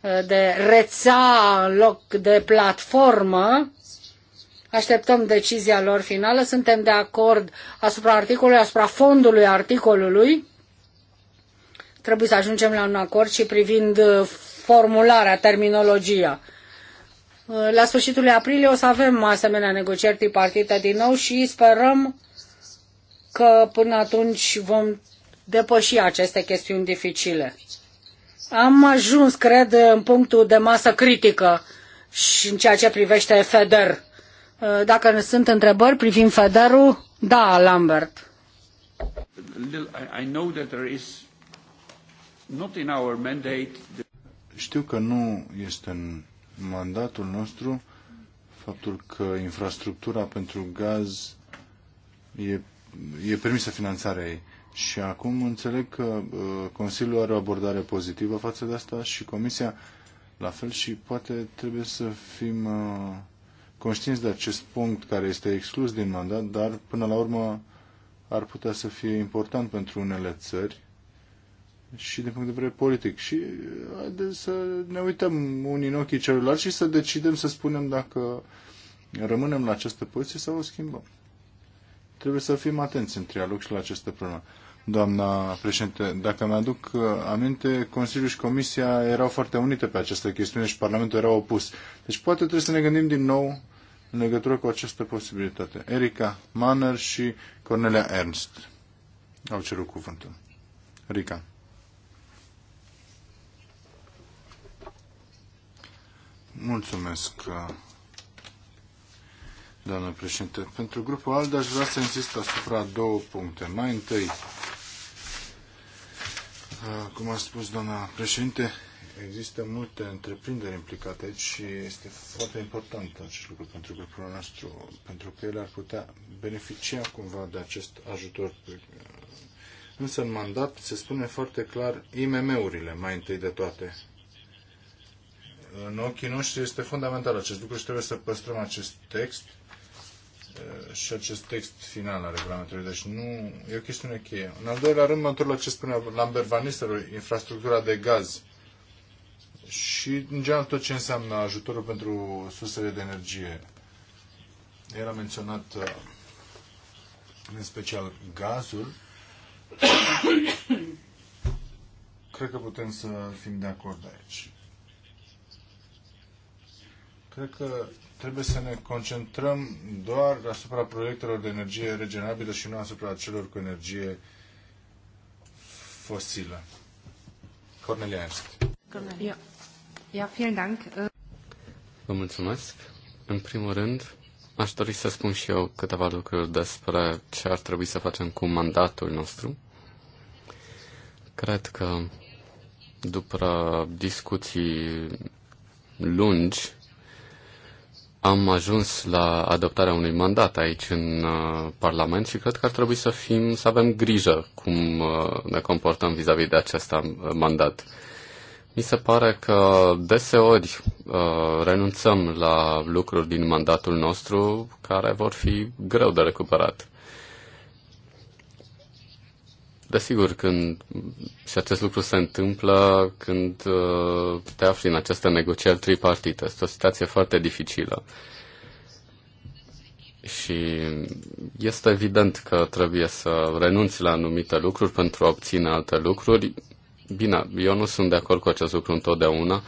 uh, de rețea în loc de platformă. Așteptăm decizia lor finală. Suntem de acord asupra articolului, asupra fondului articolului. Trebuie să ajungem la un acord și privind uh, formularea, terminologia. La sfârșitul aprilie o să avem asemenea negocieri tripartite din nou și sperăm că până atunci vom depăși aceste chestiuni dificile. Am ajuns, cred, în punctul de masă critică și în ceea ce privește FEDER. Dacă sunt întrebări privind FEDER-ul, da, Lambert. I know that there is not in our mandate știu că nu este în mandatul nostru faptul că infrastructura pentru gaz e, e permisă finanțarea ei. Și acum înțeleg că uh, Consiliul are o abordare pozitivă față de asta și Comisia la fel și poate trebuie să fim uh, conștienți de acest punct care este exclus din mandat, dar până la urmă ar putea să fie important pentru unele țări și din punct de vedere politic. Și uh, haideți să ne uităm unii în ochii celorlalți și să decidem să spunem dacă rămânem la această poziție sau o schimbăm. Trebuie să fim atenți în trialog și la această problemă, Doamna președinte, dacă mi-aduc uh, aminte, Consiliul și Comisia erau foarte unite pe această chestiune și Parlamentul era opus. Deci poate trebuie să ne gândim din nou în legătură cu această posibilitate. Erika Manner și Cornelia Ernst au cerut cuvântul. Rica. Mulțumesc, uh, doamnă președinte. Pentru grupul ALDE aș vrea să insist asupra două puncte. Mai întâi, uh, cum a spus doamna președinte, există multe întreprinderi implicate aici și este foarte important acest lucru pentru grupul nostru, pentru că ele ar putea beneficia cumva de acest ajutor. Însă în mandat se spune foarte clar IMM-urile mai întâi de toate în ochii noștri este fundamental acest lucru și trebuie să păstrăm acest text și acest text final al regulamentului. Deci nu, e o chestiune cheie. În al doilea rând, mă întorc la ce spunea Lambert Van Nistelrooy, infrastructura de gaz și, în general, tot ce înseamnă ajutorul pentru sursele de energie. Era menționat în special gazul. Cred că putem să fim de acord aici. Cred că trebuie să ne concentrăm doar asupra proiectelor de energie regenerabilă și nu asupra celor cu energie fosilă. Cornelia Ernst. Cornelia. Ja, vielen Dank. Vă mulțumesc. În primul rând, aș dori să spun și eu câteva lucruri despre ce ar trebui să facem cu mandatul nostru. Cred că după discuții lungi am ajuns la adoptarea unui mandat aici în uh, Parlament și cred că ar trebui să fim, să avem grijă cum uh, ne comportăm vis-a-vis -vis de acest uh, mandat. Mi se pare că deseori renunțăm la lucruri din mandatul nostru care vor fi greu de recuperat. Desigur, când și acest lucru se întâmplă când uh, te afli în aceste negocieri tripartite. Este o situație foarte dificilă. Și este evident că trebuie să renunți la anumite lucruri pentru a obține alte lucruri. Bine, eu nu sunt de acord cu acest lucru întotdeauna.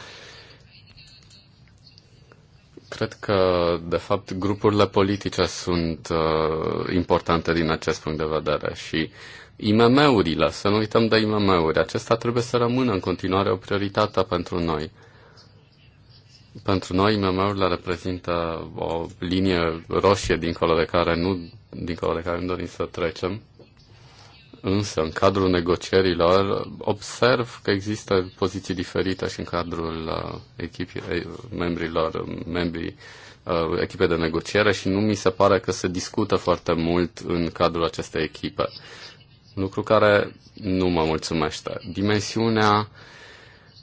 Cred că, de fapt, grupurile politice sunt uh, importante din acest punct de vedere și uh, IMM-urile, să nu uităm de IMM-uri. Acesta trebuie să rămână în continuare o prioritate pentru noi. Pentru noi IMM-urile reprezintă o linie roșie dincolo de care nu, dincolo de care nu dorim să trecem. Însă, în cadrul negocierilor, observ că există poziții diferite și în cadrul uh, echipii, uh, membrilor, uh, membrii echipe de negociere și nu mi se pare că se discută foarte mult în cadrul acestei echipe lucru care nu mă mulțumește. Dimensiunea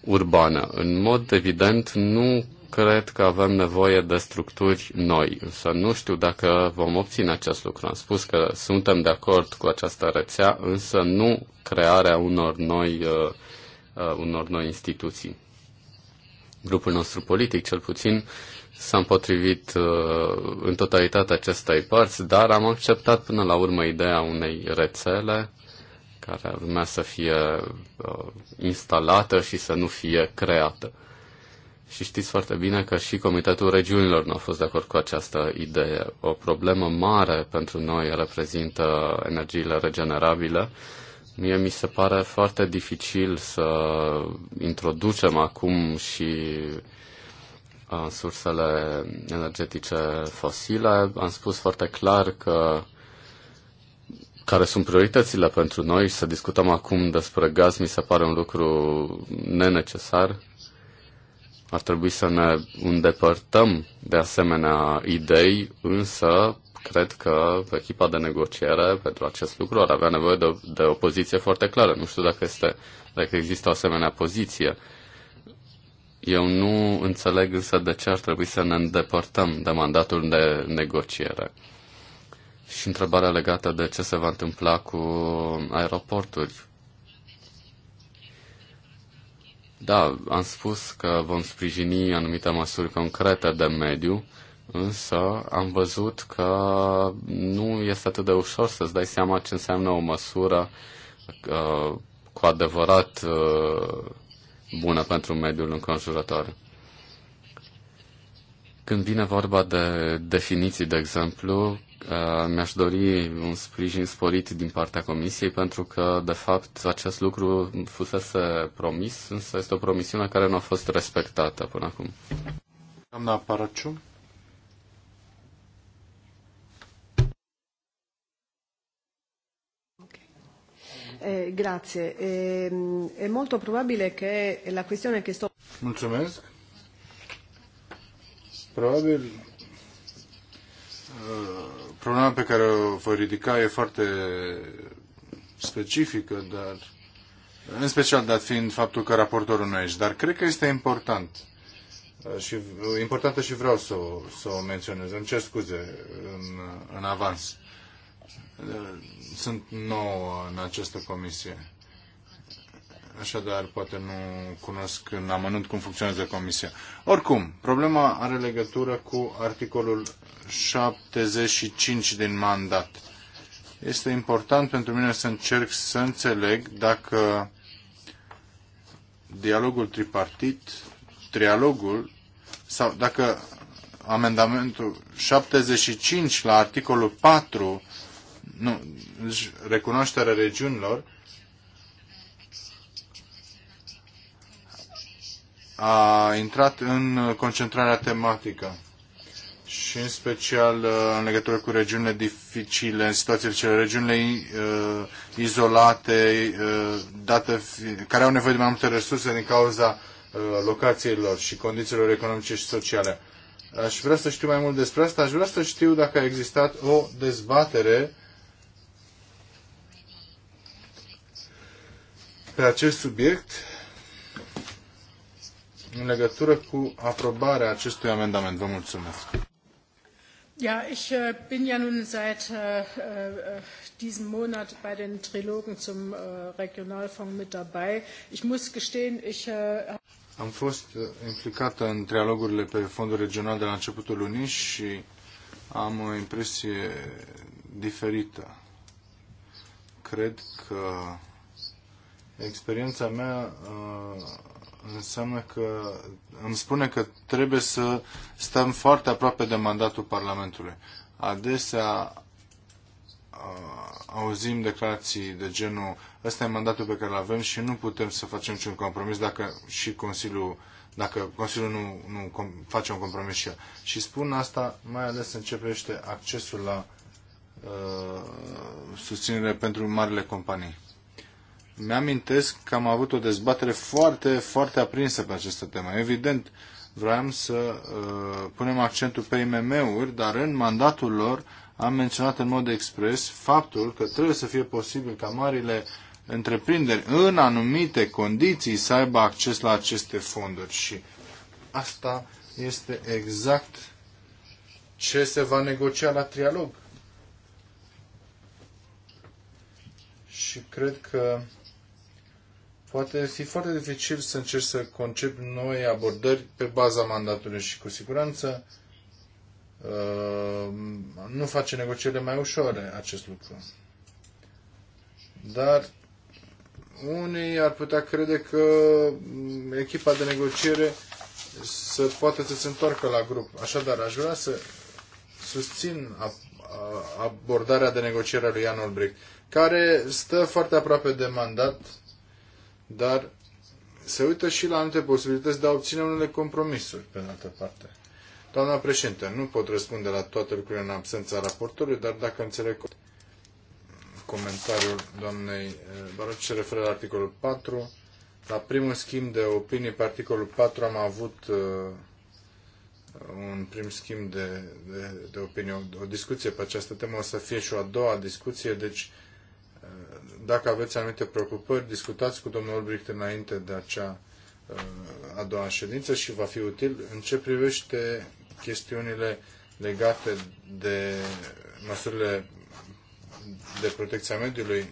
urbană. În mod evident, nu cred că avem nevoie de structuri noi, însă nu știu dacă vom obține acest lucru. Am spus că suntem de acord cu această rețea, însă nu crearea unor noi, uh, uh, unor noi instituții. Grupul nostru politic, cel puțin, s-a împotrivit uh, în totalitate acestei părți, dar am acceptat până la urmă ideea unei rețele care urma să fie uh, instalată și să nu fie creată. Și știți foarte bine că și Comitetul Regiunilor nu a fost de acord cu această idee. O problemă mare pentru noi reprezintă energiile regenerabile. Mie mi se pare foarte dificil să introducem acum și uh, sursele energetice fosile. Am spus foarte clar că uh, care sunt prioritățile pentru noi. Să discutăm acum despre gaz mi se pare un lucru nenecesar. Ar trebui să ne îndepărtăm de asemenea idei, însă cred că echipa de negociere pentru acest lucru ar avea nevoie de, de o poziție foarte clară. Nu știu dacă, este, dacă există o asemenea poziție. Eu nu înțeleg însă de ce ar trebui să ne îndepărtăm de mandatul de negociere. Și întrebarea legată de ce se va întâmpla cu aeroporturi. Da, am spus că vom sprijini anumite măsuri concrete de mediu, însă am văzut că nu este atât de ușor să-ți dai seama ce înseamnă o măsură uh, cu adevărat uh, bună pentru mediul înconjurător. Când vine vorba de definiții, de exemplu, Uh, mi-aș dori un sprijin sporit din partea Comisiei, pentru că, de fapt, acest lucru fusese promis, însă este o promisiune care nu a fost respectată până acum. Doamna Paraciu? Eh, grazie. Eh, è molto probabile che la questione che sto... Mulțumesc. Probabil uh, Problema pe care o voi ridica e foarte specifică, dar în special dat fiind faptul că raportorul nu e aici, dar cred că este important uh, și importantă și vreau să o, să o menționez. Îmi cer scuze în, în avans. Uh, sunt nou în această comisie așadar poate nu cunosc în amănunt cum funcționează Comisia. Oricum, problema are legătură cu articolul 75 din mandat. Este important pentru mine să încerc să înțeleg dacă dialogul tripartit, trialogul, sau dacă amendamentul 75 la articolul 4, nu, deci recunoașterea regiunilor, a intrat în concentrarea tematică și în special uh, în legătură cu regiunile dificile, în situațiile cele regiunile uh, izolate, uh, dată, care au nevoie de mai multe resurse din cauza uh, locațiilor lor și condițiilor economice și sociale. Aș vrea să știu mai mult despre asta, aș vrea să știu dacă a existat o dezbatere pe acest subiect în legătură cu aprobarea acestui amendament. Vă mulțumesc. Ja, ich äh, bin ja nun seit äh, äh, diesem Monat bei den Trilogen zum Regionalfonds mit dabei. Ich muss gestehen, ich am fost implicată în trialogurile pe fondul regional de la începutul lunii și am o impresie diferită. Cred că experiența mea uh, înseamnă că îmi spune că trebuie să stăm foarte aproape de mandatul Parlamentului. Adesea auzim declarații de genul ăsta e mandatul pe care îl avem și nu putem să facem niciun compromis dacă și Consiliul dacă Consiliul nu, nu face un compromis și el. Și spun asta mai ales în ce privește accesul la uh, susținere pentru marile companii mi-amintesc că am avut o dezbatere foarte, foarte aprinsă pe această temă. Evident, vroiam să uh, punem accentul pe IMM-uri, dar în mandatul lor am menționat în mod expres faptul că trebuie să fie posibil ca marile întreprinderi în anumite condiții să aibă acces la aceste fonduri și asta este exact ce se va negocia la trialog. Și cred că poate fi foarte dificil să încerci să concepi noi abordări pe baza mandatului și cu siguranță uh, nu face negocierile mai ușoare acest lucru. Dar unii ar putea crede că mm, echipa de negociere să poate să se întoarcă la grup. Așadar, aș vrea să susțin abordarea de negociere a lui Ian Olbricht, care stă foarte aproape de mandat dar se uită și la anumite posibilități de a obține unele compromisuri, pe de altă parte. Doamna președinte, nu pot răspunde la toate lucrurile în absența raportorului, dar dacă înțeleg comentariul doamnei Baroc eh, ce referă la articolul 4, la primul schimb de opinie pe articolul 4 am avut uh, un prim schimb de, de, de opinie, o, o discuție pe această temă, o să fie și o a doua discuție, deci dacă aveți anumite preocupări, discutați cu domnul Olbricht înainte de acea uh, a doua ședință și va fi util. În ce privește chestiunile legate de măsurile de protecția mediului,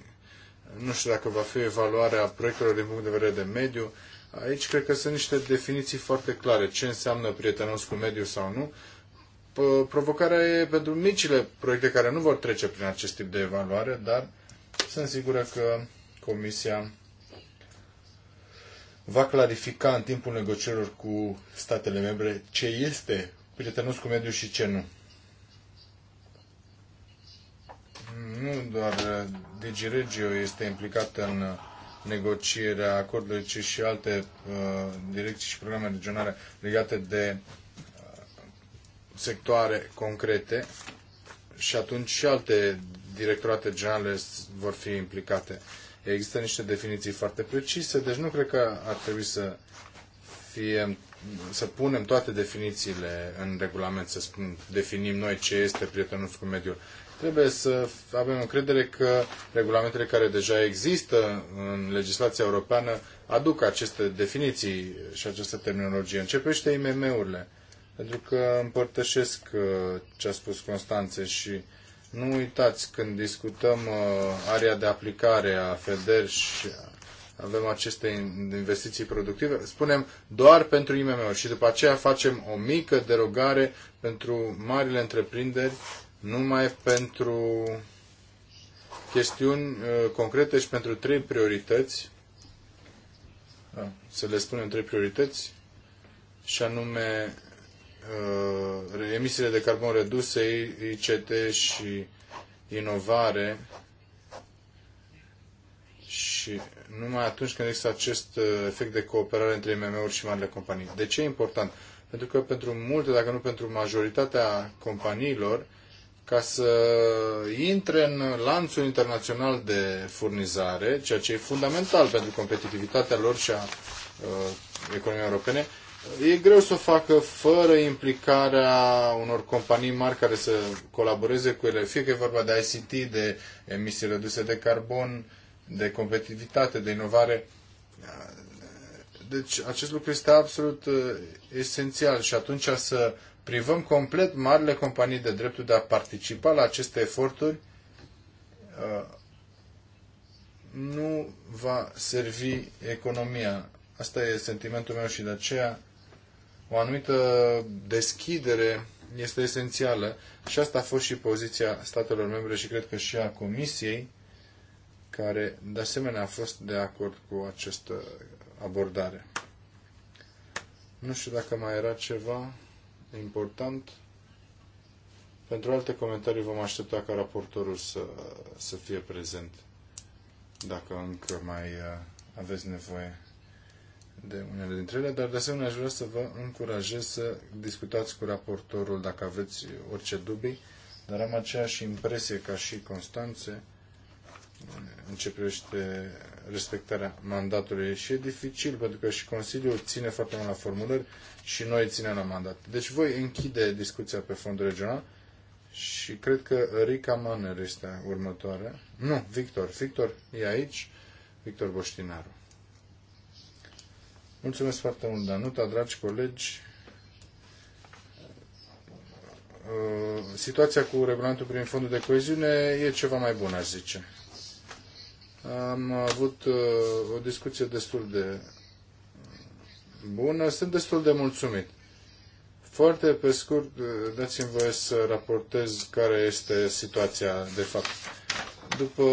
nu știu dacă va fi evaluarea proiectelor din punct de vedere de mediu, aici cred că sunt niște definiții foarte clare, ce înseamnă prietenos cu mediul sau nu. Provocarea e pentru micile proiecte care nu vor trece prin acest tip de evaluare, dar sunt sigură că Comisia va clarifica în timpul negocierilor cu statele membre ce este prietenos cu mediul și ce nu. Nu doar Digiregio este implicat în negocierea acordului, ci și alte uh, direcții și programe regionale legate de uh, sectoare concrete și atunci și alte directorate generale vor fi implicate. Există niște definiții foarte precise, deci nu cred că ar trebui să fie să punem toate definițiile în regulament, să spun, definim noi ce este prietenul cu mediul. Trebuie să avem încredere că regulamentele care deja există în legislația europeană aduc aceste definiții și această terminologie. Începește IMM-urile, pentru că împărtășesc uh, ce a spus Constanțe și nu uitați, când discutăm uh, area de aplicare a FEDER și avem aceste investiții productive, spunem doar pentru IMM-uri și după aceea facem o mică derogare pentru marile întreprinderi, numai pentru chestiuni uh, concrete și pentru trei priorități, da, să le spunem trei priorități, și anume Uh, emisiile de carbon reduse, ICT și inovare și numai atunci când există acest uh, efect de cooperare între IMM-uri și marile companii. De ce e important? Pentru că pentru multe, dacă nu pentru majoritatea companiilor, ca să intre în lanțul internațional de furnizare, ceea ce e fundamental pentru competitivitatea lor și a uh, economiei europene, e greu să o facă fără implicarea unor companii mari care să colaboreze cu ele, fie că e vorba de ICT, de emisii reduse de carbon, de competitivitate, de inovare. Deci acest lucru este absolut uh, esențial și atunci să privăm complet marile companii de dreptul de a participa la aceste eforturi uh, nu va servi economia. Asta e sentimentul meu și de aceea o anumită deschidere este esențială și asta a fost și poziția statelor membre și cred că și a Comisiei, care de asemenea a fost de acord cu această abordare. Nu știu dacă mai era ceva important. Pentru alte comentarii vom aștepta ca raportorul să, să fie prezent, dacă încă mai uh, aveți nevoie de unele dintre ele, dar de asemenea aș vrea să vă încurajez să discutați cu raportorul dacă aveți orice dubii, dar am aceeași impresie ca și Constanțe în ce privește respectarea mandatului și e dificil pentru că și Consiliul ține foarte mult la formulări și noi ținem la mandat. Deci voi închide discuția pe fond regional și cred că Rica Manner este următoarea. Nu, Victor. Victor e aici. Victor Boștinaru. Mulțumesc foarte mult, Danuta, dragi colegi. Uh, situația cu regulamentul prin fondul de coeziune e ceva mai bună, aș zice. Am avut uh, o discuție destul de bună. Sunt destul de mulțumit. Foarte pe scurt, uh, dați-mi voie să raportez care este situația de fapt după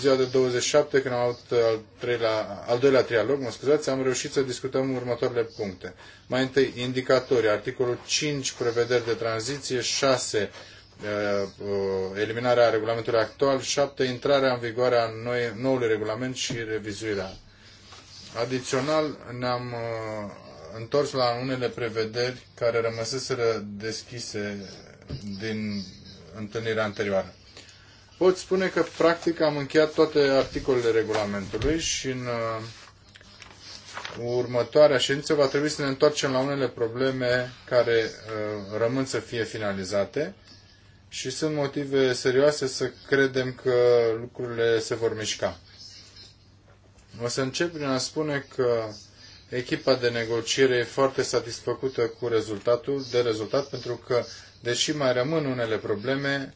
ziua de 27, când am avut al, treilea, al doilea trialog, mă scuzați, am reușit să discutăm următoarele puncte. Mai întâi, indicatorii, articolul 5, prevederi de tranziție, 6, uh, uh, eliminarea regulamentului actual, 7, intrarea în vigoare a noi, noului regulament și revizuirea. Adițional, ne-am uh, întors la unele prevederi care rămăseseră deschise din întâlnirea anterioară pot spune că practic am încheiat toate articolele regulamentului și în uh, următoarea ședință va trebui să ne întoarcem la unele probleme care uh, rămân să fie finalizate și sunt motive serioase să credem că lucrurile se vor mișca. O să încep prin a spune că echipa de negociere e foarte satisfăcută cu rezultatul, de rezultat, pentru că, deși mai rămân unele probleme,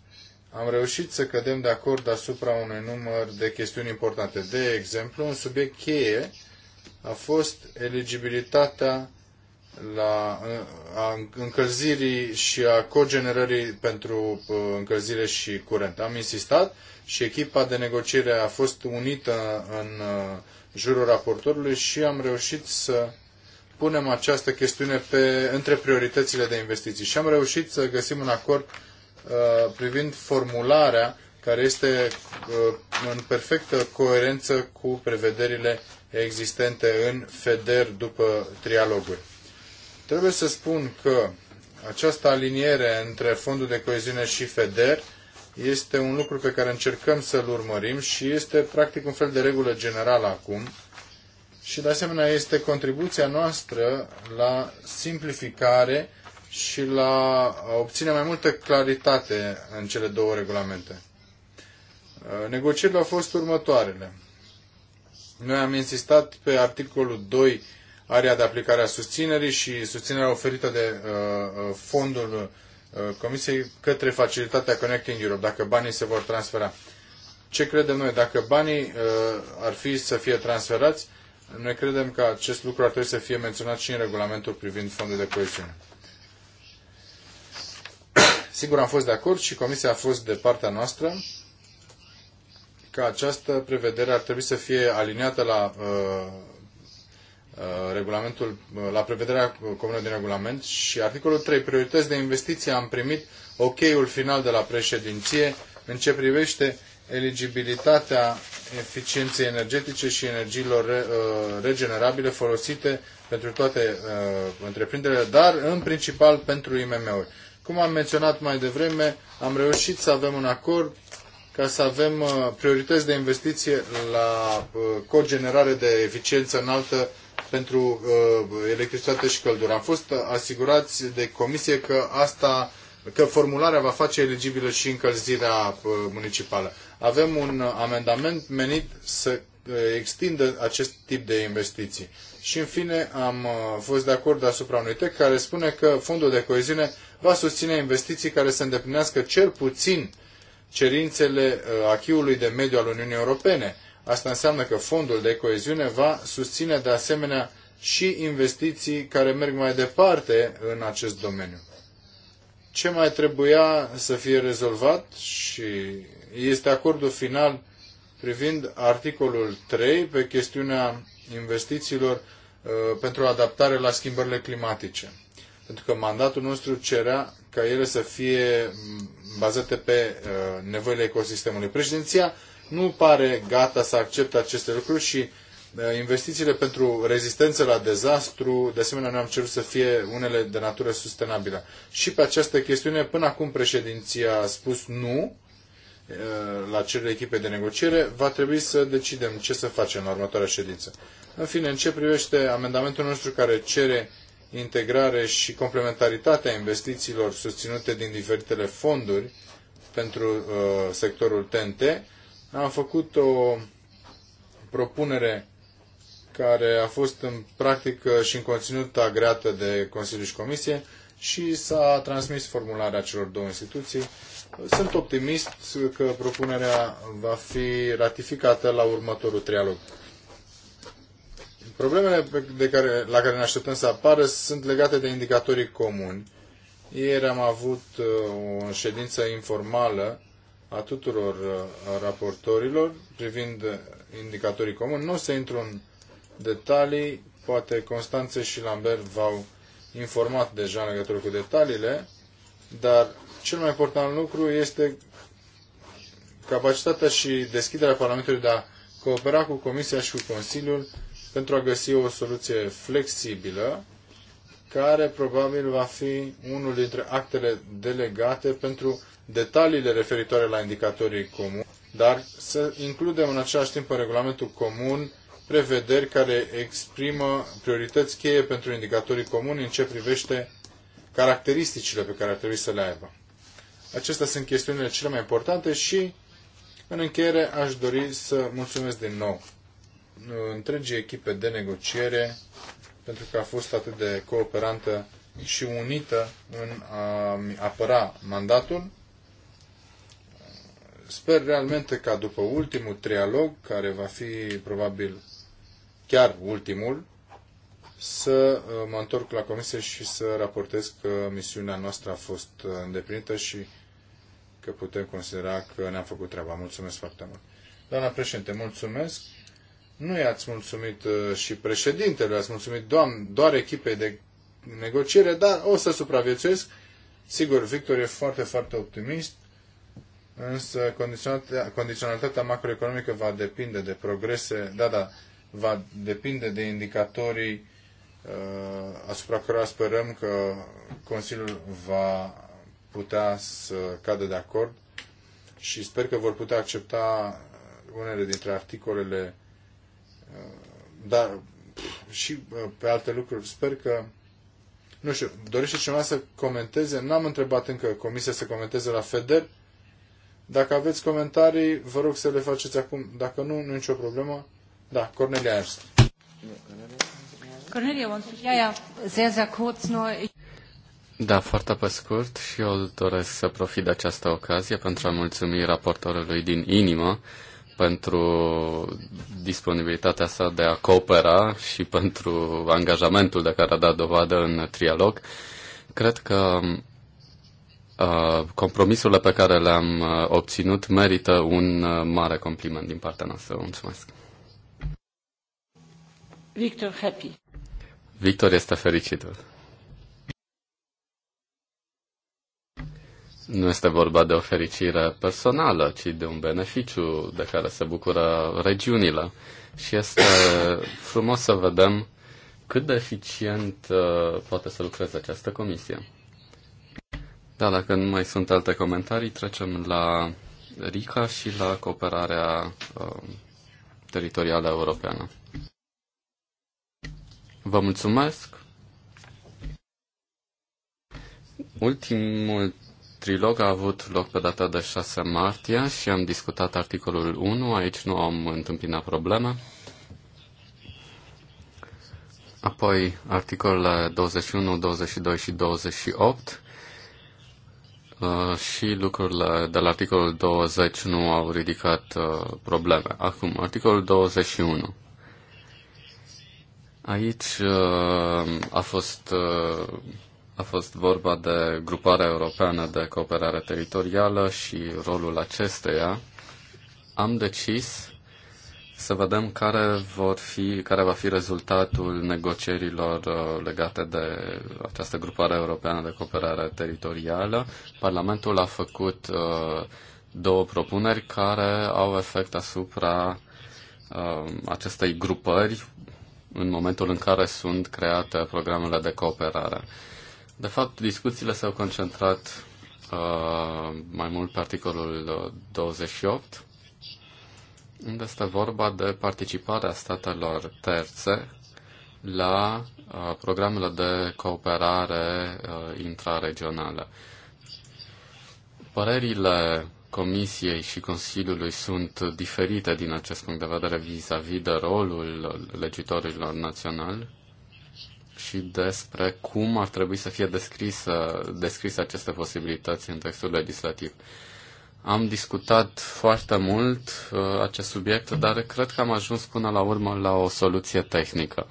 am reușit să cădem de acord asupra unui număr de chestiuni importante. De exemplu, un subiect cheie a fost eligibilitatea la a încălzirii și a cogenerării pentru uh, încălzire și curent. Am insistat și echipa de negociere a fost unită în uh, jurul raportorului și am reușit să punem această chestiune pe, între prioritățile de investiții. Și am reușit să găsim un acord Uh, privind formularea care este uh, în perfectă coerență cu prevederile existente în FEDER după trialoguri. Trebuie să spun că această aliniere între Fondul de Coeziune și FEDER este un lucru pe care încercăm să-l urmărim și este practic un fel de regulă generală acum și de asemenea este contribuția noastră la simplificare și la a obține mai multă claritate în cele două regulamente. Uh, negocierile au fost următoarele. Noi am insistat pe articolul 2, area de aplicare a susținerii și susținerea oferită de uh, uh, fondul uh, Comisiei către facilitatea Connecting Europe, dacă banii se vor transfera. Ce credem noi? Dacă banii uh, ar fi să fie transferați, noi credem că acest lucru ar trebui să fie menționat și în regulamentul privind fondul de coeziune. Sigur, am fost de acord și Comisia a fost de partea noastră că această prevedere ar trebui să fie aliniată la uh, uh, regulamentul, uh, la prevederea comună din regulament și articolul 3, priorități de investiție, am primit ok-ul final de la președinție în ce privește eligibilitatea eficienței energetice și energiilor re, uh, regenerabile folosite pentru toate uh, întreprinderile, dar în principal pentru IMM-uri. Cum am menționat mai devreme, am reușit să avem un acord ca să avem uh, priorități de investiție la uh, cogenerare de eficiență înaltă pentru uh, electricitate și căldură. Am fost asigurați de comisie că asta că formularea va face eligibilă și încălzirea municipală. Avem un amendament menit să extindă acest tip de investiții. Și în fine am fost de acord asupra unui text care spune că fondul de coeziune va susține investiții care să îndeplinească cel puțin cerințele uh, achiului de mediu al Uniunii Europene. Asta înseamnă că fondul de coeziune va susține de asemenea și investiții care merg mai departe în acest domeniu. Ce mai trebuia să fie rezolvat și este acordul final privind articolul 3 pe chestiunea investițiilor uh, pentru adaptare la schimbările climatice pentru că mandatul nostru cerea ca ele să fie bazate pe uh, nevoile ecosistemului. Președinția nu pare gata să accepte aceste lucruri și uh, investițiile pentru rezistență la dezastru, de asemenea, noi am cerut să fie unele de natură sustenabilă. Și pe această chestiune, până acum președinția a spus nu uh, la cele echipe de negociere, va trebui să decidem ce să facem la următoarea ședință. În fine, în ce privește amendamentul nostru care cere integrare și complementaritatea investițiilor susținute din diferitele fonduri pentru uh, sectorul TNT, am făcut o propunere care a fost în practică și în conținut agreată de Consiliu și Comisie și s-a transmis formularea celor două instituții. Sunt optimist că propunerea va fi ratificată la următorul trialog. Problemele de care, la care ne așteptăm să apară sunt legate de indicatorii comuni. Ieri am avut uh, o ședință informală a tuturor uh, raportorilor privind indicatorii comuni. Nu o să intru în detalii, poate Constanțe și Lambert v-au informat deja în legătură cu detaliile, dar cel mai important lucru este capacitatea și deschiderea Parlamentului de a coopera cu Comisia și cu Consiliul pentru a găsi o soluție flexibilă care probabil va fi unul dintre actele delegate pentru detaliile referitoare la indicatorii comuni, dar să includem în același timp în regulamentul comun prevederi care exprimă priorități cheie pentru indicatorii comuni în ce privește caracteristicile pe care ar trebui să le aibă. Acestea sunt chestiunile cele mai importante și în încheiere aș dori să mulțumesc din nou întregii echipe de negociere pentru că a fost atât de cooperantă și unită în a apăra mandatul. Sper realmente ca după ultimul trialog, care va fi probabil chiar ultimul, să uh, mă întorc la comisie și să raportez că misiunea noastră a fost uh, îndeplinită și că putem considera că ne-am făcut treaba. Mulțumesc foarte mult. Doamna președinte, mulțumesc. Nu i-ați mulțumit uh, și președintele, ați mulțumit doam, doar echipei de negociere, dar o să supraviețuiesc. Sigur, Victor e foarte, foarte optimist, însă condiționalitatea macroeconomică va depinde de progrese, da, da, va depinde de indicatorii uh, asupra cărora sperăm că Consiliul va putea să cadă de acord și sper că vor putea accepta unele dintre articolele dar și uh, pe alte lucruri. Sper că nu știu, dorește cineva să comenteze? N-am întrebat încă comisia să comenteze la FEDER. Dacă aveți comentarii, vă rog să le faceți acum. Dacă nu, nu nicio problemă. Da, Cornelia Ernst. Cornelia, ja, ja, sehr, sehr kurz Da, foarte pe scurt și eu doresc să profit de această ocazie pentru a mulțumi raportorului din inimă pentru disponibilitatea sa de a coopera și pentru angajamentul de care a dat dovadă în trialog. Cred că uh, compromisurile pe care le-am uh, obținut merită un uh, mare compliment din partea noastră. Mulțumesc! Victor Happy. Victor este fericit. nu este vorba de o fericire personală, ci de un beneficiu de care se bucură regiunile. Și este frumos să vedem cât de eficient uh, poate să lucreze această comisie. Da, dacă nu mai sunt alte comentarii, trecem la RICA și la cooperarea uh, teritorială europeană. Vă mulțumesc! Ultimul Trilog a avut loc pe data de 6 martie și am discutat articolul 1. Aici nu am întâmpinat probleme. Apoi articolele 21, 22 și 28 uh, și lucrurile de la articolul 20 nu au ridicat uh, probleme. Acum, articolul 21. Aici uh, a fost a fost vorba de Gruparea Europeană de Cooperare Teritorială și rolul acesteia. Am decis să vedem care, vor fi, care va fi rezultatul negocierilor uh, legate de această grupare europeană de cooperare teritorială. Parlamentul a făcut uh, două propuneri care au efect asupra uh, acestei grupări în momentul în care sunt create programele de cooperare. De fapt, discuțiile s-au concentrat uh, mai mult pe articolul 28, uh, unde este vorba de participarea statelor terțe la uh, programele de cooperare uh, intraregională. Părerile Comisiei și Consiliului sunt diferite din acest punct de vedere vis-a-vis -vis de rolul legitorilor naționali și despre cum ar trebui să fie descrisă, descrise aceste posibilități în textul legislativ. Am discutat foarte mult uh, acest subiect, dar cred că am ajuns până la urmă la o soluție tehnică.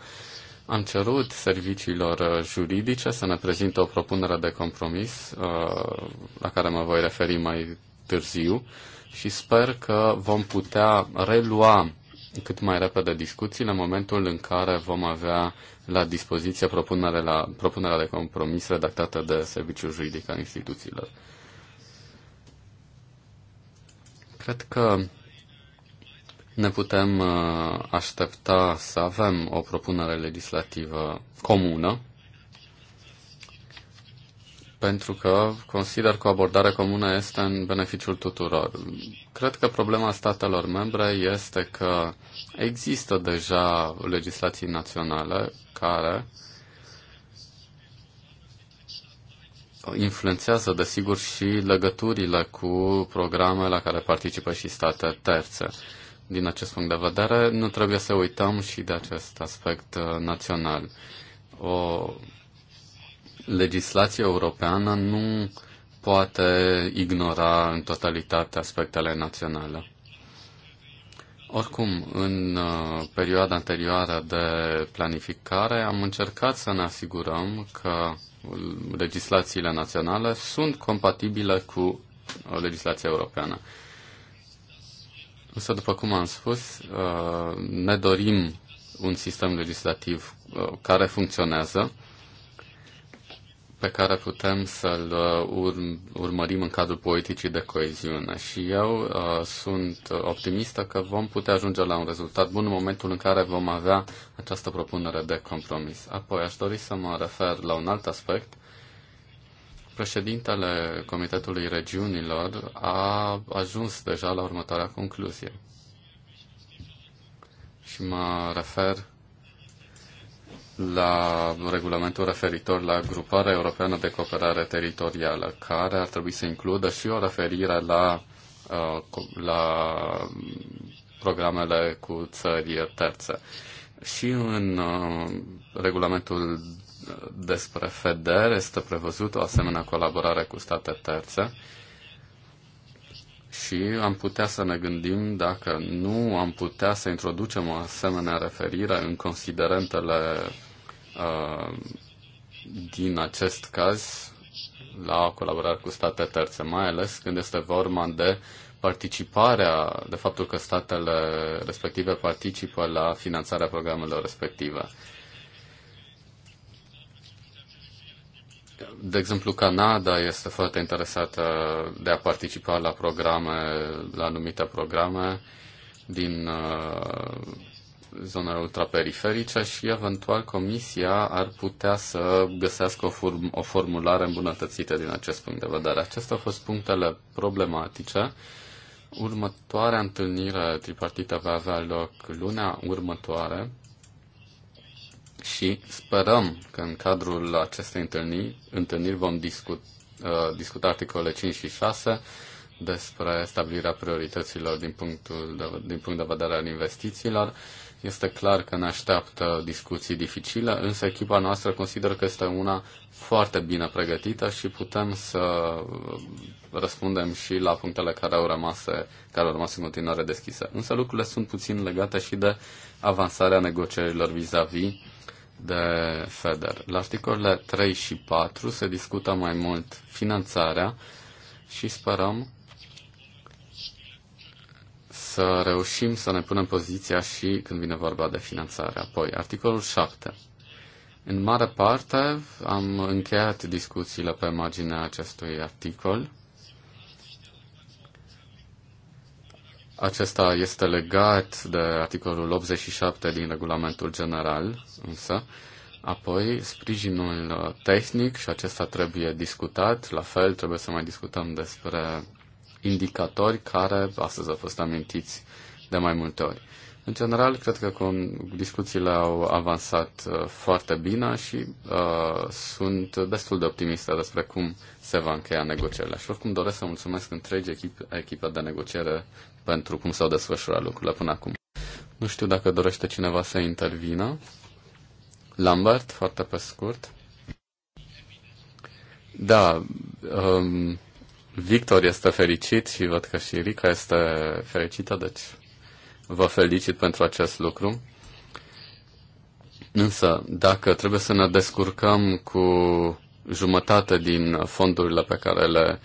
Am cerut serviciilor uh, juridice să ne prezinte o propunere de compromis uh, la care mă voi referi mai târziu și sper că vom putea relua cât mai repede discuțiile, în momentul în care vom avea la dispoziție propunerea, la, propunerea de compromis redactată de Serviciul Juridic al instituțiilor. Cred că ne putem uh, aștepta să avem o propunere legislativă comună pentru că consider că o abordare comună este în beneficiul tuturor. Cred că problema statelor membre este că există deja legislații naționale care influențează, desigur, și legăturile cu programe la care participă și state terțe. Din acest punct de vedere, nu trebuie să uităm și de acest aspect uh, național. O legislația europeană nu poate ignora în totalitate aspectele naționale. Oricum, în uh, perioada anterioară de planificare am încercat să ne asigurăm că legislațiile naționale sunt compatibile cu uh, legislația europeană. Însă, după cum am spus, uh, ne dorim un sistem legislativ care funcționează, pe care putem să-l uh, urmărim în cadrul politicii de coeziune. Și eu uh, sunt optimistă că vom putea ajunge la un rezultat bun în momentul în care vom avea această propunere de compromis. Apoi aș dori să mă refer la un alt aspect. Președintele Comitetului Regiunilor a ajuns deja la următoarea concluzie. Și mă refer la regulamentul referitor la Gruparea Europeană de Cooperare Teritorială, care ar trebui să includă și o referire la, uh, la programele cu țări terțe. Și în uh, regulamentul despre FEDER este prevăzută o asemenea colaborare cu state terțe și am putea să ne gândim dacă nu am putea să introducem o asemenea referire în considerentele Uh, din acest caz la colaborare cu state terțe, mai ales când este vorba de participarea, de faptul că statele respective participă la finanțarea programelor respective. De exemplu, Canada este foarte interesată de a participa la programe, la anumite programe din uh, zonele ultraperiferice și eventual Comisia ar putea să găsească o, form- o formulare îmbunătățită din acest punct de vedere. Acestea au fost punctele problematice. Următoarea întâlnire tripartită va avea loc luna următoare și sperăm că în cadrul acestei întâlniri, întâlniri vom discut, uh, discuta articolele 5 și 6 despre stabilirea priorităților din punctul de, din punct de vedere al investițiilor este clar că ne așteaptă discuții dificile, însă echipa noastră consideră că este una foarte bine pregătită și putem să răspundem și la punctele care au rămas, care au rămas în continuare deschise. Însă lucrurile sunt puțin legate și de avansarea negocierilor vis-a-vis -vis de FEDER. La articolele 3 și 4 se discută mai mult finanțarea și sperăm să reușim să ne punem poziția și când vine vorba de finanțare. Apoi, articolul 7. În mare parte am încheiat discuțiile pe marginea acestui articol. Acesta este legat de articolul 87 din regulamentul general, însă. Apoi, sprijinul tehnic și acesta trebuie discutat. La fel, trebuie să mai discutăm despre indicatori care astăzi au fost amintiți de mai multe ori. În general, cred că discuțiile au avansat uh, foarte bine și uh, sunt destul de optimistă despre cum se va încheia negocierile. Și oricum doresc să mulțumesc întregi echipa echipe de negociere pentru cum s-au desfășurat lucrurile până acum. Nu știu dacă dorește cineva să intervină. Lambert, foarte pe scurt. Da, um, Victor este fericit și văd că și Rica este fericită, deci vă felicit pentru acest lucru. Însă, dacă trebuie să ne descurcăm cu jumătate din fondurile pe care le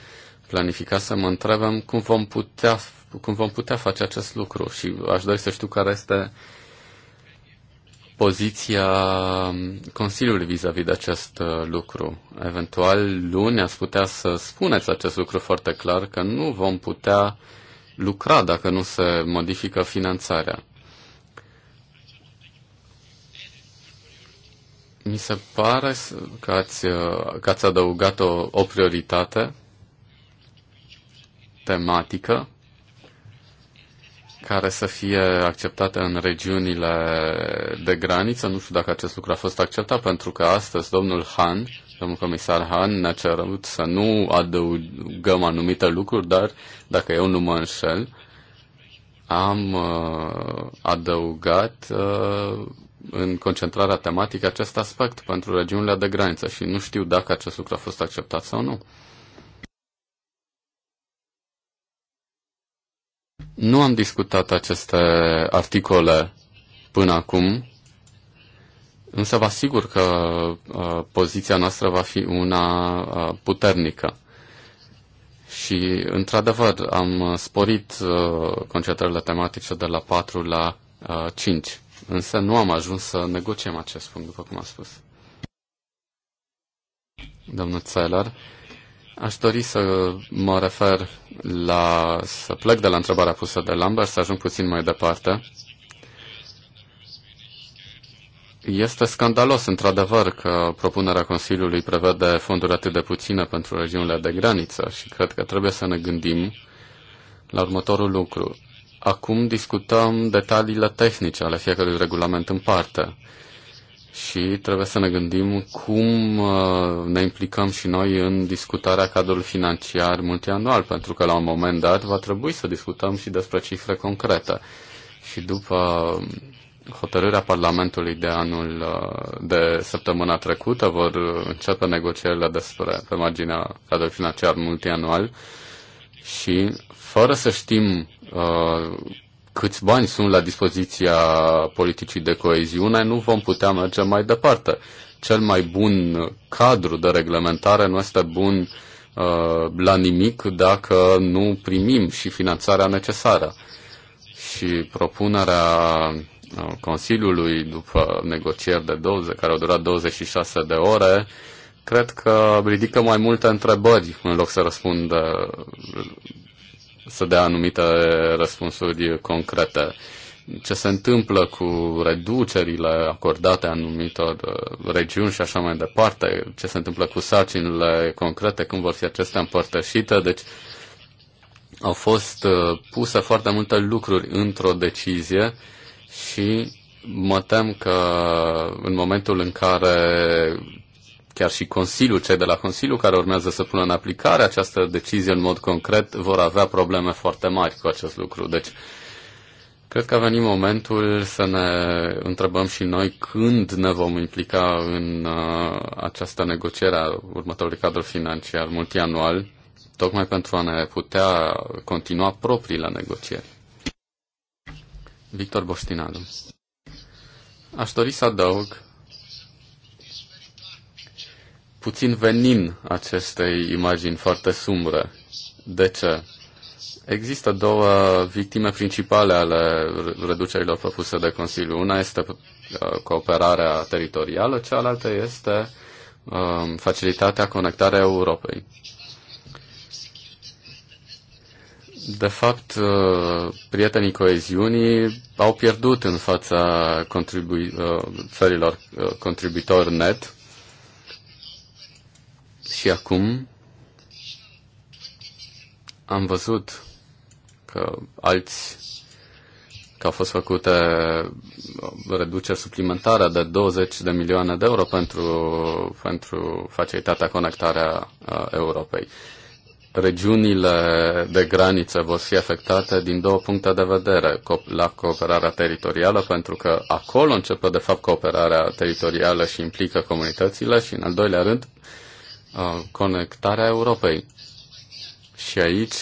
planificasem, întrebăm cum vom putea, cum vom putea face acest lucru și aș dori să știu care este uh, poziția Consiliului vis-a-vis -vis de acest uh, lucru. Eventual, luni ați putea să spuneți acest lucru foarte clar, că nu vom putea lucra dacă nu se modifică finanțarea. Mi se pare că ați, uh, că ați adăugat o, o prioritate tematică care să fie acceptate în regiunile de graniță. Nu știu dacă acest lucru a fost acceptat, pentru că astăzi domnul Han, domnul comisar Han, ne-a cerut să nu adăugăm anumite lucruri, dar dacă eu nu mă înșel, am uh, adăugat uh, în concentrarea tematică acest aspect pentru regiunile de graniță și nu știu dacă acest lucru a fost acceptat sau nu. Nu am discutat aceste articole până acum, însă vă asigur că uh, poziția noastră va fi una uh, puternică. Și, într-adevăr, am sporit uh, concentrările tematice de la 4 la uh, 5, însă nu am ajuns să negociem acest punct, după cum am spus. Domnul Țelar, Aș dori să mă refer la, să plec de la întrebarea pusă de Lambert, să ajung puțin mai departe. Este scandalos, într-adevăr, că propunerea Consiliului prevede fonduri atât de puține pentru regiunile de graniță și cred că trebuie să ne gândim la următorul lucru. Acum discutăm detaliile tehnice ale fiecărui regulament în parte și trebuie să ne gândim cum uh, ne implicăm și noi în discutarea cadrului financiar multianual, pentru că la un moment dat va trebui să discutăm și despre cifre concrete. Și după uh, hotărârea Parlamentului de anul uh, de săptămâna trecută vor începe negocierile despre pe marginea cadrului financiar multianual și fără să știm uh, câți bani sunt la dispoziția politicii de coeziune, nu vom putea merge mai departe. Cel mai bun cadru de reglementare nu este bun uh, la nimic dacă nu primim și finanțarea necesară. Și propunerea uh, Consiliului după negocieri de 20, care au durat 26 de ore, cred că ridică mai multe întrebări în loc să răspundă să dea anumite răspunsuri concrete. Ce se întâmplă cu reducerile acordate anumitor uh, regiuni și așa mai departe, ce se întâmplă cu sarcinile concrete, cum vor fi acestea împărtășite. Deci au fost uh, puse foarte multe lucruri într-o decizie și mă tem că în momentul în care chiar și Consiliul, cei de la Consiliu care urmează să pună în aplicare această decizie în mod concret, vor avea probleme foarte mari cu acest lucru. Deci, cred că a venit momentul să ne întrebăm și noi când ne vom implica în uh, această negociere a următorului cadru financiar multianual, tocmai pentru a ne putea continua propriile negocieri. Victor Boștinalu. Aș dori să adaug puțin venin acestei imagini foarte sumbre. De ce? Există două victime principale ale reducerilor propuse de Consiliu. Una este uh, cooperarea teritorială, cealaltă este um, facilitatea conectarea Europei. De fapt, uh, prietenii coeziunii au pierdut în fața contribu- felilor uh, contribuitori net și acum am văzut că alți că au fost făcute reduceri suplimentare de 20 de milioane de euro pentru, pentru facilitatea conectarea uh, Europei. Regiunile de graniță vor fi afectate din două puncte de vedere. La cooperarea teritorială, pentru că acolo începe de fapt cooperarea teritorială și implică comunitățile și în al doilea rând Uh, conectarea Europei. Și aici,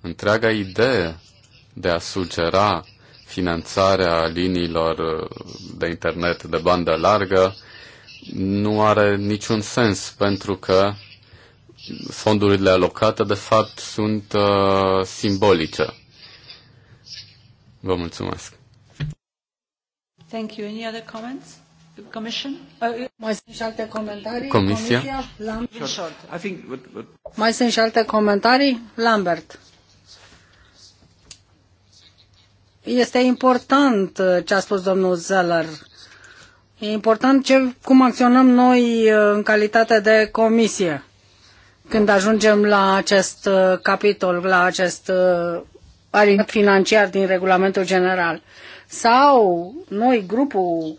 întreaga idee de a sugera finanțarea liniilor uh, de internet de bandă largă nu are niciun sens, pentru că fondurile alocate, de fapt, sunt uh, simbolice. Vă mulțumesc. Thank you. Any other comments? mai sunt și alte comentarii? Comisia? Comisia? Mai sunt și alte comentarii? Lambert. Este important uh, ce a spus domnul Zeller. E important ce, cum acționăm noi uh, în calitate de comisie când ajungem la acest uh, capitol, la acest aliniat financiar din regulamentul general. Sau noi, grupul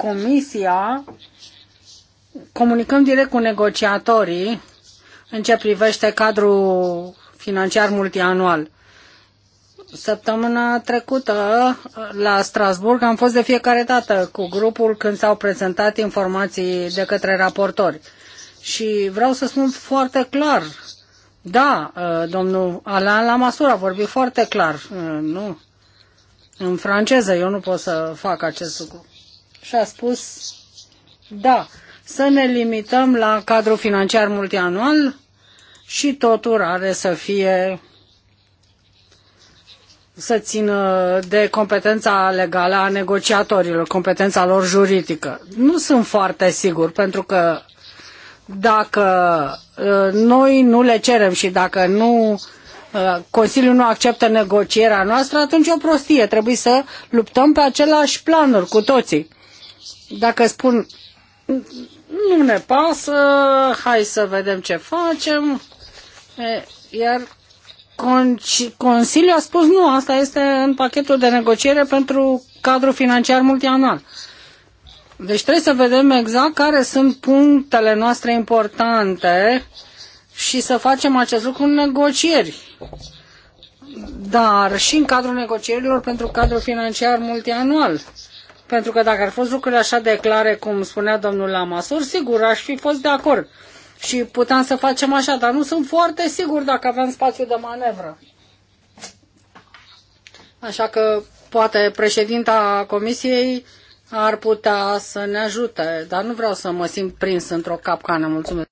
Comisia, comunicăm direct cu negociatorii în ce privește cadrul financiar multianual. Săptămâna trecută la Strasburg am fost de fiecare dată cu grupul când s-au prezentat informații de către raportori. Și vreau să spun foarte clar, da, uh, domnul Alain Lamassur a vorbit foarte clar, uh, nu, în franceză, eu nu pot să fac acest lucru și a spus da, să ne limităm la cadrul financiar multianual și totul are să fie să țină de competența legală a negociatorilor, competența lor juridică. Nu sunt foarte sigur, pentru că dacă uh, noi nu le cerem și dacă nu uh, Consiliul nu acceptă negocierea noastră, atunci e o prostie. Trebuie să luptăm pe același planuri cu toții dacă spun nu ne pasă, hai să vedem ce facem, iar Consiliul a spus nu, asta este în pachetul de negociere pentru cadrul financiar multianual. Deci trebuie să vedem exact care sunt punctele noastre importante și să facem acest lucru în negocieri. Dar și în cadrul negocierilor pentru cadrul financiar multianual. Pentru că dacă ar fost lucrurile așa de clare, cum spunea domnul Lamasur, sigur, aș fi fost de acord. Și puteam să facem așa, dar nu sunt foarte sigur dacă aveam spațiu de manevră. Așa că poate președinta comisiei ar putea să ne ajute, dar nu vreau să mă simt prins într-o capcană. Mulțumesc.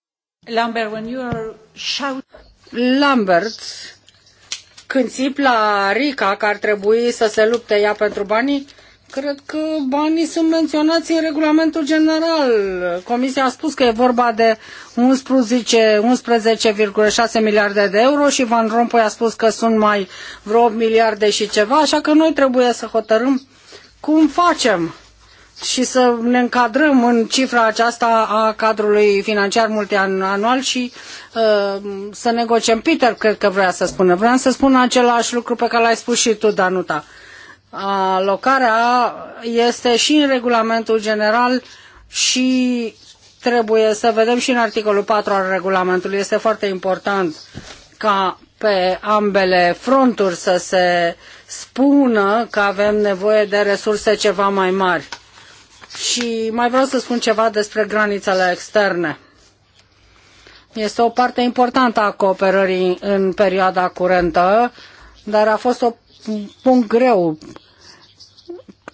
Lambert, when you are shout... Lambert, când țip la Rica că ar trebui să se lupte ea pentru banii, Cred că banii sunt menționați în regulamentul general. Comisia a spus că e vorba de 11,6 11 miliarde de euro și Van Rompuy a spus că sunt mai vreo 8 miliarde și ceva, așa că noi trebuie să hotărâm cum facem și să ne încadrăm în cifra aceasta a cadrului financiar multianual și uh, să negociem. Peter, cred că vrea să spună. Vreau să spun același lucru pe care l-ai spus și tu, Danuta. Uh, alocarea este și în regulamentul general și trebuie să vedem și în articolul 4 al regulamentului. Este foarte important ca pe ambele fronturi să se spună că avem nevoie de resurse ceva mai mari. Și mai vreau să spun ceva despre granițele externe. Este o parte importantă a cooperării în perioada curentă, dar a fost o punct greu.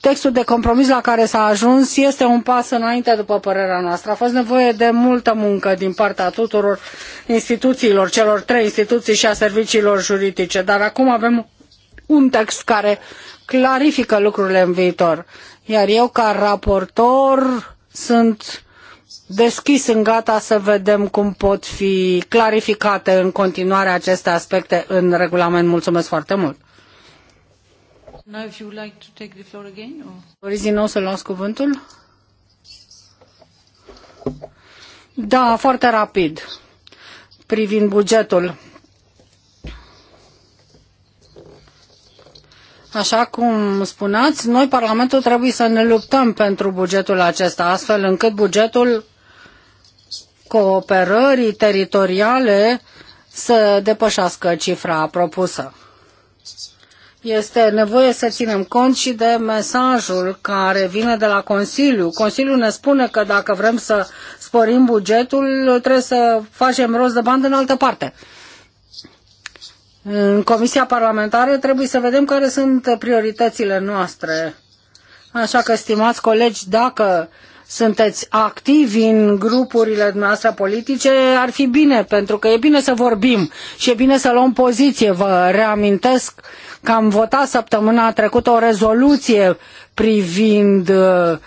Textul de compromis la care s-a ajuns este un pas înainte, după părerea noastră. A fost nevoie de multă muncă din partea tuturor instituțiilor, celor trei instituții și a serviciilor juridice, dar acum avem un text care clarifică lucrurile în viitor. Iar eu, ca raportor, sunt deschis, în gata să vedem cum pot fi clarificate în continuare aceste aspecte în regulament. Mulțumesc foarte mult! Now if you would like to take the floor again, or... Doriți din nou să luați cuvântul? Da, foarte rapid. Privind bugetul. Așa cum spuneați, noi, Parlamentul, trebuie să ne luptăm pentru bugetul acesta, astfel încât bugetul cooperării teritoriale să depășească cifra propusă. Este nevoie să ținem cont și de mesajul care vine de la Consiliu. Consiliul ne spune că dacă vrem să sporim bugetul, trebuie să facem rost de bani în altă parte. În Comisia Parlamentară trebuie să vedem care sunt prioritățile noastre. Așa că, stimați colegi, dacă sunteți activi în grupurile noastre politice, ar fi bine, pentru că e bine să vorbim și e bine să luăm poziție. Vă reamintesc că am votat săptămâna trecută o rezoluție privind uh,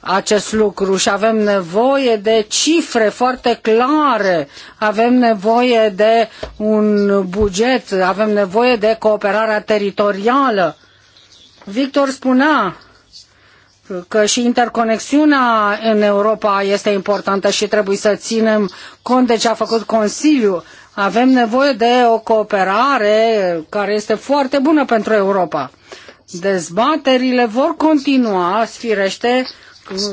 acest lucru și avem nevoie de cifre foarte clare, avem nevoie de un buget, avem nevoie de cooperarea teritorială. Victor spunea că și interconexiunea în Europa este importantă și trebuie să ținem cont de ce a făcut Consiliul avem nevoie de o cooperare care este foarte bună pentru Europa. Dezbaterile vor continua, sfirește,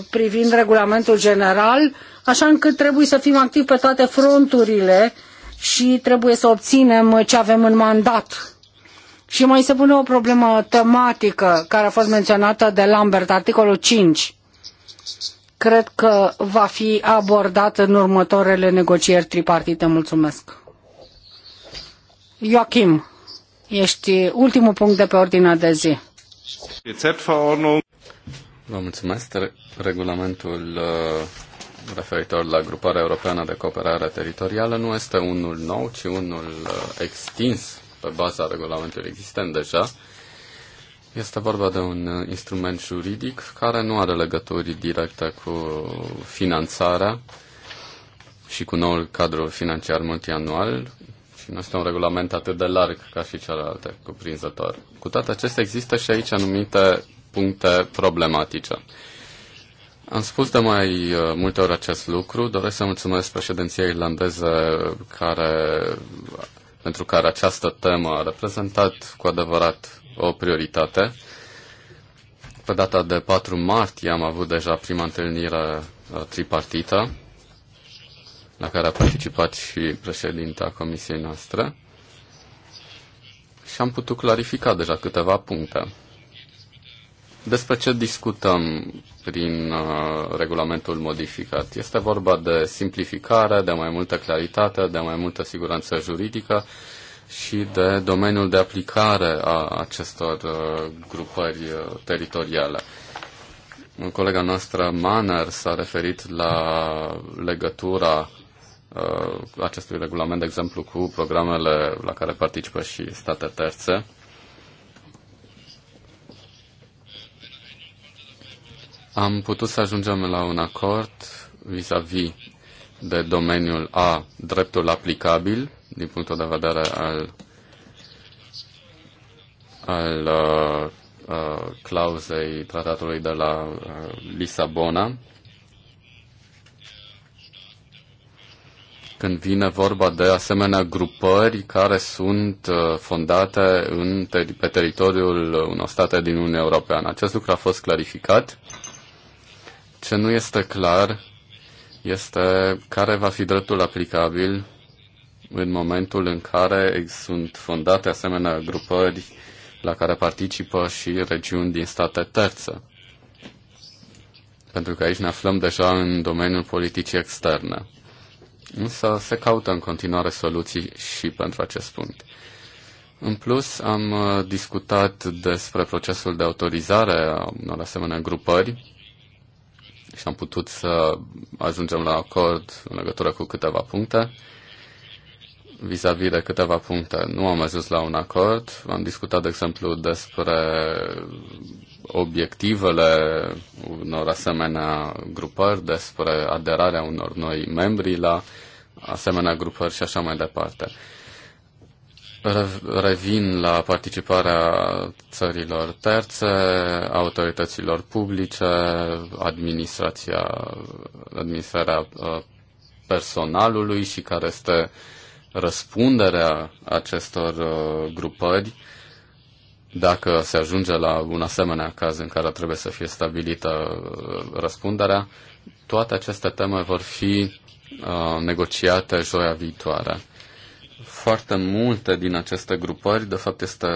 privind regulamentul general, așa încât trebuie să fim activi pe toate fronturile și trebuie să obținem ce avem în mandat. Și mai se pune o problemă tematică care a fost menționată de Lambert, articolul 5. Cred că va fi abordat în următoarele negocieri tripartite. Mulțumesc. Joachim, ești ultimul punct de pe ordinea de zi. Vă mulțumesc. Regulamentul uh, referitor la Gruparea Europeană de Cooperare Teritorială nu este unul nou, ci unul uh, extins pe baza regulamentului existent deja. Este vorba de un uh, instrument juridic care nu are legături directe cu finanțarea și cu noul cadru financiar multianual și nu este un regulament atât de larg ca și celelalte cuprinzător. Cu toate acestea, există și aici anumite puncte problematice. Am spus de mai uh, multe ori acest lucru. Doresc să mulțumesc președinției irlandeze care, pentru care această temă a reprezentat cu adevărat o prioritate. Pe data de 4 martie am avut deja prima întâlnire uh, tripartită la care a participat și președinta comisiei noastre și am putut clarifica deja câteva puncte. Despre ce discutăm prin uh, regulamentul modificat? Este vorba de simplificare, de mai multă claritate, de mai multă siguranță juridică și de domeniul de aplicare a acestor uh, grupări uh, teritoriale. Colega noastră, Maner, s-a referit la legătura Uh, acestui regulament, de exemplu, cu programele la care participă și state terțe. Am putut să ajungem la un acord vis-a-vis -vis de domeniul A, dreptul aplicabil, din punctul de vedere al, al uh, uh, clauzei tratatului de la uh, Lisabona, când vine vorba de asemenea grupări care sunt uh, fondate în, pe teritoriul unor state din Uniunea Europeană. Acest lucru a fost clarificat. Ce nu este clar este care va fi dreptul aplicabil în momentul în care sunt fondate asemenea grupări la care participă și regiuni din state terțe. Pentru că aici ne aflăm deja în domeniul politicii externe însă se caută în continuare soluții și pentru acest punct. În plus, am uh, discutat despre procesul de autorizare a unor asemenea grupări și am putut să ajungem la acord în legătură cu câteva puncte. Vis-a-vis -vis de câteva puncte nu am ajuns la un acord. Am discutat, de exemplu, despre obiectivele unor asemenea grupări, despre aderarea unor noi membri la uh, asemenea grupări și așa mai departe. Revin la participarea țărilor terțe, autorităților publice, administrația, administrarea uh, personalului și care este răspunderea acestor uh, grupări dacă se ajunge la un asemenea caz în care trebuie să fie stabilită uh, răspunderea, toate aceste teme vor fi Uh, negociate joia viitoare. Foarte multe din aceste grupări, de fapt este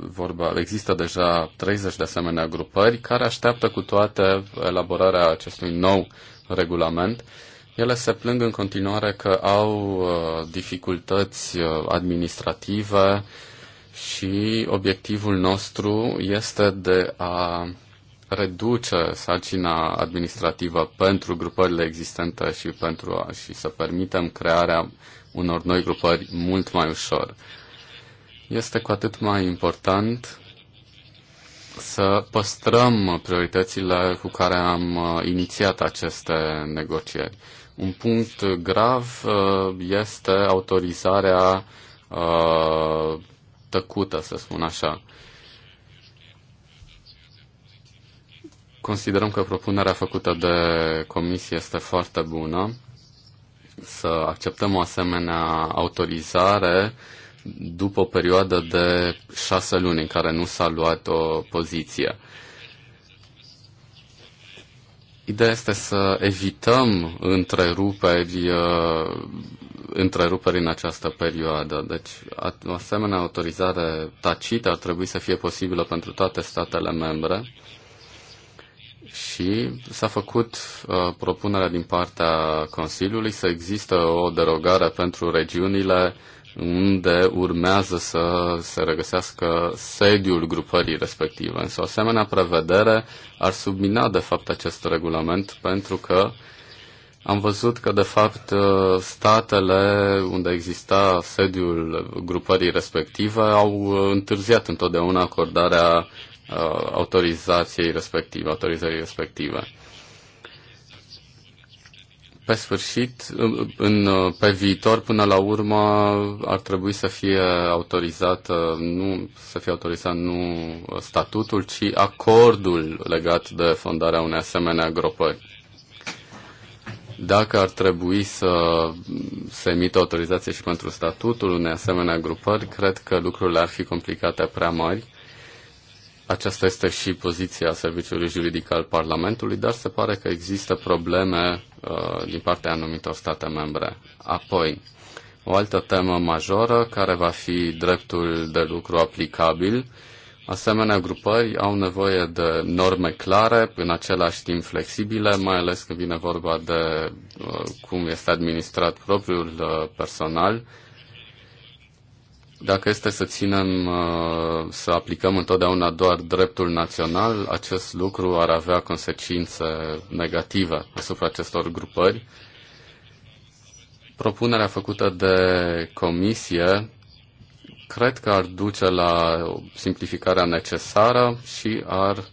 vorba, există deja 30 de asemenea grupări care așteaptă cu toate elaborarea acestui nou regulament. Ele se plâng în continuare că au uh, dificultăți uh, administrative și obiectivul nostru este de a reduce sarcina administrativă pentru grupările existente și, pentru a, și să permitem crearea unor noi grupări mult mai ușor. Este cu atât mai important să păstrăm prioritățile cu care am uh, inițiat aceste negocieri. Un punct grav uh, este autorizarea uh, tăcută, să spun așa. Considerăm că propunerea făcută de comisie este foarte bună. Să acceptăm o asemenea autorizare după o perioadă de șase luni în care nu s-a luat o poziție. Ideea este să evităm întreruperi, uh, întreruperi în această perioadă. Deci, o asemenea autorizare tacită ar trebui să fie posibilă pentru toate statele membre și s-a făcut uh, propunerea din partea Consiliului să există o derogare pentru regiunile unde urmează să se regăsească sediul grupării respective. Însă o asemenea prevedere ar submina de fapt acest regulament pentru că am văzut că de fapt uh, statele unde exista sediul grupării respective au uh, întârziat întotdeauna acordarea Uh, autorizației respective, autorizării respective. Pe sfârșit, în, uh, pe viitor, până la urmă, ar trebui să fie autorizat nu, să fie autorizat nu uh, statutul, ci acordul legat de fondarea unei asemenea gropări dacă ar trebui să se emită autorizație și pentru statutul unei asemenea grupări, cred că lucrurile ar fi complicate prea mari aceasta este și poziția Serviciului Juridic al Parlamentului, dar se pare că există probleme uh, din partea anumitor state membre. Apoi, o altă temă majoră care va fi dreptul de lucru aplicabil. Asemenea, grupări au nevoie de norme clare, în același timp flexibile, mai ales când vine vorba de uh, cum este administrat propriul uh, personal, dacă este să ținem, uh, să aplicăm întotdeauna doar dreptul național, acest lucru ar avea consecințe negative asupra acestor grupări. Propunerea făcută de comisie cred că ar duce la simplificarea necesară și ar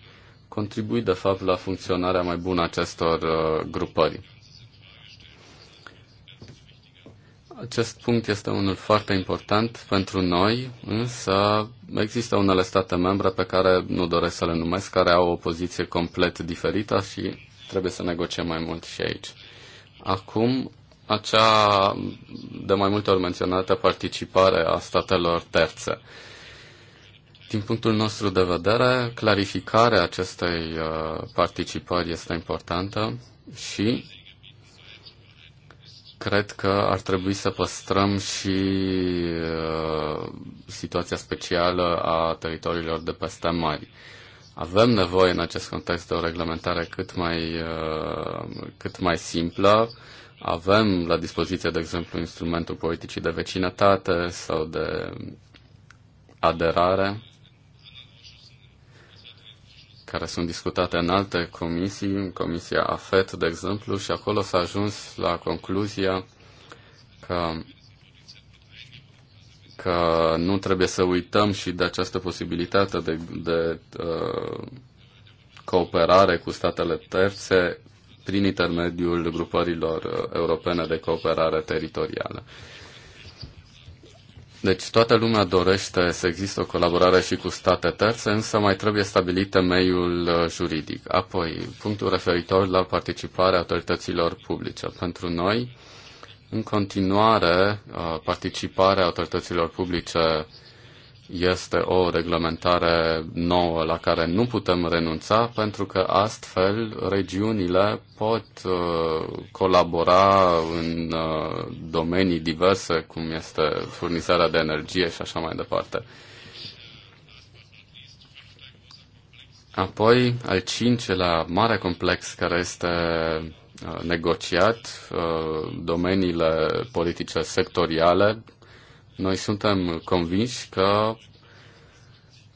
contribui, de fapt, la funcționarea mai bună acestor uh, grupări. Acest punct este unul foarte important pentru noi, însă există unele state membre pe care nu doresc să le numesc, care au o poziție complet diferită și trebuie să negociem mai mult și aici. Acum, acea de mai multe ori menționată participare a statelor terțe. Din punctul nostru de vedere, clarificarea acestei uh, participări este importantă și cred că ar trebui să păstrăm și uh, situația specială a teritoriilor de peste mari. Avem nevoie în acest context de o reglementare cât mai, uh, cât mai simplă. Avem la dispoziție, de exemplu, instrumentul politicii de vecinătate sau de aderare care sunt discutate în alte comisii, în Comisia AFET, de exemplu, și acolo s-a ajuns la concluzia că, că nu trebuie să uităm și de această posibilitate de, de uh, cooperare cu statele terțe prin intermediul grupărilor uh, europene de cooperare teritorială. Deci toată lumea dorește să există o colaborare și cu state terțe, însă mai trebuie stabilit temeiul uh, juridic. Apoi, punctul referitor la participarea autorităților publice. Pentru noi, în continuare, uh, participarea autorităților publice este o reglementare nouă la care nu putem renunța, pentru că astfel regiunile pot uh, colabora în uh, domenii diverse, cum este furnizarea de energie și așa mai departe. Apoi, al cincelea mare complex care este uh, negociat, domeniile politice sectoriale, noi suntem convinși că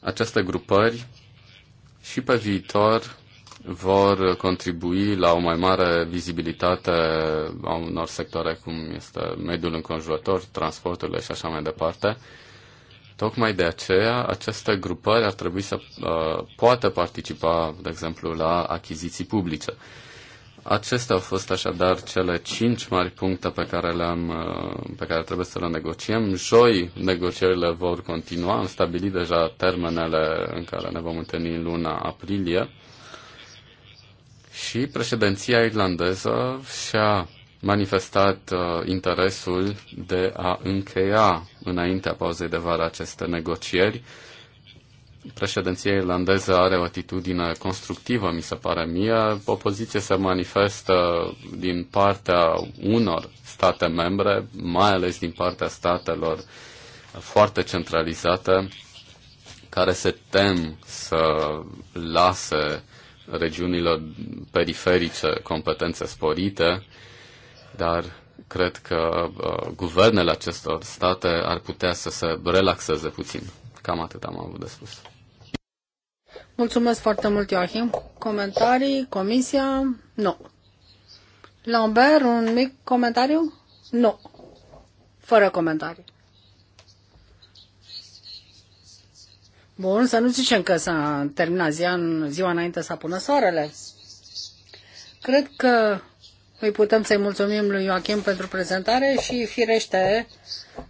aceste grupări și pe viitor vor contribui la o mai mare vizibilitate a unor sectoare cum este mediul înconjurător, transporturile și așa mai departe. Tocmai de aceea, aceste grupări ar trebui să uh, poată participa, de exemplu, la achiziții publice. Uh, Acestea au fost așadar cele cinci mari puncte pe care, le-am, uh, pe care trebuie să le negociem. Joi negocierile vor continua. Am stabilit deja termenele în care ne vom întâlni în luna aprilie. Și președinția irlandeză și-a manifestat uh, interesul de a încheia înaintea pauzei de vară aceste negocieri președinția irlandeză are o atitudine constructivă, mi se pare mie. Opoziție se manifestă din partea unor state membre, mai ales din partea statelor foarte centralizate, care se tem să lase regiunilor periferice competențe sporite, dar cred că uh, guvernele acestor state ar putea să se relaxeze puțin. Cam atât am avut de spus. Mulțumesc foarte mult, Joachim. Comentarii? Comisia? Nu. Lambert, un mic comentariu? Nu. Fără comentarii. Bun, să nu zicem că s-a terminat ziua, ziua înainte să pună soarele. Cred că îi putem să-i mulțumim lui Joachim pentru prezentare și, firește,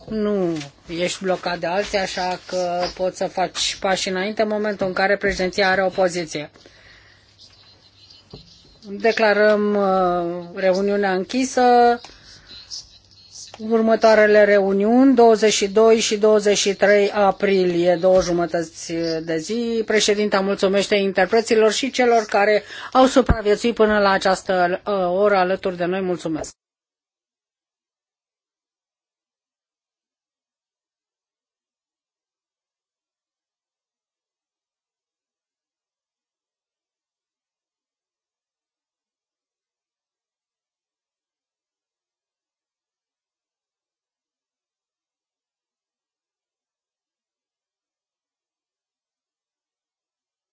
nu ești blocat de alții, așa că poți să faci pași înainte în momentul în care președinția are o poziție. Declarăm uh, reuniunea închisă următoarele reuniuni, 22 și 23 aprilie, două jumătăți de zi. Președinta mulțumește interpreților și celor care au supraviețuit până la această uh, oră alături de noi. Mulțumesc!